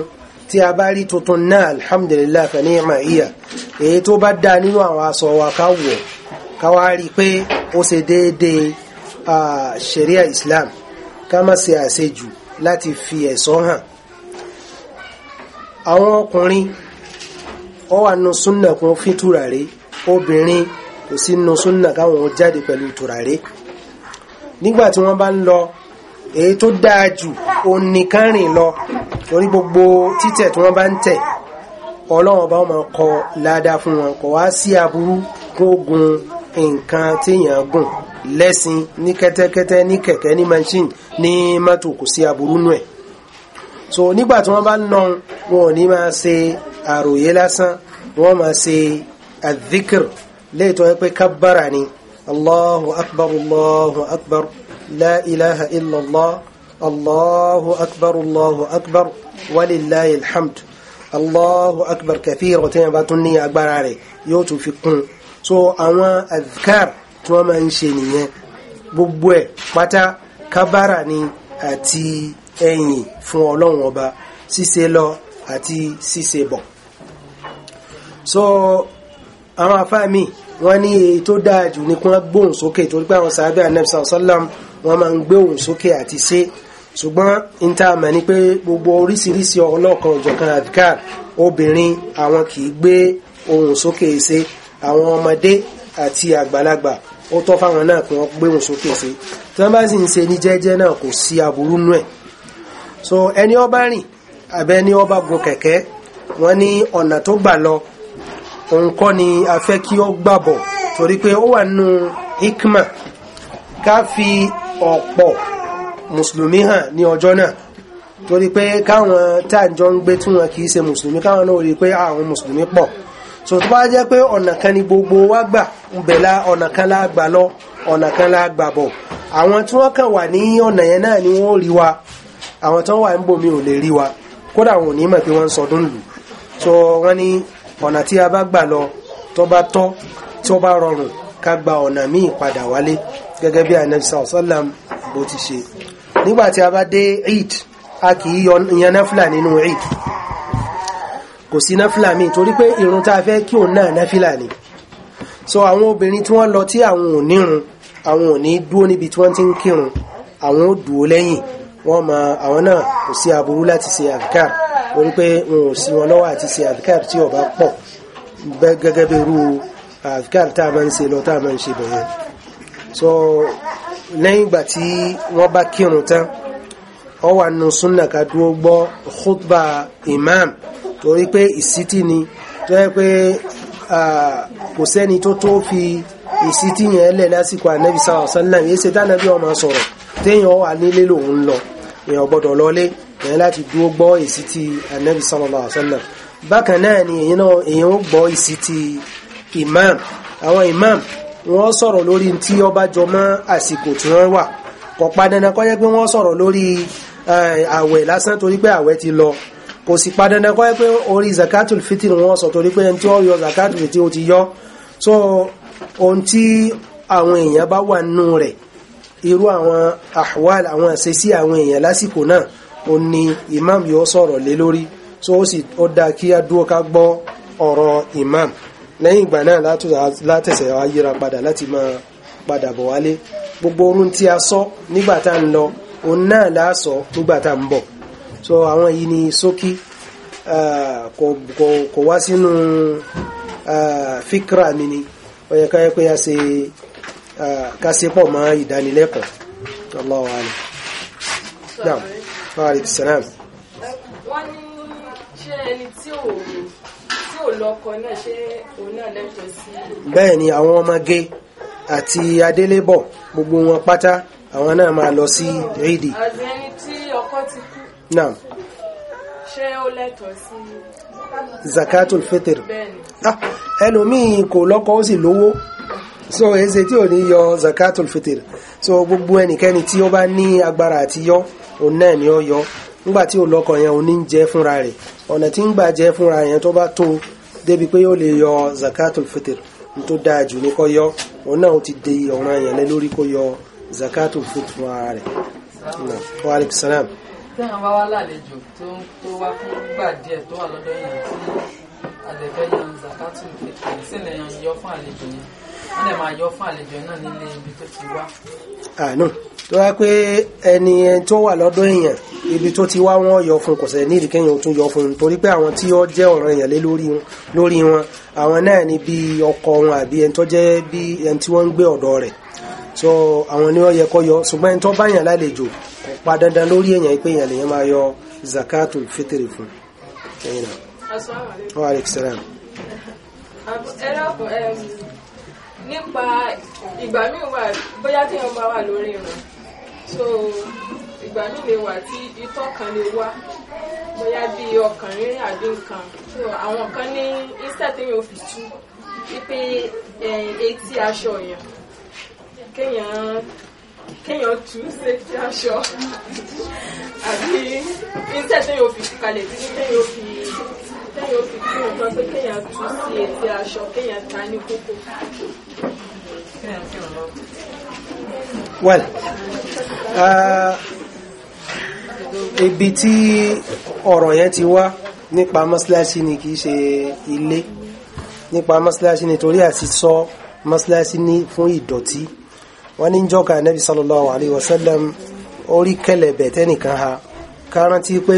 Speaker 1: tí a bá rí tuntun náà alhamdulillah fa ni'ma hiya èyí tó bá dáa nínú àwọn aṣọ wa ká wọ̀ pé ó ṣe déédéé sharia islam ká se ṣe àṣejù láti fi ẹ̀sọ́ hàn àwọn ọkùnrin ó wà nù súnà kún fi tùràrí obìnrin kò sí nù súnà káwọn jáde pẹ̀lú tùràrí nígbà tí wọ́n bá ń lọ èyí tó dáa jù onìkan rìn lọ torí gbogbo títẹ̀ tí wọ́n ba ń tẹ̀ ọlọ́wọ́n bá wọn kọ ládàá fún wọn kò wá sí aburú gun nǹkan téèyàn gùn lẹ́ṣin ní kẹ́tẹ́kẹ́tẹ́ ní kẹ̀kẹ́ ní machine ní mọ́tò kò sí aburú nù ẹ̀ so nígbà tí wọ́n bá nà wọn ò ní máa ṣe àròyé lásán wọ́n máa ṣe àdíkìr léètọ́ pé kábàrà ni allahu akbar allahu akbar la ilaha illallah allahu akbar allahu akbar walillahi alhamd allahu akbar kafir ọ̀tẹ́yìn bá tún ní agbára rẹ̀ yóò tún fi kún un so àwọn adhkar tí wọ́n máa ń ṣe nìyẹn gbogbo ẹ̀ pátá kábàrà ni àti ẹ̀yìn fún ọlọ́run ọba ṣíṣe lọ àti ṣíṣe bọ̀ so àwọn afáàmì wọ́n ní èyí tó dáa jù ní kí wọ́n gbóhùn sókè torí pé àwọn sàábẹ́ anẹ́bísà ọ̀sọ́lám wọ́n máa ń gbóhùn sókè àti ṣe ṣùgbọ́n ìntàmà ni pé gbogbo oríṣiríṣi ọlọ́kan òjọ̀kan àdìkà obìnrin àwọn kì í gbé ohùn sókè ṣe àwọn ọmọdé àti àgbàlagbà ó tọ́ fáwọn náà pé wọ́n gbé wọn sókè sí tí wọ́n bá sì ń ṣe ní jẹ́jẹ́ náà kò sí aburú nú ẹ̀ so ẹni ọba rìn àbẹ́ ẹni ọba gun kẹ̀kẹ́ wọ́n ní ọ̀nà tó gbà lọ òun kọ́ ni a fẹ́ kí ó gbàbọ̀ torí pé ó wà nínú hikma ká fi ọ̀pọ̀ mùsùlùmí hàn ní ọjọ́ náà torí pé káwọn tá à ń jọ ń gbé tí wọn kì í ṣe mùsùlùmí káwọn náà rí i pé ah, àwọn mùsùlùmí pọ̀ so tó bá jẹ́ pé ọ̀nà kan ni gbogbo wa gbà ń bẹ̀ la ọ̀nà kan la gbà lọ ọ̀nà kan la gbà bọ̀ àwọn tí wọ́n kàn wà ní ọ̀nà yẹn náà ni wọ́n rí wa àwọn tí wọ́n wà níbo mi ò lè rí wa kódà wọn ò ní mọ̀ pé wọ́n ń sọdún lù so wọ́n ní ọ̀nà tí a bá gbà lọ tó bá tọ́ tí ó bá rọrùn ká gba ọ̀nà míì padà wálé gẹ́gẹ́ bí anabi sallam bó ti ṣe nígbà tí a bá dé eid a kì í yan kò sí náfìlà míì torí pé irun tá a fẹ́ kí òun náà náfìlà ni so àwọn obìnrin tí wọ́n lọ tí àwọn ò nírun àwọn ò ní dúró níbi tí wọ́n ti ń kírun àwọn ò dúró lẹ́yìn wọ́n mọ àwọn náà kò sí aburú láti ṣe àdìkàr torí pé wọn ò sí wọn lọ́wọ́ àti ṣe àdìkàr tí ó pọ̀ gẹ́gẹ́ bí irú àdìkàr tá a máa ń ṣe lọ tá a máa ń ṣe bẹ̀yẹn so lẹ́yìn ìgbà tí wọ́n bá kírun tán ó wà nù súnà ká dúró gbọ́ khutba imam torí pé ìsítí ni tó yẹ pé kò sẹ́ni tó tó fi ìsítí yẹn lẹ̀ lásìkò ànábì sallallahu alaihi wasallam yìí ṣe tánàbí ọmọ sọ̀rọ̀ téèyàn wà nílé lòun lọ èèyàn gbọ́dọ̀ lọlé èèyàn láti dúró gbọ́ ìsítí ànábì sallallahu bákan náà ni èyí náà èyí ó gbọ́ ìsítí imam àwọn imam wọ́n sọ̀rọ̀ lórí tí ọba jọ mọ́ àsìkò tí wọ́n wà kọ̀pá dandan kọ́ jẹ́ pé wọ́n sọ̀rọ̀ lórí àwẹ̀ lásán torí pé àwẹ̀ ti lọ kò sì padà náà kọ́ pé orí zakatul fitr wọn sọ torí pé ẹni tí ó yọ zakatul fitr ó ti yọ so ohun tí àwọn èèyàn bá wà nù rẹ̀ irú àwọn ahwal àwọn àṣesí àwọn èèyàn lásìkò náà ó ní imam yóò sọ̀rọ̀ lé lórí so ó sì ó dáa kí á ká gbọ́ ọ̀rọ̀ imam lẹ́yìn ìgbà náà látẹ̀sẹ̀ wá yíra padà láti máa padà bọ̀ wálé gbogbo orun tí a sọ nígbà tá ń lọ òun náà láàsọ nígbà tá ń bọ̀ so àwọn yìí ni ṣókí kò wá sínú fíkra mi ni ó yẹ káyẹ pé a ṣe kásípọ̀ mọ́ ìdánilẹ́kọ̀ọ́ Allahu alim naam wa alaykum salaam
Speaker 4: wọ́n ní ṣé ẹni tí ò tí ò lọ́kọ náà ṣé òun náà lẹ́tọ̀ọ́ sí.
Speaker 1: bẹ́ẹ̀ ni àwọn ọmọge àti adélébọ̀ gbogbo wọn pátá àwọn náà máa lọ sí rídì. àti
Speaker 4: ẹni tí ọkọ ti kú náà zakatul fitr
Speaker 1: ah, ẹlòmíì kò lọ́kọ ó sì lówó so èsè tí ò ní yọ zakatul fitr so gbogbo ẹnikẹ́ni tí ó bá ní agbára àti yọ òun náà ni ó yọ nígbà tí ò lọ́kọ yẹn òun ní jẹ fúnra rẹ̀ ọ̀nà tí ń gbà jẹ fúnra yẹn tó bá tó débi pé yóò lè yọ zakatul fitr nto dáa jù ní kó yọ òun náà ó ti di ọ̀ràn yẹn lé lórí kó zakatul fitr fúnra rẹ̀ wa alaikum salam
Speaker 3: tẹ́yàn bá wá lálejò tó tó wá fún gbà díẹ̀ tó
Speaker 4: wà lọ́dọ̀ èèyàn tí àdẹ̀fẹ́ yan zakatu ìṣẹ̀lẹ̀ yan yọ fún àlejò yẹn wọ́n lè máa yọ fún àlejò náà nílé ibi tó ti wá.
Speaker 1: àná ah, tó wá pé ẹni tó wà lọ́dọ̀ èèyàn ibi tó ti wá wọ́n yọ fún kò sẹ̀ ní ìdíkẹ́yìn tún yọ fún un torí pé àwọn tí ó jẹ́ ọ̀ràn èèyàn lé lórí wọn àwọn náà ni bí ọkọ wọn àbí ẹni tó jẹ́ bí ẹni tí wọ́n ń gbé ọ̀dọ̀ rẹ̀ so àwọn ni ó yẹ kó yọ ṣùgbọ́n ẹni tó bá yàn lálejò pa dandan lórí èèyàn pé èèyàn lèèyàn máa yọ zakatul fitri fún ẹ̀yìn náà. Assalamu alaikum.
Speaker 4: ẹ dákun nípa ìgbà míì wà bóyá téèyàn bá wà lórí ìrìn so ìgbà míì lè wà tí itọ́ kan lè wá bóyá bí ọkàn rírìn àbí nǹkan so àwọn kan ní instead téèyàn ò fi tú wípé etí aṣọ yẹn kéèyàn kéèyàn tú safety aṣọ àbí iṣẹ́ téèyàn fi kalẹ̀ sí kéèyàn fi kéèyàn fi kí nǹkan pé kéèyàn tú sí etí aṣọ kéèyàn ta ní kókó.
Speaker 1: well uh, ibi tí ọ̀rọ̀ yẹn ti wá nípa mọ́sálásí ni kì í ṣe ilé nípa mọ́sálásí nítorí àti sọ mọ́sálásí ní fún ìdọ̀tí wọ́n ní jọ́ka nabi sallallahu alayhi wa sallam orí kẹlẹ̀bẹ̀ tẹ́nìkan ha kárántí pé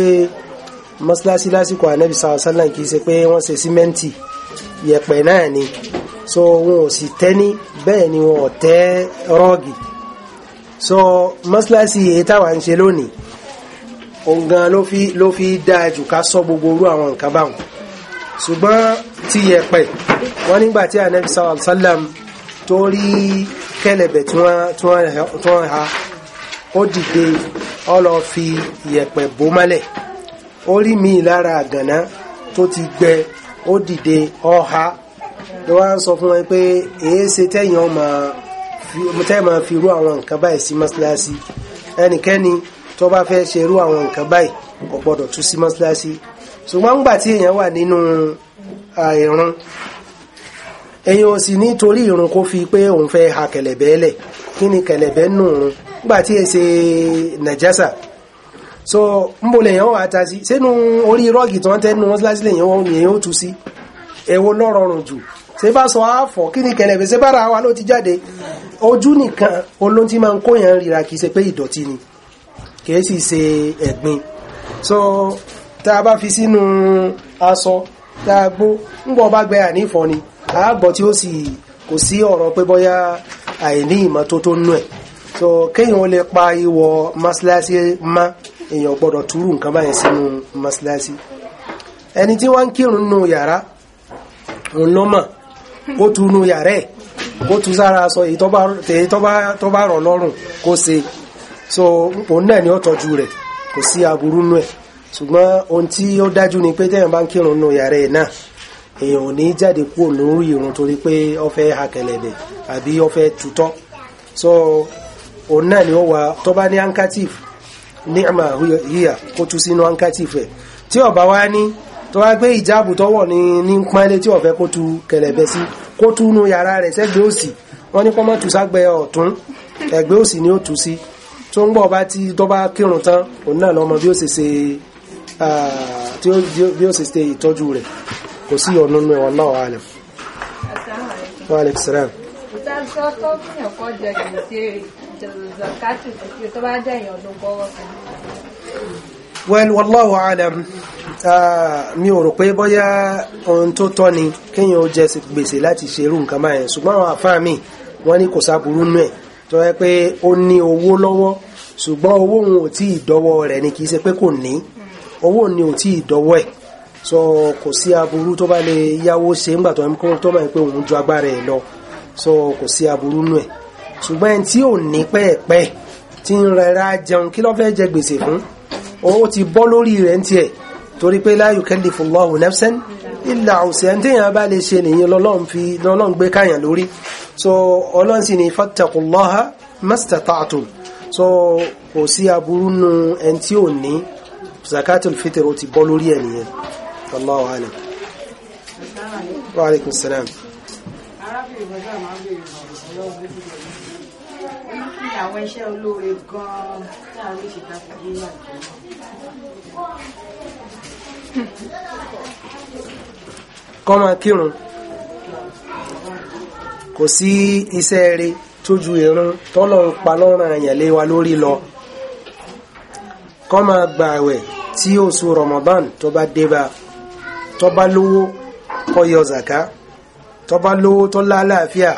Speaker 1: mọ́sálásí lásìkò ànábì sallallahu alayhi wa sallam kìí ṣe pé wọ́n ṣe símẹ́ǹtì yẹ̀pẹ̀ náà ni so wọn ò sì tẹ́ní bẹ́ẹ̀ ni wọn ò tẹ́ rọ́ọ̀gì so mọ́sálásí èyí táwa ń ṣe lónìí òǹgan ló fi ló fi dáa jù ká sọ gbogbo orú àwọn nǹkan báwọn ṣùgbọ́n ti yẹ̀pẹ̀ wọ́n nígbà tí ànábì sallallahu tó rí kẹ́lẹ̀bẹ̀ tí wọ́n ha ó dìde ó lọ fi yẹ̀pẹ̀ bò mọ́lẹ̀ ó rí mi lára àgànná tó ti gbẹ ó dìde ó ha ló wá ń sọ fún wọn pé èé ṣe tẹ́yìn ọmọ tẹ́ máa fi irú àwọn nǹkan báyìí sí mọ́síláṣí ẹnikẹ́ni tó bá fẹ́ ṣe irú àwọn nǹkan báyìí kò gbọ́dọ̀ sí mọ́síláṣí ṣùgbọ́n nígbà tí èèyàn wà nínú ìrun èyàn ò sì nítorí irun kó fi pé òun fẹ́ ha kelebe lẹ̀ kí ni nù un nígbà tí èsè nàjásà so ń bo lèyàn wà ta sí sínú orí rọ́ọ̀gì tí wọ́n tẹ́ nu ewo lèyàn wọn lèyàn ó tu sí lọ́rọ̀rùn jù ṣé bá sọ àáfọ̀ kí ni kẹ̀lẹ̀bẹ́ ṣé ti jáde ojú nìkan olóhun tí máa ń kóyàn kì í ṣe pé ni kì í sì ṣe ẹ̀gbin so fi sínú aṣọ tá a gbó ń bọ̀ bá ni. àágbọ̀ tí ó sì kò sí ọ̀rọ̀ pé bọ́yá àìní ẹ̀ so kéèyàn lè pa ìwọ̀ masilasi má èèyàn gbọ́dọ̀ túrú nǹkan báyẹn sínú masilasi ẹni tí wọ́n ń kírun nù yàrá òun ló mọ̀ kó tu nù yàrá ẹ̀ kó tu sára èyí so òun náà ni ó tọ́jú rẹ̀ kò sí aburú nù ẹ̀ ṣùgbọ́n ohun tí ó dájú ni pé èèyàn ò ní jáde kúrò lórí irun torí pé ó fẹ́ àbí ó fẹ́ so òun náà ni ó wà tó bá ní handkerchief ní àmà híyà kó tú sínú handkerchief ẹ̀ tí ó bá wá ní tó wá gbé ìjáàbù tó wọ̀ ní ní pọ́nlé tí ó fẹ́ kó tú kẹlẹ̀bẹ̀ sí kó tú nu yàrá rẹ̀ sẹ́gbẹ̀ẹ́ òsì wọ́n ní kó má tú ságbẹ́ ọ̀tún òsì ni ó tú sí tó ń gbọ́ bá tí tó bá kírun tán òun náà lọ́mọ bí ó ṣe ṣe bí ó kò sí ọ̀nà nínú ẹ̀wọ̀n náà wọ́n àlẹ̀ sẹ́rẹ̀. well wallahu alam mi ò rò pé bóyá ohun tó tọ́ ni kéèyàn ó jẹ gbèsè láti ṣe irú nǹkan báyẹn ṣùgbọ́n àwọn àfáà mi wọ́n ní kò sáburú nú ẹ̀ tó yẹ pé ó ní owó lọ́wọ́ ṣùgbọ́n owó òun ò tí ì dọ́wọ́ rẹ̀ ni kì í ṣe pé kò ní ni ò tí ì dọ́wọ́ so kò sí aburú tó bá lè yáwó ṣe ńgbà tó ń tó máa ń pé òun ju agbára ẹ̀ lọ so kò sí aburú nù ẹ̀ ṣùgbọ́n ẹni tí ò ní pẹ́ẹ̀pẹ́ tí ń rẹra jẹun kí ló fẹ́ jẹ gbèsè fún ó ti bọ́ lórí rẹ̀ ń tiẹ̀ torí pé la yukallifu Allahu nafsan illa wus'aha ẹni téèyàn bá lè ṣe nìyẹn lọ́lọ́run fi lọ́lọ́run gbé káyàn lórí so ọlọ́run sì ní fattaqullaha mastata'tum so kò sí aburú nù ẹni tí ò ní zakatul fitr ó ti bọ́ lórí ẹ̀ nìyẹn. Allahu alam. Wa alaikum salam.
Speaker 4: Arábìnrin bọ́dá máa ń bèèrè ọ̀rọ̀ ọ̀rọ̀ ní àwọn iṣẹ́ olóore gan-an tí àwọn ìṣèta fìdí wà jù.
Speaker 1: Kọ́ máa kírun. Kò sí iṣẹ́ rere tó ju ìrun tọ́lọ̀ ń pa lọ́rùn àyàn wa lórí lọ. Kọ́ máa gbààwẹ̀ tí oṣù Ramadan tó bá dé tó bá lówó kó yọ zaka tó bá lówó tó lálàáfíà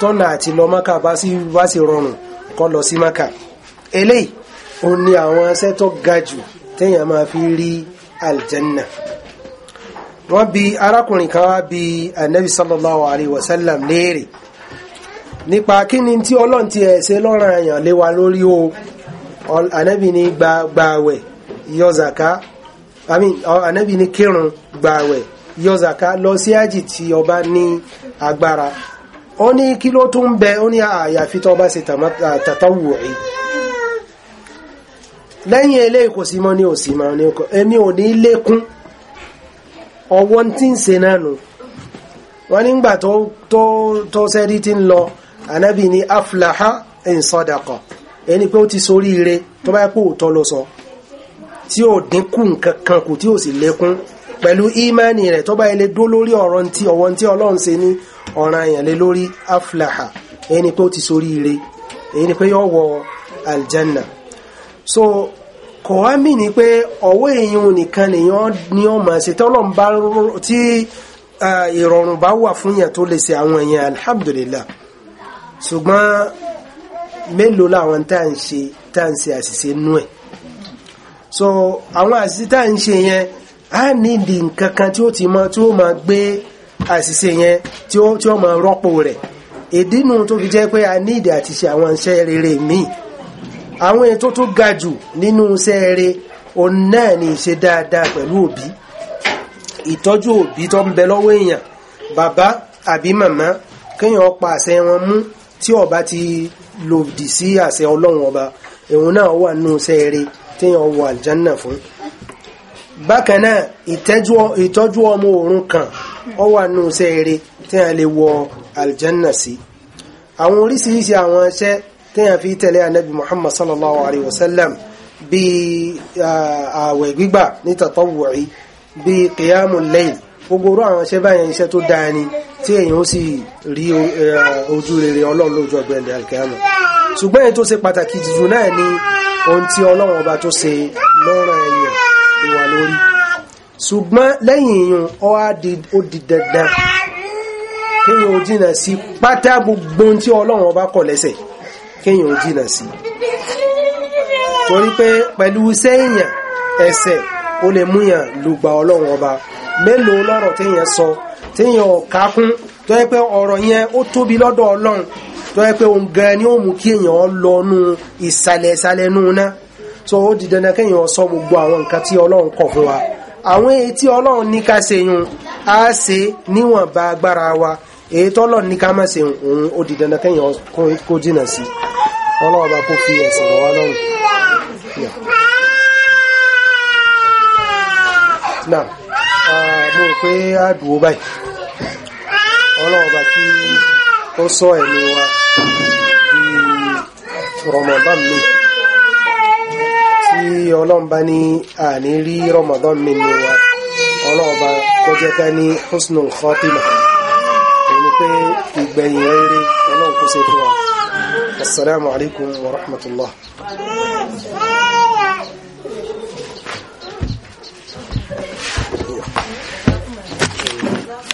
Speaker 1: tọ́nà àti lọ maka bá sì bá sì rọrùn kó lọ sí maka eléyìí ó ní àwọn iṣẹ́ tó ga jù téèyàn máa fi rí aljanna wọ́n bi arákùnrin kan wá bi anabi sallallahu alayhi wa sallam léèrè nípa kí ni tí ọlọ́run ti ẹ̀ ṣe lọ́ranyàn lé wa lórí o anabi ní gbààwẹ̀ yọ zaka anabi ni kírun gbààwẹ̀ lọ sí àjì tí ọba ní agbára ó ní kí ló tún bẹ ó ní àyàfi tó bá ṣe tàtàwù rí lẹ́yìn eléyìí kò sí mọ́ ní òsì mọ́ ní òní lékún ọwọ́ tí ń náà nù wọ́n nígbà tó sẹ́rí tí ń lọ anabi ni aflaha in sadaqa ẹni pé ti ire tó bá yẹ kó tí ó dínkù nǹkan kan kù tí ó sì lékún pẹ̀lú ìmánì rẹ̀ tó bá ilé dó lórí ọ̀rọ̀ tí ọ̀wọ́ tí ọlọ́run ṣe ní ọ̀ràn àyàn lé lórí aflaha èyí ni pé ó ti sórí ire èyí ni pé yóò wọ aljanna so kò wá mì ní pé ọwọ́ èèyàn nìkan lèèyàn ní ọmọ ṣe tọ́lọ́n bá tí ìrọ̀rùn bá wà fún yàn tó lè ṣe àwọn èèyàn alhamdulillah ṣùgbọ́n mélòó làwọn tá à ń ṣe tá à ń ṣe àṣìṣe nú ẹ̀ so àwọn àṣìṣe tá à ń ṣe yẹn á nídìí nǹkan kan tí ó ti mọ tí ó máa gbé àṣìṣe yẹn tí ó tí ó máa rọ́pò rẹ̀ ìdínú tó fi jẹ́ pé a nídìí àti ṣe àwọn iṣẹ́ rere míì àwọn ètò tó ga jù nínú iṣẹ́ rere òun náà ni ìṣe dáadáa pẹ̀lú òbí ìtọ́jú òbí tó ń bẹ lọ́wọ́ èèyàn bàbá àbí màmá kéèyàn pa àṣẹ wọn mú tí ó ti lòdì sí àṣẹ ọlọ́run ọba òun náà wà nínú iṣẹ́ rere téèyàn wọ àlìjánà fún bákan náà ìtọ́jú ọmọ òrukàn ó wà nù sẹ́ẹ̀rẹ́ téèyàn lè wọ àlìjánà sí àwọn oríṣiríṣi àwọn iṣẹ́ téèyàn fi tẹ̀lé anabi muhammad sallallahu alayhi wa sallam bíi ààwẹ̀ gbígbà ní tàtọ́wùrì bíi kìyàmù lẹ́yìn gbogbo àwọn iṣẹ́ báyẹn iṣẹ́ tó dáa ni tí èyàn ó sì rí ojú rere ọlọ́run lójú ọgbẹ́ alkiyama ṣùgbọ́n èyí tó ṣe pàtàkì jù náà ni ohun tí ọlọ́run ọba tó ṣe lọ́rọ̀ ẹ̀yàn lè wà lórí ṣùgbọ́n lẹ́yìn ìyún ó di dandan kéèyàn ò jìnà sí pátá gbogbo ohun tí ọlọ́run ọba kọ̀ lẹ́sẹ̀ kéèyàn ò jìnà sí torí pé pẹ̀lú sẹ́yìn ẹsẹ̀ ó lè múyàn lùgbà ọlọ́run ọba mélòó lọ́rọ̀ téèyàn sọ téèyàn ò kákún tó yẹ pé ọ̀rọ̀ yẹn ó tóbi lọ́dọ̀ ọlọ́run tó yẹ pé òun gan ni ó mú kí èèyàn lọ́nu ìsàlẹ̀ ìsàlẹ̀ nù náà tó ó di dandan kéèyàn sọ gbogbo àwọn nǹkan tí ọlọ́run kọ̀ fún wa àwọn èyí tí ọlọ́run ní ká wa èyí ní ká má òun ó di dandan kéèyàn kó jìnà sí ọlọ́run bá kó fi ẹ̀sìn wọ́n a dùn ó báyìí ọlọ́run bá kí wa. oṣù Ramadan mi tí ọlọ́run bá ní àní rí Ramadan mi ni wa ọlọ́run bá kọjá ká ní husnul khatima ẹni pé ìgbẹ̀yìn rere ọlọ́run kó ṣe fún wa assalamu alaikum wa rahmatullah.